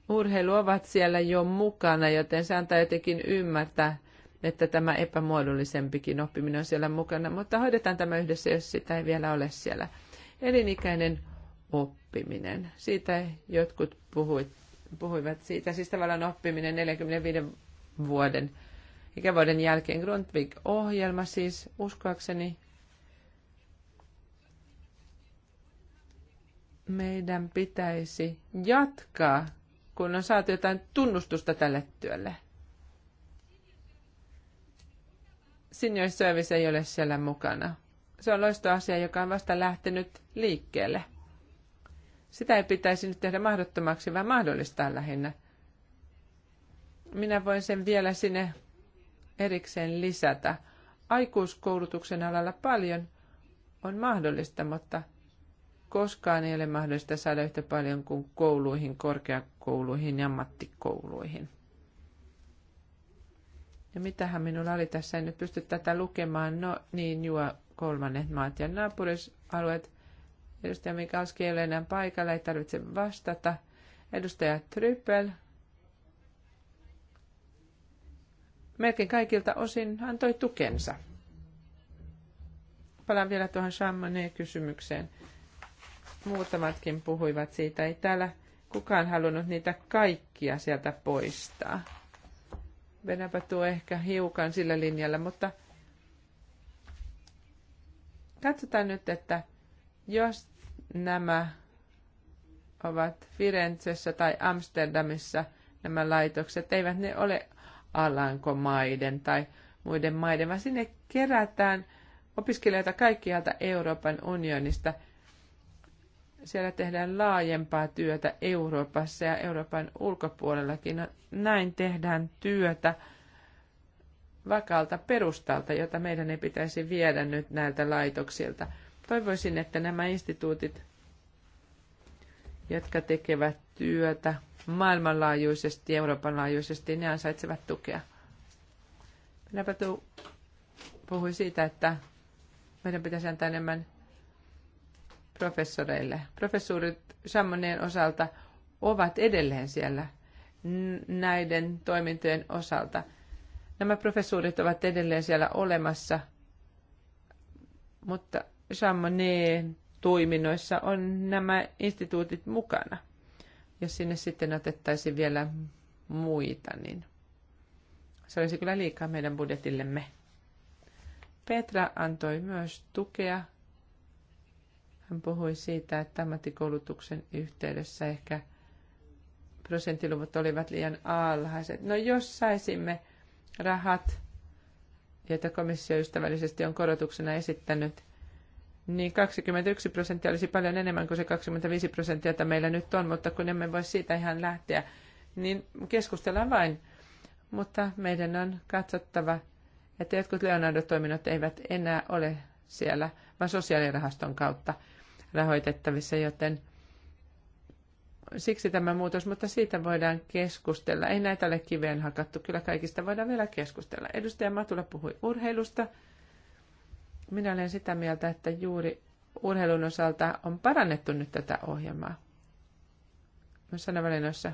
urheilu ovat siellä jo mukana, joten se antaa jotenkin ymmärtää, että tämä epämuodollisempikin oppiminen on siellä mukana, mutta hoidetaan tämä yhdessä, jos sitä ei vielä ole siellä. Elinikäinen oppiminen. Siitä jotkut puhuit, puhuivat siitä, siis tavallaan oppiminen 45 vuoden ikävuoden jälkeen Grundtvig-ohjelma siis uskoakseni meidän pitäisi jatkaa, kun on saatu jotain tunnustusta tälle työlle. Senior Service ei ole siellä mukana. Se on loistoasia, joka on vasta lähtenyt liikkeelle. Sitä ei pitäisi nyt tehdä mahdottomaksi, vaan mahdollistaa lähinnä. Minä voin sen vielä sinne erikseen lisätä. Aikuiskoulutuksen alalla paljon on mahdollista, mutta – koskaan ei ole mahdollista saada yhtä paljon kuin kouluihin, korkeakouluihin ja ammattikouluihin. Ja mitähän minulla oli tässä, en nyt pysty tätä lukemaan. No niin, juo kolmannet maat ja naapurisalueet. Edustaja Mikalski ei ole enää paikalla, ei tarvitse vastata. Edustaja Trypel. Melkein kaikilta osin antoi tukensa. Palaan vielä tuohon Chamonix-kysymykseen muutamatkin puhuivat siitä. Ei täällä kukaan halunnut niitä kaikkia sieltä poistaa. Venäpä tuo ehkä hiukan sillä linjalla, mutta katsotaan nyt, että jos nämä ovat Firenzessä tai Amsterdamissa nämä laitokset, eivät ne ole Alankomaiden tai muiden maiden, vaan sinne kerätään opiskelijoita kaikkialta Euroopan unionista – siellä tehdään laajempaa työtä Euroopassa ja Euroopan ulkopuolellakin. No, näin tehdään työtä vakalta perustalta, jota meidän ei pitäisi viedä nyt näiltä laitoksilta. Toivoisin, että nämä instituutit, jotka tekevät työtä maailmanlaajuisesti, Euroopan laajuisesti, ne ansaitsevat tukea. Minäpä puhuin siitä, että meidän pitäisi antaa enemmän professoreille. Professuurit Sammoneen osalta ovat edelleen siellä näiden toimintojen osalta. Nämä professuurit ovat edelleen siellä olemassa, mutta Chammoneen toiminnoissa on nämä instituutit mukana. Jos sinne sitten otettaisiin vielä muita, niin se olisi kyllä liikaa meidän budjetillemme. Petra antoi myös tukea hän puhui siitä, että ammattikoulutuksen yhteydessä ehkä prosenttiluvut olivat liian alhaiset. No jos saisimme rahat, joita komissio ystävällisesti on korotuksena esittänyt, niin 21 prosenttia olisi paljon enemmän kuin se 25 prosenttia, jota meillä nyt on, mutta kun emme voi siitä ihan lähteä, niin keskustellaan vain. Mutta meidän on katsottava, että jotkut Leonardo-toiminnot eivät enää ole siellä, vaan sosiaalirahaston kautta rahoitettavissa, joten siksi tämä muutos, mutta siitä voidaan keskustella. Ei näitä ole kiveen hakattu, kyllä kaikista voidaan vielä keskustella. Edustaja Matula puhui urheilusta. Minä olen sitä mieltä, että juuri urheilun osalta on parannettu nyt tätä ohjelmaa. Sanavalinnoissa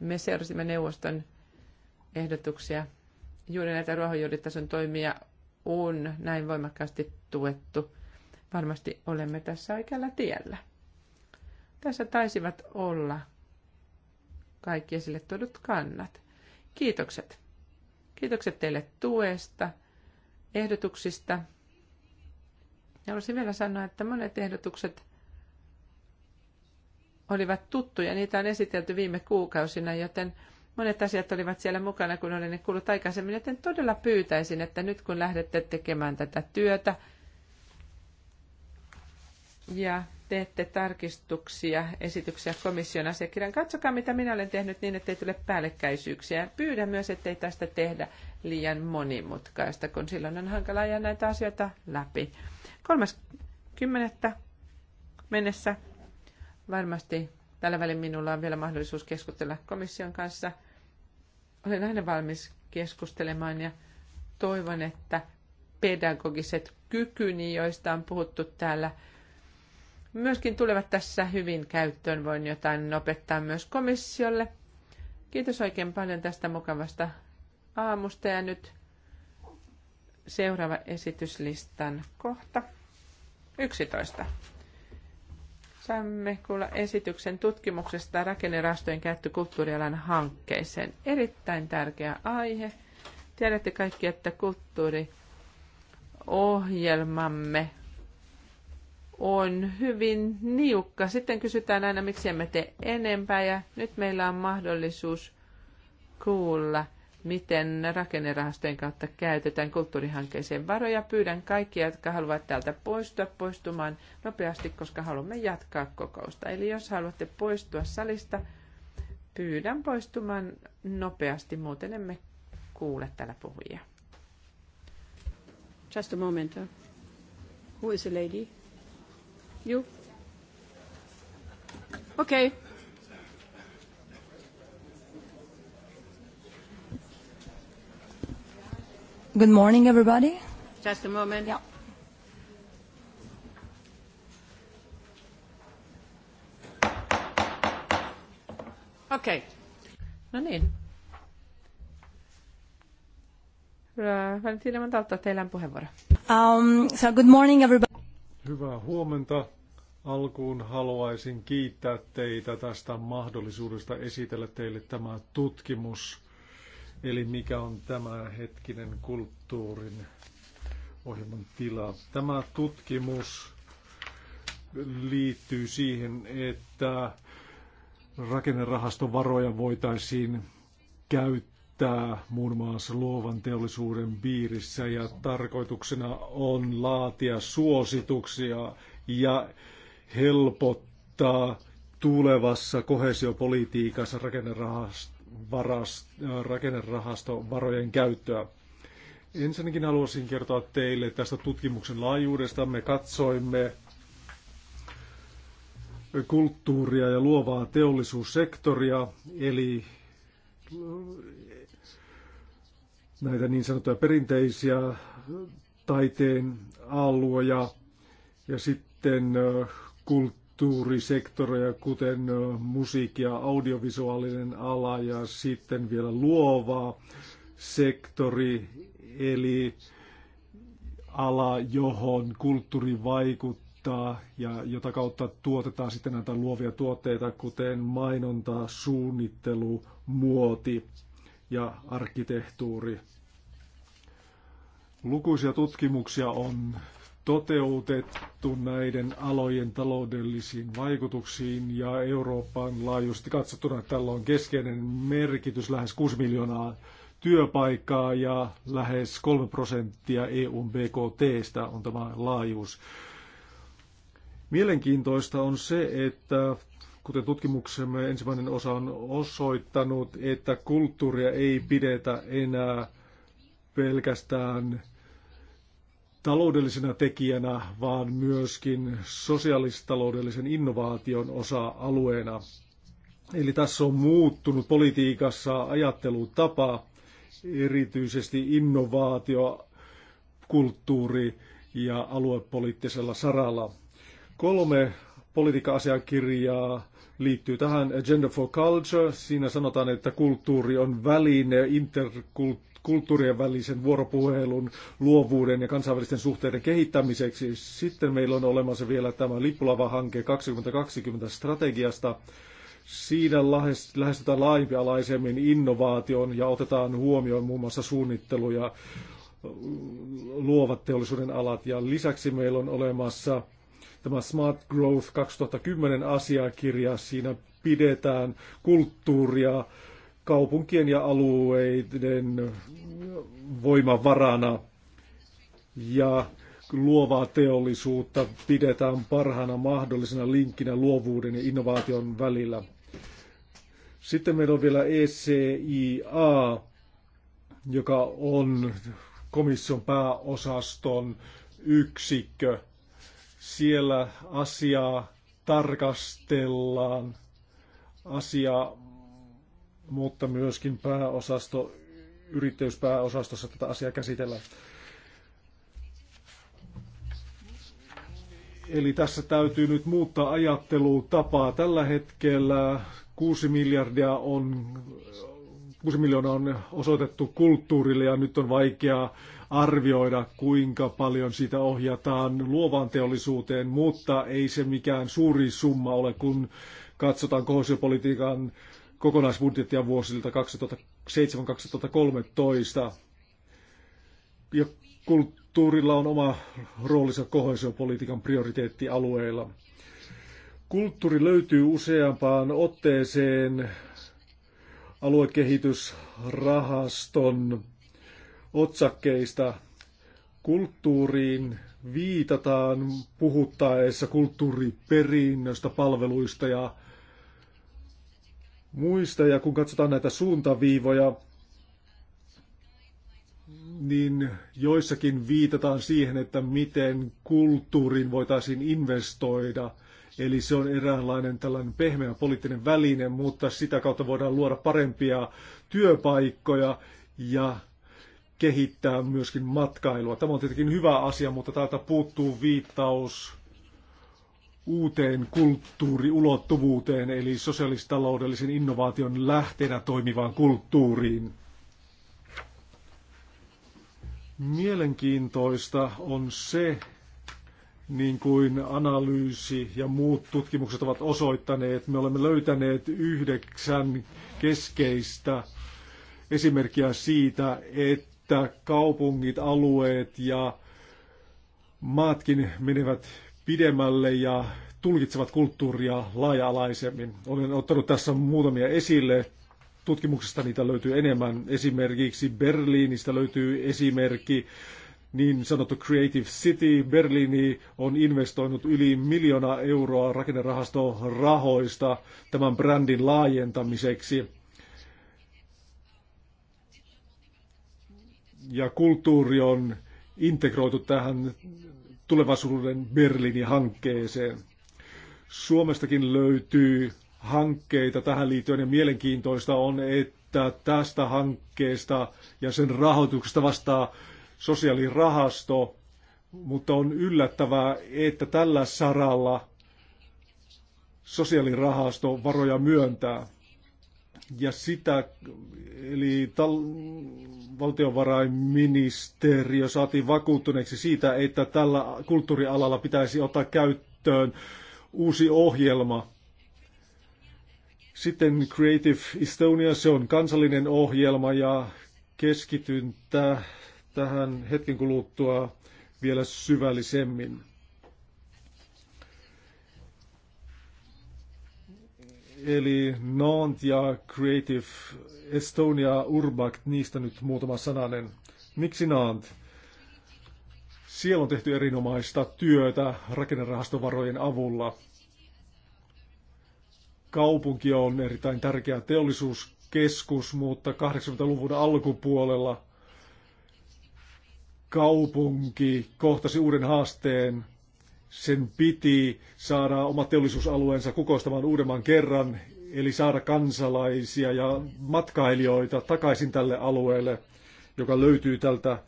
me seurasimme neuvoston ehdotuksia. Juuri näitä ruohonjuuritason toimia on näin voimakkaasti tuettu varmasti olemme tässä oikealla tiellä. Tässä taisivat olla kaikki esille tuodut kannat. Kiitokset. Kiitokset teille tuesta, ehdotuksista. Ja haluaisin vielä sanoa, että monet ehdotukset olivat tuttuja. Niitä on esitelty viime kuukausina, joten monet asiat olivat siellä mukana, kun olen ne kuullut aikaisemmin. Joten todella pyytäisin, että nyt kun lähdette tekemään tätä työtä, ja teette tarkistuksia, esityksiä komission asiakirjan. Katsokaa, mitä minä olen tehnyt niin, ettei tule päällekkäisyyksiä. Pyydän myös, ettei tästä tehdä liian monimutkaista, kun silloin on hankala ajaa näitä asioita läpi. 30. mennessä varmasti tällä välin minulla on vielä mahdollisuus keskustella komission kanssa. Olen aina valmis keskustelemaan ja toivon, että pedagogiset kykyni, joista on puhuttu täällä, myöskin tulevat tässä hyvin käyttöön. Voin jotain opettaa myös komissiolle. Kiitos oikein paljon tästä mukavasta aamusta ja nyt seuraava esityslistan kohta 11. Saamme kuulla esityksen tutkimuksesta rakennerastojen käyttö kulttuurialan hankkeeseen. Erittäin tärkeä aihe. Tiedätte kaikki, että kulttuuriohjelmamme on hyvin niukka. Sitten kysytään aina, miksi emme tee enempää ja nyt meillä on mahdollisuus kuulla, miten rakennerahastojen kautta käytetään kulttuurihankkeeseen varoja. Pyydän kaikkia, jotka haluavat täältä poistua, poistumaan nopeasti, koska haluamme jatkaa kokousta. Eli jos haluatte poistua salista, pyydän poistumaan nopeasti, muuten emme kuule täällä puhujia. Just a moment. Who is the lady? Okej. Okay. Good morning, everybody. Just a moment. Yeah. Okei. Okay. No niin. Valentina Mantalto, teillä on puheenvuoro. Um, so good morning everybody. Hyvää huomenta. Alkuun haluaisin kiittää teitä tästä mahdollisuudesta esitellä teille tämä tutkimus, eli mikä on tämä hetkinen kulttuurin ohjelman tila. Tämä tutkimus liittyy siihen, että varoja voitaisiin käyttää käyttää muun muassa luovan teollisuuden piirissä ja tarkoituksena on laatia suosituksia ja helpottaa tulevassa kohesiopolitiikassa rakennerahastovarojen käyttöä. Ensinnäkin haluaisin kertoa teille tästä tutkimuksen laajuudesta. Me katsoimme kulttuuria ja luovaa teollisuussektoria, eli näitä niin sanottuja perinteisiä taiteen alueja ja sitten kulttuurisektoreja, kuten musiikki ja audiovisuaalinen ala ja sitten vielä luova sektori, eli ala, johon kulttuuri vaikuttaa ja jota kautta tuotetaan sitten näitä luovia tuotteita, kuten mainonta, suunnittelu, muoti ja arkkitehtuuri. Lukuisia tutkimuksia on toteutettu näiden alojen taloudellisiin vaikutuksiin ja Euroopan laajuisesti katsottuna tällä on keskeinen merkitys lähes 6 miljoonaa työpaikkaa ja lähes 3 prosenttia EUn BKTstä on tämä laajuus. Mielenkiintoista on se, että Kuten tutkimuksemme ensimmäinen osa on osoittanut, että kulttuuria ei pidetä enää pelkästään taloudellisena tekijänä, vaan myöskin sosiaalistaloudellisen innovaation osa-alueena. Eli tässä on muuttunut politiikassa ajattelutapa, erityisesti innovaatio, kulttuuri ja aluepoliittisella saralla. Kolme politiikka-asiakirjaa liittyy tähän Agenda for Culture. Siinä sanotaan, että kulttuuri on väline interkulttuurien välisen vuoropuhelun, luovuuden ja kansainvälisten suhteiden kehittämiseksi. Sitten meillä on olemassa vielä tämä Lippulava-hanke 2020 strategiasta. Siinä lähestytään laajempialaisemmin innovaation ja otetaan huomioon muun muassa suunnittelu ja luovat teollisuuden alat. Ja lisäksi meillä on olemassa Tämä Smart Growth 2010 asiakirja, siinä pidetään kulttuuria kaupunkien ja alueiden voimavarana ja luovaa teollisuutta pidetään parhaana mahdollisena linkkinä luovuuden ja innovaation välillä. Sitten meillä on vielä ECIA, joka on komission pääosaston yksikkö, siellä asiaa tarkastellaan, asiaa, mutta myöskin pääosasto, yrittäjyyspääosastossa tätä asiaa käsitellään. Eli tässä täytyy nyt muuttaa ajattelutapaa. Tällä hetkellä 6 miljardia on 6 miljoonaa on osoitettu kulttuurille ja nyt on vaikea arvioida, kuinka paljon sitä ohjataan luovaan teollisuuteen, mutta ei se mikään suuri summa ole, kun katsotaan kohosiopolitiikan kokonaisbudjettia vuosilta 2007-2013. Ja kulttuurilla on oma roolinsa kohosiopolitiikan prioriteettialueilla. Kulttuuri löytyy useampaan otteeseen aluekehitysrahaston otsakkeista. Kulttuuriin viitataan puhuttaessa kulttuuriperinnöstä, palveluista ja muista. Ja kun katsotaan näitä suuntaviivoja, niin joissakin viitataan siihen, että miten kulttuuriin voitaisiin investoida. Eli se on eräänlainen tällainen pehmeä poliittinen väline, mutta sitä kautta voidaan luoda parempia työpaikkoja ja kehittää myöskin matkailua. Tämä on tietenkin hyvä asia, mutta täältä puuttuu viittaus uuteen kulttuuriulottuvuuteen, eli sosiaalistaloudellisen innovaation lähteenä toimivaan kulttuuriin. Mielenkiintoista on se, niin kuin analyysi ja muut tutkimukset ovat osoittaneet, me olemme löytäneet yhdeksän keskeistä esimerkkiä siitä, että että kaupungit, alueet ja maatkin menevät pidemmälle ja tulkitsevat kulttuuria laaja-alaisemmin. Olen ottanut tässä muutamia esille. Tutkimuksesta niitä löytyy enemmän. Esimerkiksi Berliinistä löytyy esimerkki niin sanottu Creative City. Berliini on investoinut yli miljoona euroa rakennerahastorahoista tämän brändin laajentamiseksi. ja kulttuuri on integroitu tähän tulevaisuuden Berliinin hankkeeseen. Suomestakin löytyy hankkeita tähän liittyen ja mielenkiintoista on, että tästä hankkeesta ja sen rahoituksesta vastaa sosiaalirahasto, mutta on yllättävää, että tällä saralla sosiaalirahasto varoja myöntää. Ja sitä, eli tal- valtiovarainministeriö saatiin vakuuttuneeksi siitä, että tällä kulttuurialalla pitäisi ottaa käyttöön uusi ohjelma. Sitten Creative Estonia, se on kansallinen ohjelma ja keskityn täh- tähän hetken kuluttua vielä syvällisemmin. eli Nant ja Creative Estonia Urbact, niistä nyt muutama sananen. Miksi Nant? Siellä on tehty erinomaista työtä rakennerahastovarojen avulla. Kaupunki on erittäin tärkeä teollisuuskeskus, mutta 80-luvun alkupuolella kaupunki kohtasi uuden haasteen sen piti saada oma teollisuusalueensa kukoistamaan uudemman kerran, eli saada kansalaisia ja matkailijoita takaisin tälle alueelle, joka löytyy tältä,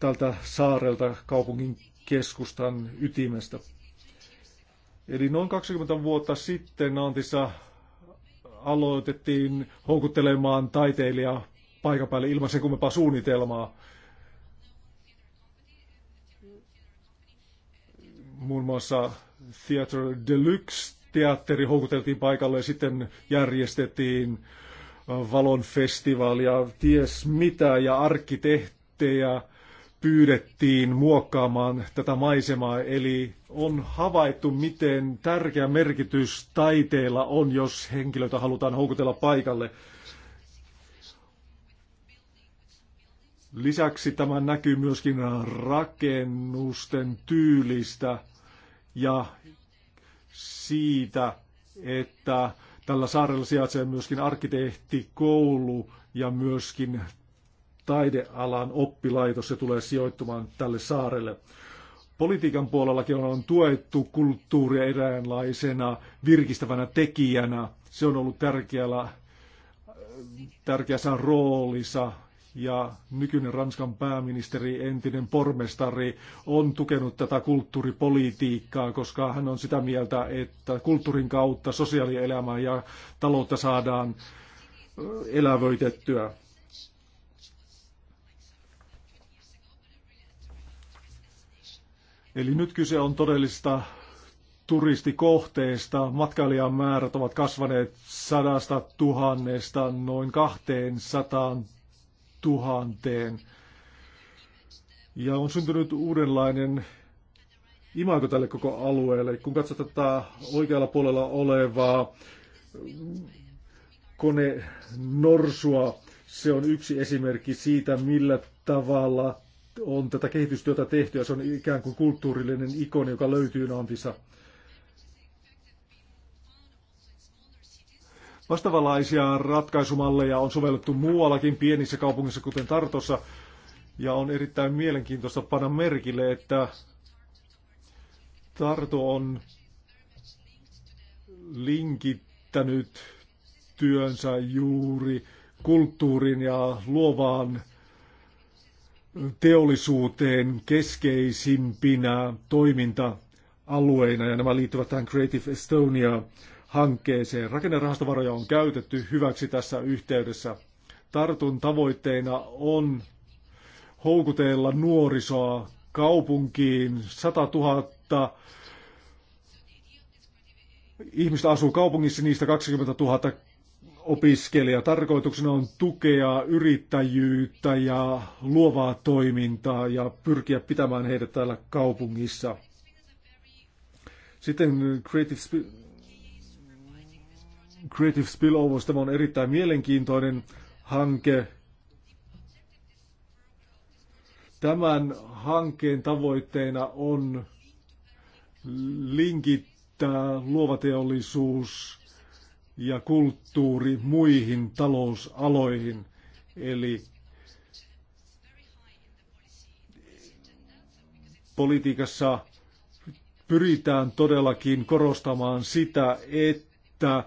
tältä saarelta kaupungin keskustan ytimestä. Eli noin 20 vuotta sitten Nantissa aloitettiin houkuttelemaan taiteilijaa paikan päälle ilman sen kummempaa suunnitelmaa. muun muassa Theater Deluxe teatteri houkuteltiin paikalle ja sitten järjestettiin äh, Valon ja ties mitä, ja arkkitehtejä pyydettiin muokkaamaan tätä maisemaa. Eli on havaittu, miten tärkeä merkitys taiteella on, jos henkilöitä halutaan houkutella paikalle. Lisäksi tämä näkyy myöskin rakennusten tyylistä – ja siitä, että tällä saarella sijaitsee myöskin arkkitehtikoulu ja myöskin taidealan oppilaitos se tulee sijoittumaan tälle saarelle. Politiikan puolellakin on tuettu kulttuuria eräänlaisena virkistävänä tekijänä. Se on ollut tärkeällä, tärkeässä roolissa ja nykyinen Ranskan pääministeri, entinen pormestari, on tukenut tätä kulttuuripolitiikkaa, koska hän on sitä mieltä, että kulttuurin kautta sosiaalielämää ja taloutta saadaan elävöitettyä. Eli nyt kyse on todellista turistikohteesta. Matkailijamäärät ovat kasvaneet sadasta tuhannesta noin 200 sataan tuhanteen. Ja on syntynyt uudenlainen imago tälle koko alueelle. Kun katsotaan tätä oikealla puolella olevaa kone Norsua, se on yksi esimerkki siitä, millä tavalla on tätä kehitystyötä tehty ja se on ikään kuin kulttuurillinen ikoni, joka löytyy Nantissa. Vastavalaisia ratkaisumalleja on sovellettu muuallakin pienissä kaupungissa, kuten Tartossa, ja on erittäin mielenkiintoista panna merkille, että Tarto on linkittänyt työnsä juuri kulttuurin ja luovaan teollisuuteen keskeisimpinä toiminta-alueina, ja nämä liittyvät tähän Creative Estonia hankkeeseen. Rakennerahastovaroja on käytetty hyväksi tässä yhteydessä. Tartun tavoitteena on houkutella nuorisoa kaupunkiin. 100 000 ihmistä asuu kaupungissa, niistä 20 000 opiskelija. Tarkoituksena on tukea yrittäjyyttä ja luovaa toimintaa ja pyrkiä pitämään heidät täällä kaupungissa. Sitten Creative Creative Spillovers, tämä on erittäin mielenkiintoinen hanke. Tämän hankkeen tavoitteena on linkittää luovateollisuus ja kulttuuri muihin talousaloihin. Eli politiikassa pyritään todellakin korostamaan sitä, että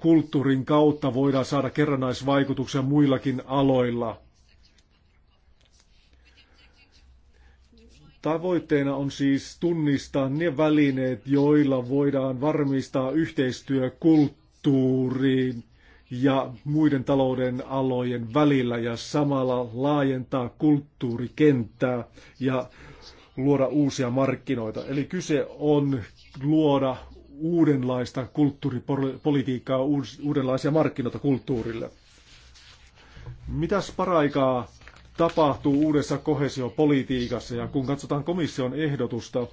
kulttuurin kautta voidaan saada kerrannaisvaikutuksia muillakin aloilla. Tavoitteena on siis tunnistaa ne välineet, joilla voidaan varmistaa yhteistyö kulttuuriin ja muiden talouden alojen välillä ja samalla laajentaa kulttuurikenttää ja luoda uusia markkinoita. Eli kyse on luoda uudenlaista kulttuuripolitiikkaa, uudenlaisia markkinoita kulttuurille. Mitäs paraikaa tapahtuu uudessa kohesiopolitiikassa ja kun katsotaan komission ehdotusta,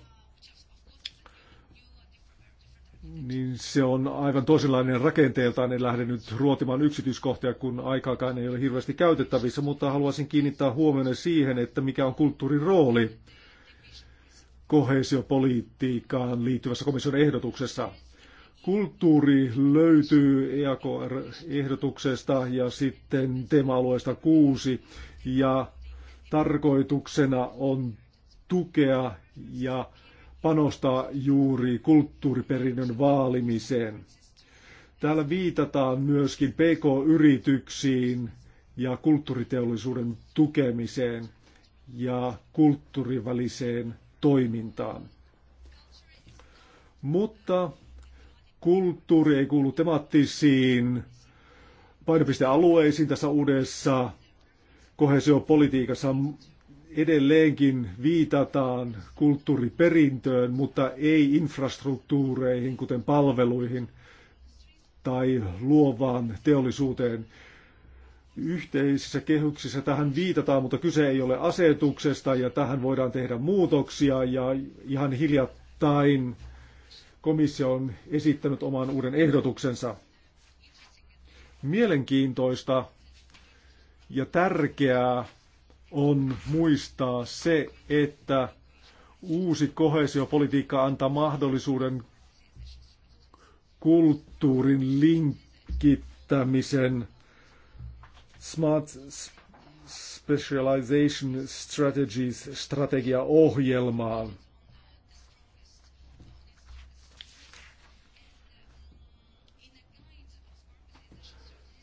niin se on aivan toisenlainen rakenteeltaan. En lähde nyt ruotimaan yksityiskohtia, kun aikaakaan ei ole hirveästi käytettävissä, mutta haluaisin kiinnittää huomioon siihen, että mikä on kulttuurin rooli kohesiopolitiikkaan liittyvässä komission ehdotuksessa. Kulttuuri löytyy EAKR-ehdotuksesta ja sitten teema-alueesta kuusi ja tarkoituksena on tukea ja panostaa juuri kulttuuriperinnön vaalimiseen. Täällä viitataan myöskin PK-yrityksiin ja kulttuuriteollisuuden tukemiseen ja kulttuuriväliseen toimintaan. Mutta kulttuuri ei kuulu temaattisiin painopistealueisiin tässä uudessa kohesiopolitiikassa edelleenkin viitataan kulttuuriperintöön, mutta ei infrastruktuureihin, kuten palveluihin tai luovaan teollisuuteen yhteisissä kehyksissä tähän viitataan, mutta kyse ei ole asetuksesta ja tähän voidaan tehdä muutoksia ja ihan hiljattain komissio on esittänyt oman uuden ehdotuksensa. Mielenkiintoista ja tärkeää on muistaa se, että uusi kohesiopolitiikka antaa mahdollisuuden kulttuurin linkittämisen Smart Specialization Strategies strategiaohjelmaa.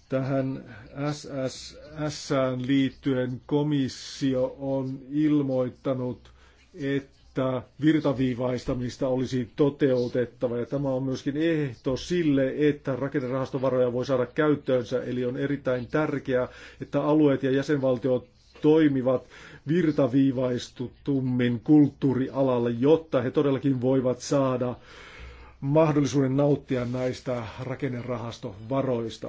Tähän SSS liittyen komissio on ilmoittanut, että että virtaviivaistamista olisi toteutettava. Ja tämä on myöskin ehto sille, että rakennerahastovaroja voi saada käyttöönsä. Eli on erittäin tärkeää, että alueet ja jäsenvaltiot toimivat virtaviivaistutummin kulttuurialalle, jotta he todellakin voivat saada mahdollisuuden nauttia näistä rakennerahastovaroista.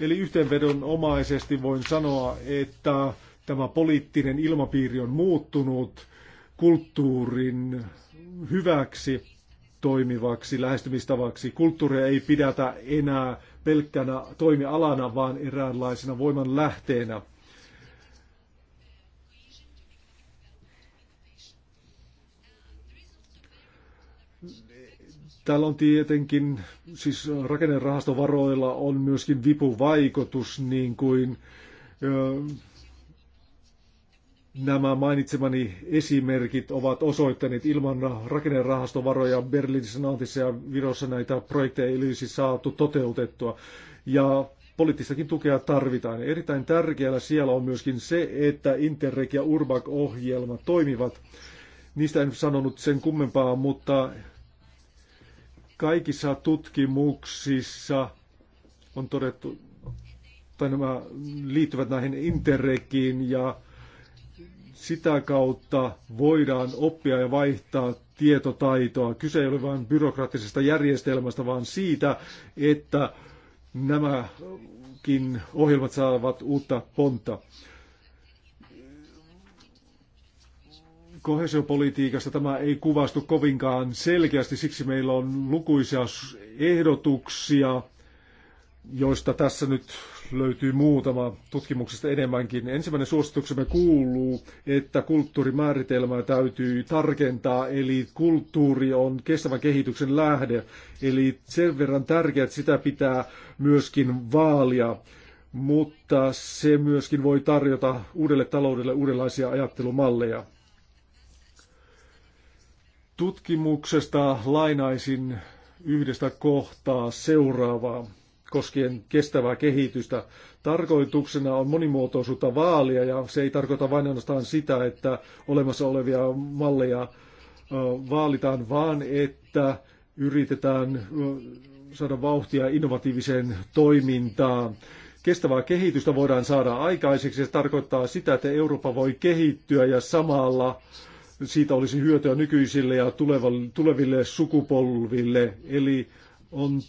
Eli yhteenvedonomaisesti voin sanoa, että tämä poliittinen ilmapiiri on muuttunut kulttuurin hyväksi toimivaksi lähestymistavaksi. Kulttuuria ei pidätä enää pelkkänä toimialana, vaan eräänlaisena voiman lähteenä. Täällä on tietenkin, siis rakennerahastovaroilla on myöskin vipuvaikutus, niin kuin Nämä mainitsemani esimerkit ovat osoittaneet ilman rakennerahastovaroja Berliinissä, Nautissa ja Virossa näitä projekteja ei olisi saatu toteutettua. Ja poliittistakin tukea tarvitaan. Erittäin tärkeällä siellä on myöskin se, että Interreg ja urbak ohjelma toimivat. Niistä en sanonut sen kummempaa, mutta kaikissa tutkimuksissa on todettu, tai nämä liittyvät näihin Interregiin ja sitä kautta voidaan oppia ja vaihtaa tietotaitoa. Kyse ei ole vain byrokraattisesta järjestelmästä, vaan siitä, että nämäkin ohjelmat saavat uutta pontta. kohesiopolitiikasta tämä ei kuvastu kovinkaan selkeästi, siksi meillä on lukuisia ehdotuksia, joista tässä nyt löytyy muutama tutkimuksesta enemmänkin. Ensimmäinen suosituksemme kuuluu, että kulttuurimääritelmää täytyy tarkentaa, eli kulttuuri on kestävän kehityksen lähde. Eli sen verran tärkeää, että sitä pitää myöskin vaalia, mutta se myöskin voi tarjota uudelle taloudelle uudenlaisia ajattelumalleja. Tutkimuksesta lainaisin yhdestä kohtaa seuraavaa koskien kestävää kehitystä. Tarkoituksena on monimuotoisuutta vaalia ja se ei tarkoita vain ainoastaan sitä, että olemassa olevia malleja vaalitaan, vaan että yritetään saada vauhtia innovatiiviseen toimintaan. Kestävää kehitystä voidaan saada aikaiseksi. Se tarkoittaa sitä, että Eurooppa voi kehittyä ja samalla siitä olisi hyötyä nykyisille ja tuleville sukupolville. Eli on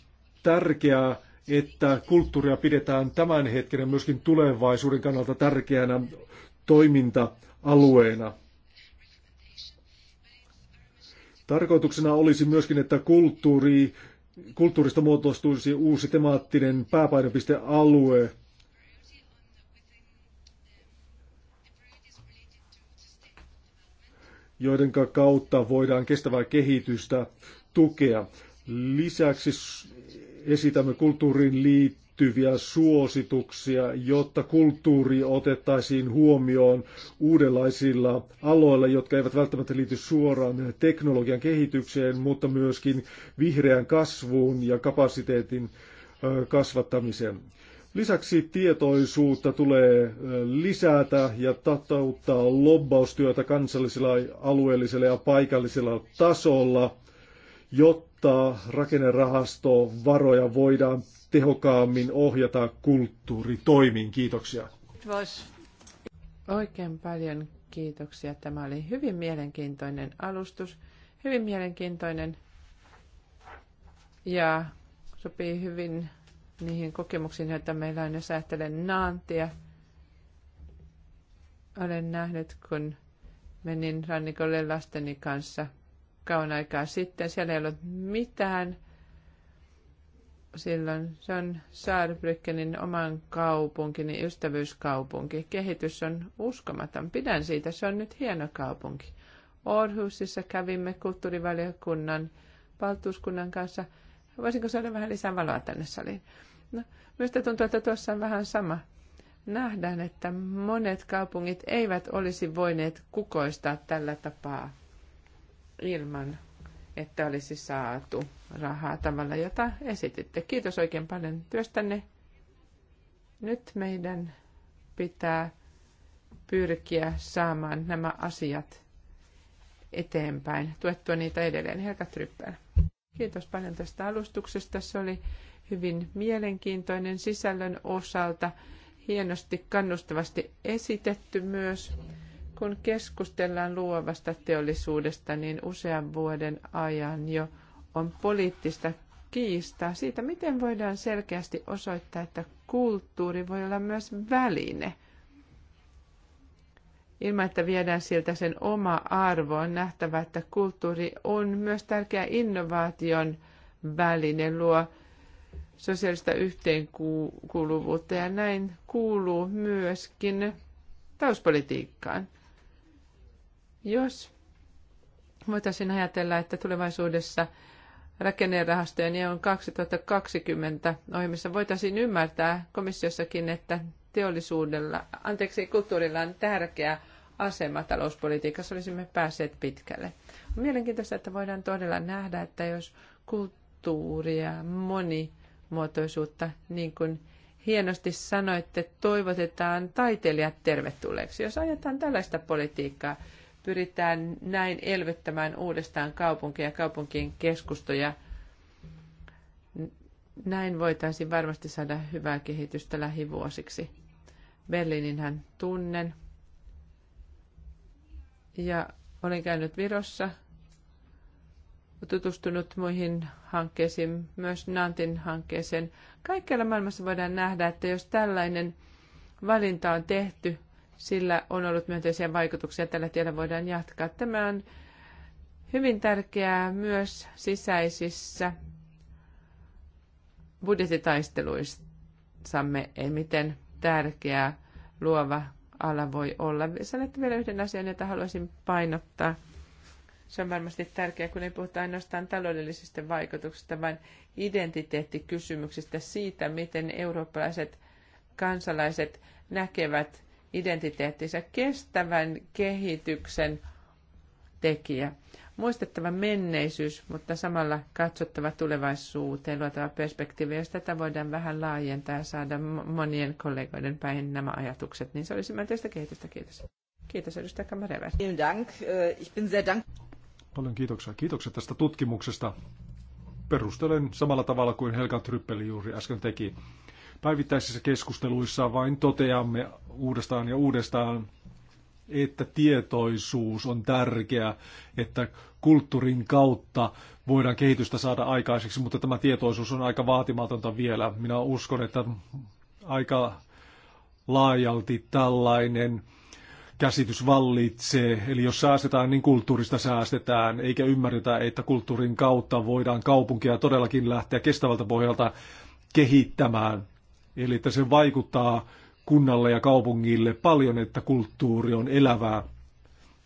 tärkeää että kulttuuria pidetään tämän hetken ja myöskin tulevaisuuden kannalta tärkeänä toiminta-alueena. Tarkoituksena olisi myöskin, että kulttuuri, kulttuurista muotoistuisi uusi temaattinen pääpainopistealue. joiden kautta voidaan kestävää kehitystä tukea. Lisäksi esitämme kulttuuriin liittyviä suosituksia, jotta kulttuuri otettaisiin huomioon uudenlaisilla aloilla, jotka eivät välttämättä liity suoraan teknologian kehitykseen, mutta myöskin vihreän kasvuun ja kapasiteetin kasvattamiseen. Lisäksi tietoisuutta tulee lisätä ja tatauttaa lobbaustyötä kansallisella, alueellisella ja paikallisella tasolla, jotta jotta rakennerahastovaroja voidaan tehokkaammin ohjata kulttuuritoimiin. Kiitoksia. Oikein paljon kiitoksia. Tämä oli hyvin mielenkiintoinen alustus, hyvin mielenkiintoinen ja sopii hyvin niihin kokemuksiin, joita meillä on, jos ajattelen Naantia. Olen nähnyt, kun menin rannikolle lasteni kanssa – kauan aikaa sitten. Siellä ei ollut mitään. Silloin se on Saarbrückenin oman kaupunkini ystävyyskaupunki. Kehitys on uskomaton. Pidän siitä. Se on nyt hieno kaupunki. Orhusissa kävimme kulttuurivaliokunnan valtuuskunnan kanssa. Voisinko saada vähän lisää valoa tänne saliin? No, minusta tuntuu, että tuossa on vähän sama. Nähdään, että monet kaupungit eivät olisi voineet kukoistaa tällä tapaa ilman, että olisi saatu rahaa tavalla, jota esititte. Kiitos oikein paljon työstänne. Nyt meidän pitää pyrkiä saamaan nämä asiat eteenpäin, tuettua niitä edelleen. Helka Tryppel. Kiitos paljon tästä alustuksesta. Se oli hyvin mielenkiintoinen sisällön osalta, hienosti kannustavasti esitetty myös. Kun keskustellaan luovasta teollisuudesta, niin usean vuoden ajan jo on poliittista kiistaa siitä, miten voidaan selkeästi osoittaa, että kulttuuri voi olla myös väline. Ilman, että viedään siltä sen oma arvo, on nähtävä, että kulttuuri on myös tärkeä innovaation väline, luo sosiaalista yhteenkuuluvuutta ja näin kuuluu myöskin talouspolitiikkaan. Jos voitaisiin ajatella, että tulevaisuudessa rakennerahastojen EUn 2020 ohjelmissa voitaisiin ymmärtää komissiossakin, että teollisuudella, anteeksi, kulttuurilla on tärkeä asema talouspolitiikassa, olisimme päässeet pitkälle. On mielenkiintoista, että voidaan todella nähdä, että jos kulttuuria, monimuotoisuutta, niin kuin hienosti sanoitte, toivotetaan taiteilijat tervetulleeksi. Jos ajetaan tällaista politiikkaa, pyritään näin elvyttämään uudestaan kaupunkia ja kaupunkien keskustoja. Näin voitaisiin varmasti saada hyvää kehitystä lähivuosiksi. Berliinin hän tunnen. Ja olen käynyt Virossa, tutustunut muihin hankkeisiin, myös Nantin hankkeeseen. Kaikkialla maailmassa voidaan nähdä, että jos tällainen valinta on tehty, sillä on ollut myönteisiä vaikutuksia. Tällä tiellä voidaan jatkaa. Tämä on hyvin tärkeää myös sisäisissä budjettitaisteluissamme, ei miten tärkeää luova ala voi olla. Sanoitte vielä yhden asian, jota haluaisin painottaa. Se on varmasti tärkeää, kun ei puhuta ainoastaan taloudellisista vaikutuksista, vaan identiteettikysymyksistä siitä, miten eurooppalaiset kansalaiset näkevät identiteettinsä kestävän kehityksen tekijä. Muistettava menneisyys, mutta samalla katsottava tulevaisuuteen luotava perspektiivi. Jos tätä voidaan vähän laajentaa ja saada monien kollegoiden päin nämä ajatukset, niin se olisi myönteistä kehitystä. Kiitos. Kiitos edustaja Kamarever. Äh, Paljon kiitoksia. Kiitokset tästä tutkimuksesta. Perustelen samalla tavalla kuin Helga Tryppeli juuri äsken teki. Päivittäisissä keskusteluissa vain toteamme uudestaan ja uudestaan, että tietoisuus on tärkeä, että kulttuurin kautta voidaan kehitystä saada aikaiseksi, mutta tämä tietoisuus on aika vaatimatonta vielä. Minä uskon, että aika laajalti tällainen käsitys vallitsee. Eli jos säästetään, niin kulttuurista säästetään, eikä ymmärretä, että kulttuurin kautta voidaan kaupunkia todellakin lähteä kestävältä pohjalta kehittämään. Eli että se vaikuttaa kunnalle ja kaupungille paljon, että kulttuuri on elävää.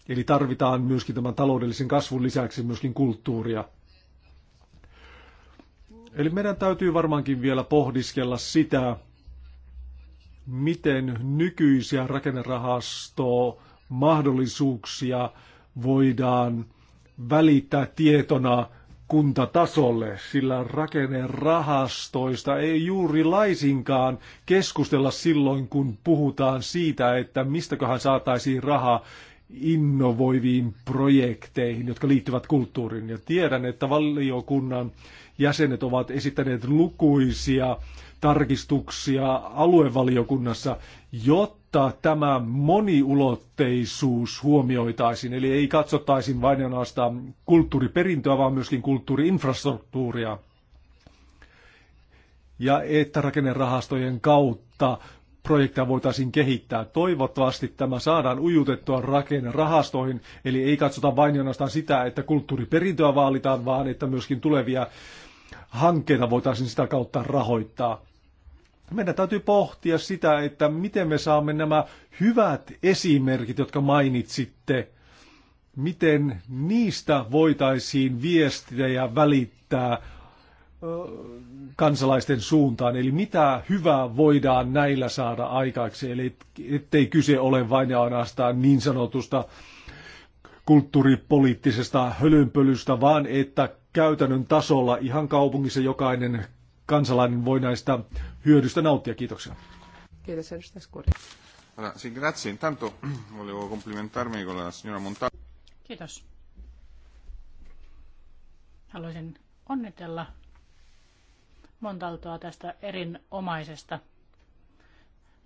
Eli tarvitaan myöskin tämän taloudellisen kasvun lisäksi myöskin kulttuuria. Eli meidän täytyy varmaankin vielä pohdiskella sitä, miten nykyisiä rakennerahastoa mahdollisuuksia voidaan välittää tietona kuntatasolle, sillä rakennerahastoista ei juuri laisinkaan keskustella silloin, kun puhutaan siitä, että mistäköhän saataisiin rahaa innovoiviin projekteihin, jotka liittyvät kulttuuriin. Ja tiedän, että valiokunnan jäsenet ovat esittäneet lukuisia tarkistuksia aluevaliokunnassa, jotta tämä moniulotteisuus huomioitaisiin. Eli ei katsottaisiin vain ainoastaan kulttuuriperintöä, vaan myöskin kulttuuriinfrastruktuuria. Ja että rakennerahastojen kautta projekteja voitaisiin kehittää. Toivottavasti tämä saadaan ujutettua rakennerahastoihin, eli ei katsota vain ainoastaan sitä, että kulttuuriperintöä vaalitaan, vaan että myöskin tulevia hankkeita voitaisiin sitä kautta rahoittaa meidän täytyy pohtia sitä, että miten me saamme nämä hyvät esimerkit, jotka mainitsitte, miten niistä voitaisiin ja välittää kansalaisten suuntaan, eli mitä hyvää voidaan näillä saada aikaiseksi, eli ettei kyse ole vain ja ainoastaan niin sanotusta kulttuuripoliittisesta hölynpölystä, vaan että käytännön tasolla ihan kaupungissa jokainen kansalainen voi näistä hyödystä nauttia. Kiitoksia. Kiitos edustaja Skuri. Kiitos. Haluaisin onnitella Montaltoa tästä erinomaisesta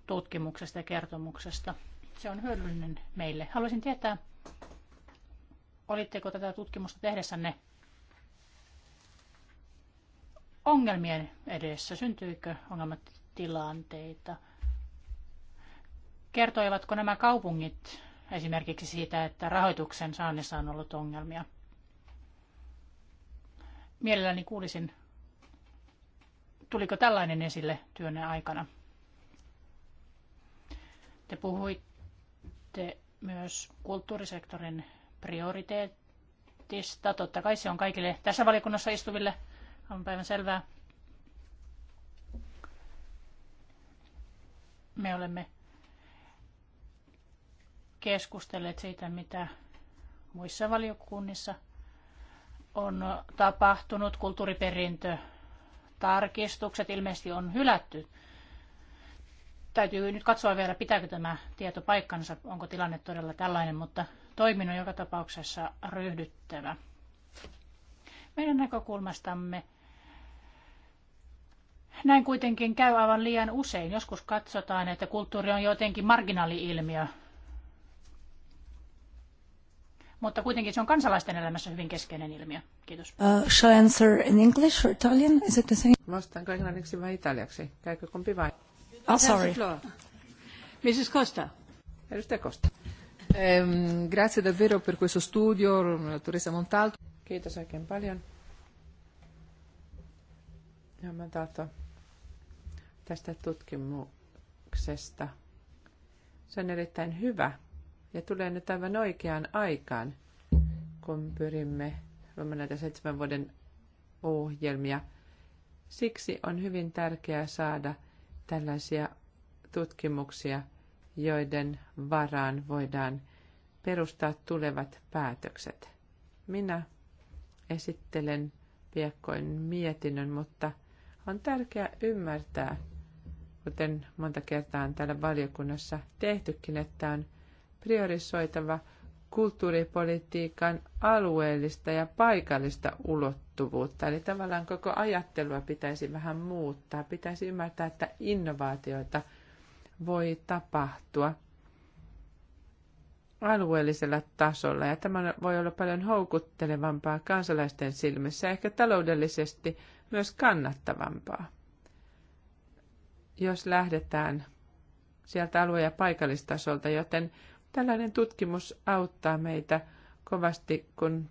tutkimuksesta ja kertomuksesta. Se on hyödyllinen meille. Haluaisin tietää, olitteko tätä tutkimusta tehdessänne ongelmien edessä? Syntyykö ongelmatilanteita? Kertoivatko nämä kaupungit esimerkiksi siitä, että rahoituksen saannissa on ollut ongelmia? Mielelläni kuulisin, tuliko tällainen esille työnne aikana? Te puhuitte myös kulttuurisektorin prioriteetista. Totta kai se on kaikille tässä valikunnassa istuville on päivän selvää. Me olemme keskustelleet siitä, mitä muissa valiokunnissa on tapahtunut. Kulttuuriperintö tarkistukset ilmeisesti on hylätty. Täytyy nyt katsoa vielä, pitääkö tämä tieto paikkansa, onko tilanne todella tällainen, mutta toiminnon joka tapauksessa ryhdyttävä. Meidän näkökulmastamme näin kuitenkin käy aivan liian usein. Joskus katsotaan, että kulttuuri on jotenkin marginaali-ilmiö. Mutta kuitenkin se on kansalaisten elämässä hyvin keskeinen ilmiö. Kiitos. Uh, shall I answer in English or Italian? Is it the same? Vastaanko englanniksi vai italiaksi? Käykö kumpi vai? Oh, sorry. Mrs. Costa. Edustaja Costa. Um, grazie davvero per questo studio, Teresa Montalto. Kiitos oikein paljon. Ja mä tästä tutkimuksesta. Se on erittäin hyvä ja tulee nyt aivan oikeaan aikaan, kun pyrimme luomaan näitä seitsemän vuoden ohjelmia. Siksi on hyvin tärkeää saada tällaisia tutkimuksia, joiden varaan voidaan perustaa tulevat päätökset. Minä esittelen piekkoin mietinnön, mutta on tärkeää ymmärtää, kuten monta kertaa on täällä valiokunnassa tehtykin, että on priorisoitava kulttuuripolitiikan alueellista ja paikallista ulottuvuutta. Eli tavallaan koko ajattelua pitäisi vähän muuttaa. Pitäisi ymmärtää, että innovaatioita voi tapahtua alueellisella tasolla. Ja tämä voi olla paljon houkuttelevampaa kansalaisten silmissä, ehkä taloudellisesti myös kannattavampaa jos lähdetään sieltä alue- ja paikallistasolta, joten tällainen tutkimus auttaa meitä kovasti, kun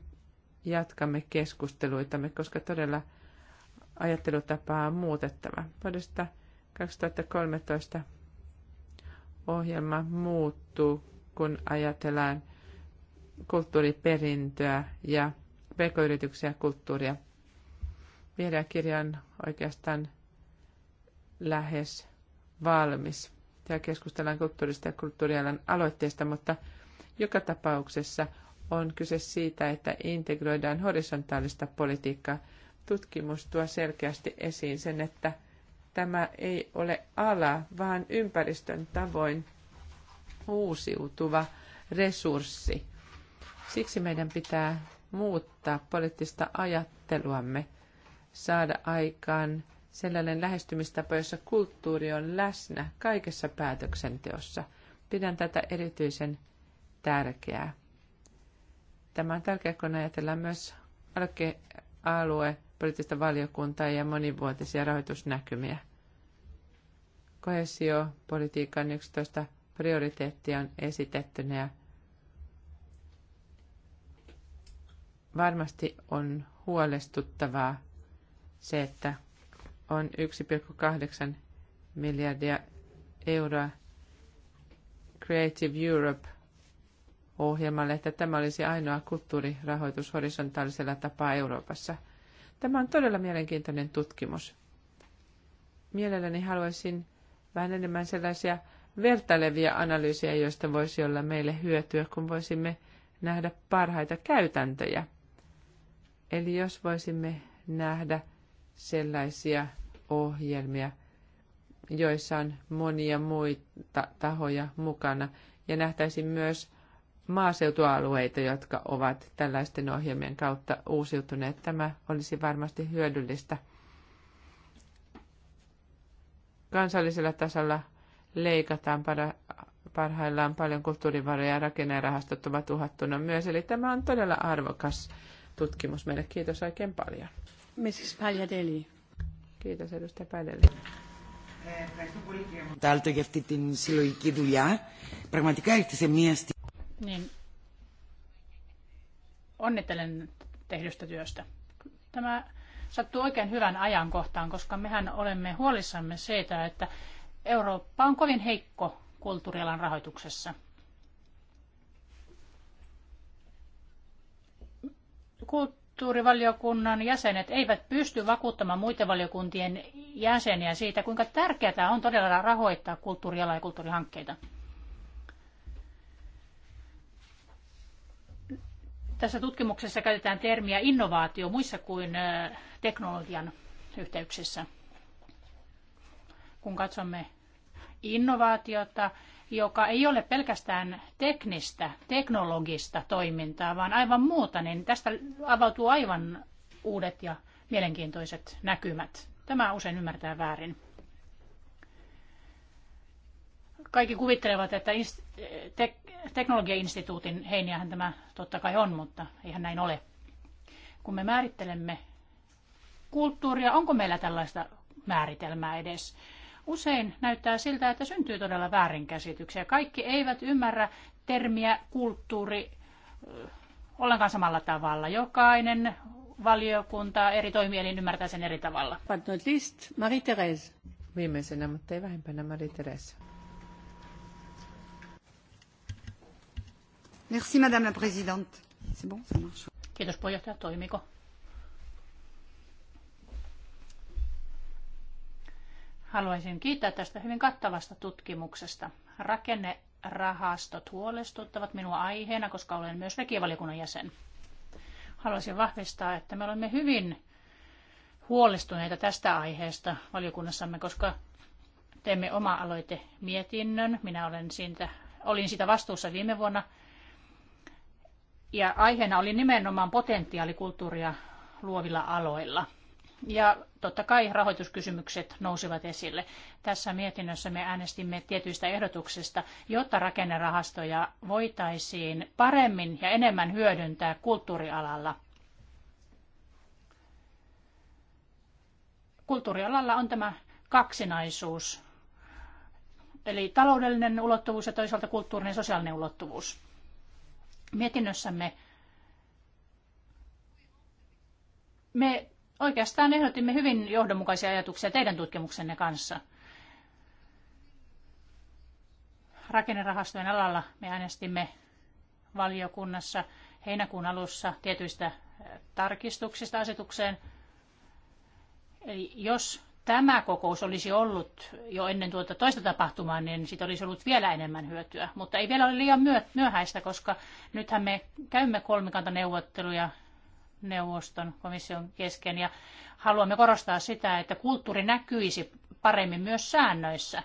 jatkamme keskusteluitamme, koska todella ajattelutapaa on muutettava. Vuodesta 2013 ohjelma muuttuu, kun ajatellaan kulttuuriperintöä ja pk-yrityksiä kulttuuria. Vihreä kirja on oikeastaan lähes valmis. Tämä keskustellaan kulttuurista ja kulttuurialan aloitteista, mutta joka tapauksessa on kyse siitä, että integroidaan horisontaalista politiikkaa. Tutkimus tuo selkeästi esiin sen, että tämä ei ole ala, vaan ympäristön tavoin uusiutuva resurssi. Siksi meidän pitää muuttaa poliittista ajatteluamme, saada aikaan sellainen lähestymistapa, jossa kulttuuri on läsnä kaikessa päätöksenteossa. Pidän tätä erityisen tärkeää. Tämä on tärkeää, kun ajatellaan myös alue, poliittista valiokuntaa ja monivuotisia rahoitusnäkymiä. Kohesiopolitiikan 11 prioriteettia on esitettynä ja varmasti on huolestuttavaa se, että on 1,8 miljardia euroa Creative Europe ohjelmalle, että tämä olisi ainoa kulttuurirahoitus horisontaalisella tapaa Euroopassa. Tämä on todella mielenkiintoinen tutkimus. Mielelläni haluaisin vähän enemmän sellaisia vertailevia analyysejä, joista voisi olla meille hyötyä, kun voisimme nähdä parhaita käytäntöjä. Eli jos voisimme nähdä sellaisia ohjelmia, joissa on monia muita tahoja mukana. Ja nähtäisiin myös maaseutualueita, jotka ovat tällaisten ohjelmien kautta uusiutuneet. Tämä olisi varmasti hyödyllistä. Kansallisella tasolla leikataan parhaillaan paljon kulttuurivaroja ja rakennerahastot ovat uhattuna myös. Eli tämä on todella arvokas tutkimus meille. Kiitos oikein paljon. Mrs. Pagliadelli. Kiitos edustaja Pagliadelli. Ευχαριστώ πολύ κύριε Μοντάλτο για αυτή την συλλογική δουλειά. Πραγματικά ήρθε σε μία στιγμή. Niin. Onnittelen tehdystä työstä. Tämä sattuu oikein hyvän ajankohtaan, koska mehän olemme huolissamme siitä, että Eurooppa on kovin heikko kulttuurialan rahoituksessa. Kulttuuri kulttuurivaliokunnan jäsenet eivät pysty vakuuttamaan muiden valiokuntien jäseniä siitä, kuinka tärkeää on todella rahoittaa kulttuuriala ja kulttuurihankkeita. Tässä tutkimuksessa käytetään termiä innovaatio muissa kuin teknologian yhteyksissä. Kun katsomme innovaatiota, joka ei ole pelkästään teknistä, teknologista toimintaa, vaan aivan muuta, niin tästä avautuu aivan uudet ja mielenkiintoiset näkymät. Tämä usein ymmärtää väärin. Kaikki kuvittelevat, että te- teknologiainstituutin heiniähän tämä totta kai on, mutta eihän näin ole. Kun me määrittelemme kulttuuria, onko meillä tällaista määritelmää edes? Usein näyttää siltä, että syntyy todella väärinkäsityksiä. Kaikki eivät ymmärrä termiä kulttuuri ollenkaan samalla tavalla. Jokainen valiokunta, eri toimielin ymmärtää sen eri tavalla. list, Marie-Thérèse. Viimeisenä, mutta ei vähempänä Marie-Thérèse. Merci, Madame la Présidente. C'est bon, ça marche. Kiitos puheenjohtaja, toimiko? Haluaisin kiittää tästä hyvin kattavasta tutkimuksesta. Rakennerahastot huolestuttavat minua aiheena, koska olen myös rekivaliokunnan jäsen. Haluaisin vahvistaa, että me olemme hyvin huolestuneita tästä aiheesta valiokunnassamme, koska teemme oma mietinnön. Minä olen siitä, olin sitä vastuussa viime vuonna. Ja aiheena oli nimenomaan potentiaali kulttuuria luovilla aloilla. Ja totta kai rahoituskysymykset nousivat esille. Tässä mietinnössä me äänestimme tietyistä ehdotuksista, jotta rakennerahastoja voitaisiin paremmin ja enemmän hyödyntää kulttuurialalla. Kulttuurialalla on tämä kaksinaisuus, eli taloudellinen ulottuvuus ja toisaalta kulttuurinen ja sosiaalinen ulottuvuus. Mietinnössämme me Oikeastaan ehdotimme hyvin johdonmukaisia ajatuksia teidän tutkimuksenne kanssa. Rakennerahastojen alalla me äänestimme valiokunnassa heinäkuun alussa tietyistä eh, tarkistuksista asetukseen. Eli jos tämä kokous olisi ollut jo ennen tuota toista tapahtumaa, niin siitä olisi ollut vielä enemmän hyötyä. Mutta ei vielä ole liian myöhäistä, koska nythän me käymme kolmikantaneuvotteluja neuvoston komission kesken ja haluamme korostaa sitä, että kulttuuri näkyisi paremmin myös säännöissä.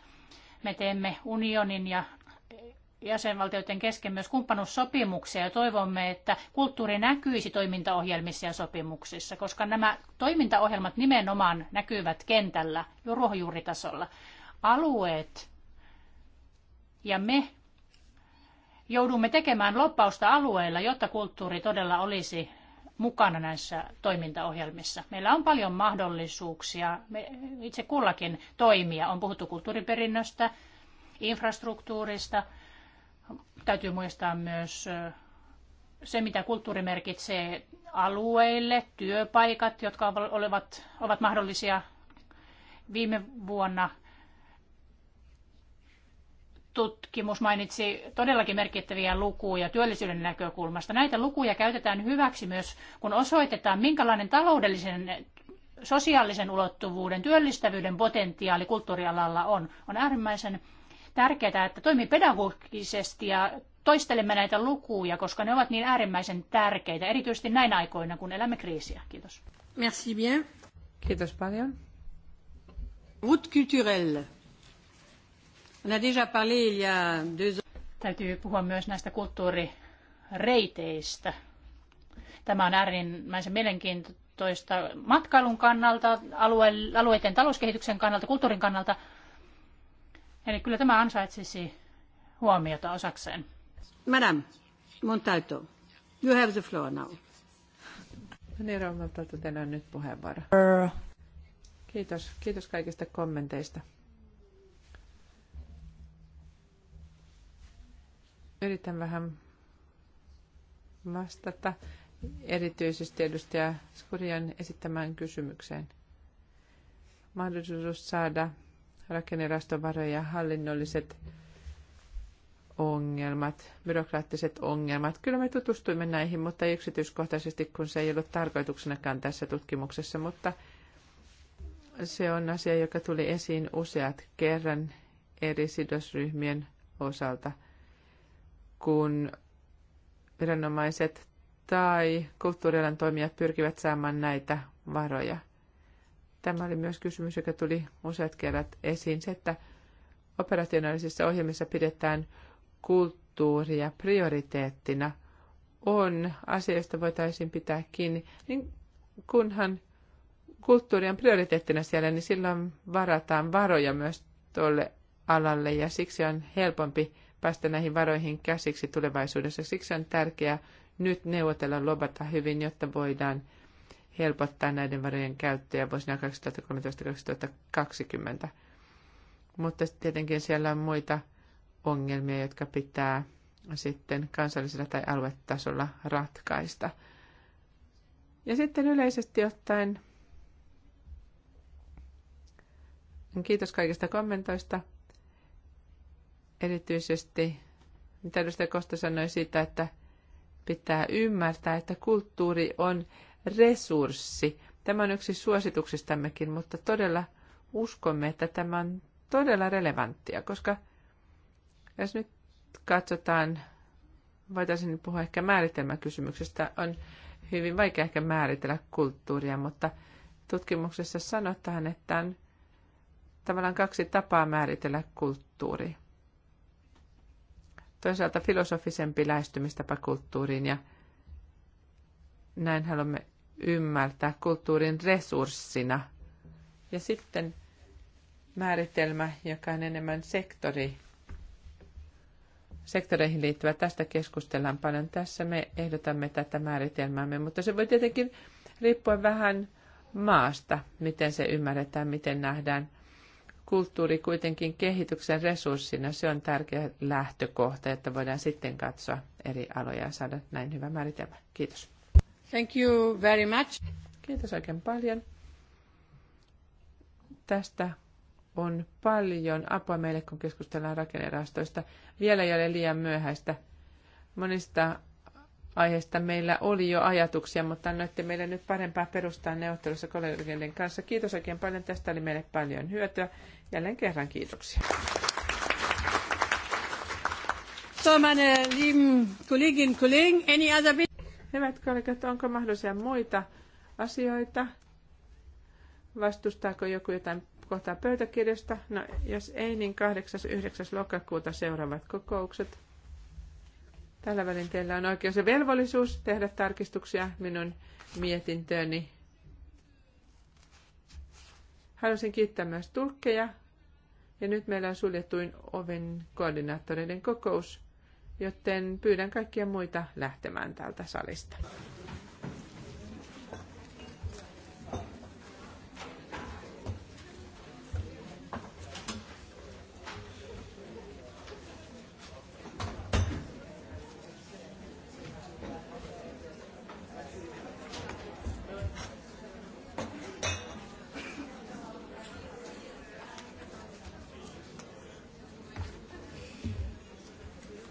Me teemme unionin ja jäsenvaltioiden kesken myös kumppanuussopimuksia ja toivomme, että kulttuuri näkyisi toimintaohjelmissa ja sopimuksissa, koska nämä toimintaohjelmat nimenomaan näkyvät kentällä jo ruohonjuuritasolla. Alueet ja me joudumme tekemään loppausta alueilla, jotta kulttuuri todella olisi mukana näissä toimintaohjelmissa. Meillä on paljon mahdollisuuksia Me itse kullakin toimia. On puhuttu kulttuuriperinnöstä, infrastruktuurista. Täytyy muistaa myös se, mitä kulttuuri merkitsee alueille, työpaikat, jotka olevat, ovat mahdollisia viime vuonna – tutkimus mainitsi todellakin merkittäviä lukuja työllisyyden näkökulmasta. Näitä lukuja käytetään hyväksi myös, kun osoitetaan, minkälainen taloudellisen, sosiaalisen ulottuvuuden, työllistävyyden potentiaali kulttuurialalla on. On äärimmäisen tärkeää, että toimii pedagogisesti ja toistelemme näitä lukuja, koska ne ovat niin äärimmäisen tärkeitä, erityisesti näin aikoina, kun elämme kriisiä. Kiitos. Merci bien. Kiitos paljon. culturelle. Täytyy puhua myös näistä kulttuurireiteistä. Tämä on äärimmäisen mielenkiintoista matkailun kannalta, alue, alueiden talouskehityksen kannalta, kulttuurin kannalta. Eli kyllä tämä ansaitsisi huomiota osakseen. Madame, Montalto, you have the floor now. Niin, Raumalta, teillä on nyt puheenvuoro. Kiitos, kiitos kaikista kommenteista. Yritän vähän vastata erityisesti edustaja Skurian esittämään kysymykseen. Mahdollisuus saada rakennerastovaroja, hallinnolliset ongelmat, byrokraattiset ongelmat. Kyllä me tutustuimme näihin, mutta yksityiskohtaisesti, kun se ei ollut tarkoituksenakaan tässä tutkimuksessa, mutta se on asia, joka tuli esiin useat kerran eri sidosryhmien osalta – kun viranomaiset tai kulttuurialan toimijat pyrkivät saamaan näitä varoja. Tämä oli myös kysymys, joka tuli useat kerrat esiin, se, että operationaalisissa ohjelmissa pidetään kulttuuria prioriteettina on asia, josta voitaisiin pitää kiinni, niin kunhan kulttuuri on prioriteettina siellä, niin silloin varataan varoja myös tuolle alalle ja siksi on helpompi päästä näihin varoihin käsiksi tulevaisuudessa. Siksi on tärkeää nyt neuvotella lobata hyvin, jotta voidaan helpottaa näiden varojen käyttöä vuosina 2013-2020. Mutta tietenkin siellä on muita ongelmia, jotka pitää sitten kansallisella tai aluetasolla ratkaista. Ja sitten yleisesti ottaen, kiitos kaikista kommentoista erityisesti, mitä edustaja Kosta sanoi siitä, että pitää ymmärtää, että kulttuuri on resurssi. Tämä on yksi suosituksistammekin, mutta todella uskomme, että tämä on todella relevanttia, koska jos nyt katsotaan, voitaisiin puhua ehkä määritelmäkysymyksestä, on hyvin vaikea ehkä määritellä kulttuuria, mutta tutkimuksessa sanotaan, että on tavallaan kaksi tapaa määritellä kulttuuri toisaalta filosofisempi lähestymistapa kulttuuriin ja näin haluamme ymmärtää kulttuurin resurssina. Ja sitten määritelmä, joka on enemmän sektori, sektoreihin liittyvä. Tästä keskustellaan paljon. Tässä me ehdotamme tätä määritelmäämme, mutta se voi tietenkin riippua vähän maasta, miten se ymmärretään, miten nähdään – kulttuuri kuitenkin kehityksen resurssina, se on tärkeä lähtökohta, että voidaan sitten katsoa eri aloja ja saada näin hyvä määritelmä. Kiitos. Thank you very much. Kiitos oikein paljon. Tästä on paljon apua meille, kun keskustellaan rakennerastoista. Vielä ei ole liian myöhäistä. Monista aiheesta meillä oli jo ajatuksia, mutta annoitte meille nyt parempaa perustaa neuvottelussa kollegoiden kanssa. Kiitos oikein paljon, tästä oli meille paljon hyötyä. Jälleen kerran kiitoksia. So, meine lieben Kolleginnen Kollegen, any other... Hyvät kollegat, onko mahdollisia muita asioita? Vastustaako joku jotain kohtaa pöytäkirjasta? No, jos ei, niin 8.9. lokakuuta seuraavat kokoukset. Tällä välin teillä on oikeus ja velvollisuus tehdä tarkistuksia minun mietintööni. Haluaisin kiittää myös tulkkeja. Ja nyt meillä on suljetuin oven koordinaattoreiden kokous, joten pyydän kaikkia muita lähtemään täältä salista.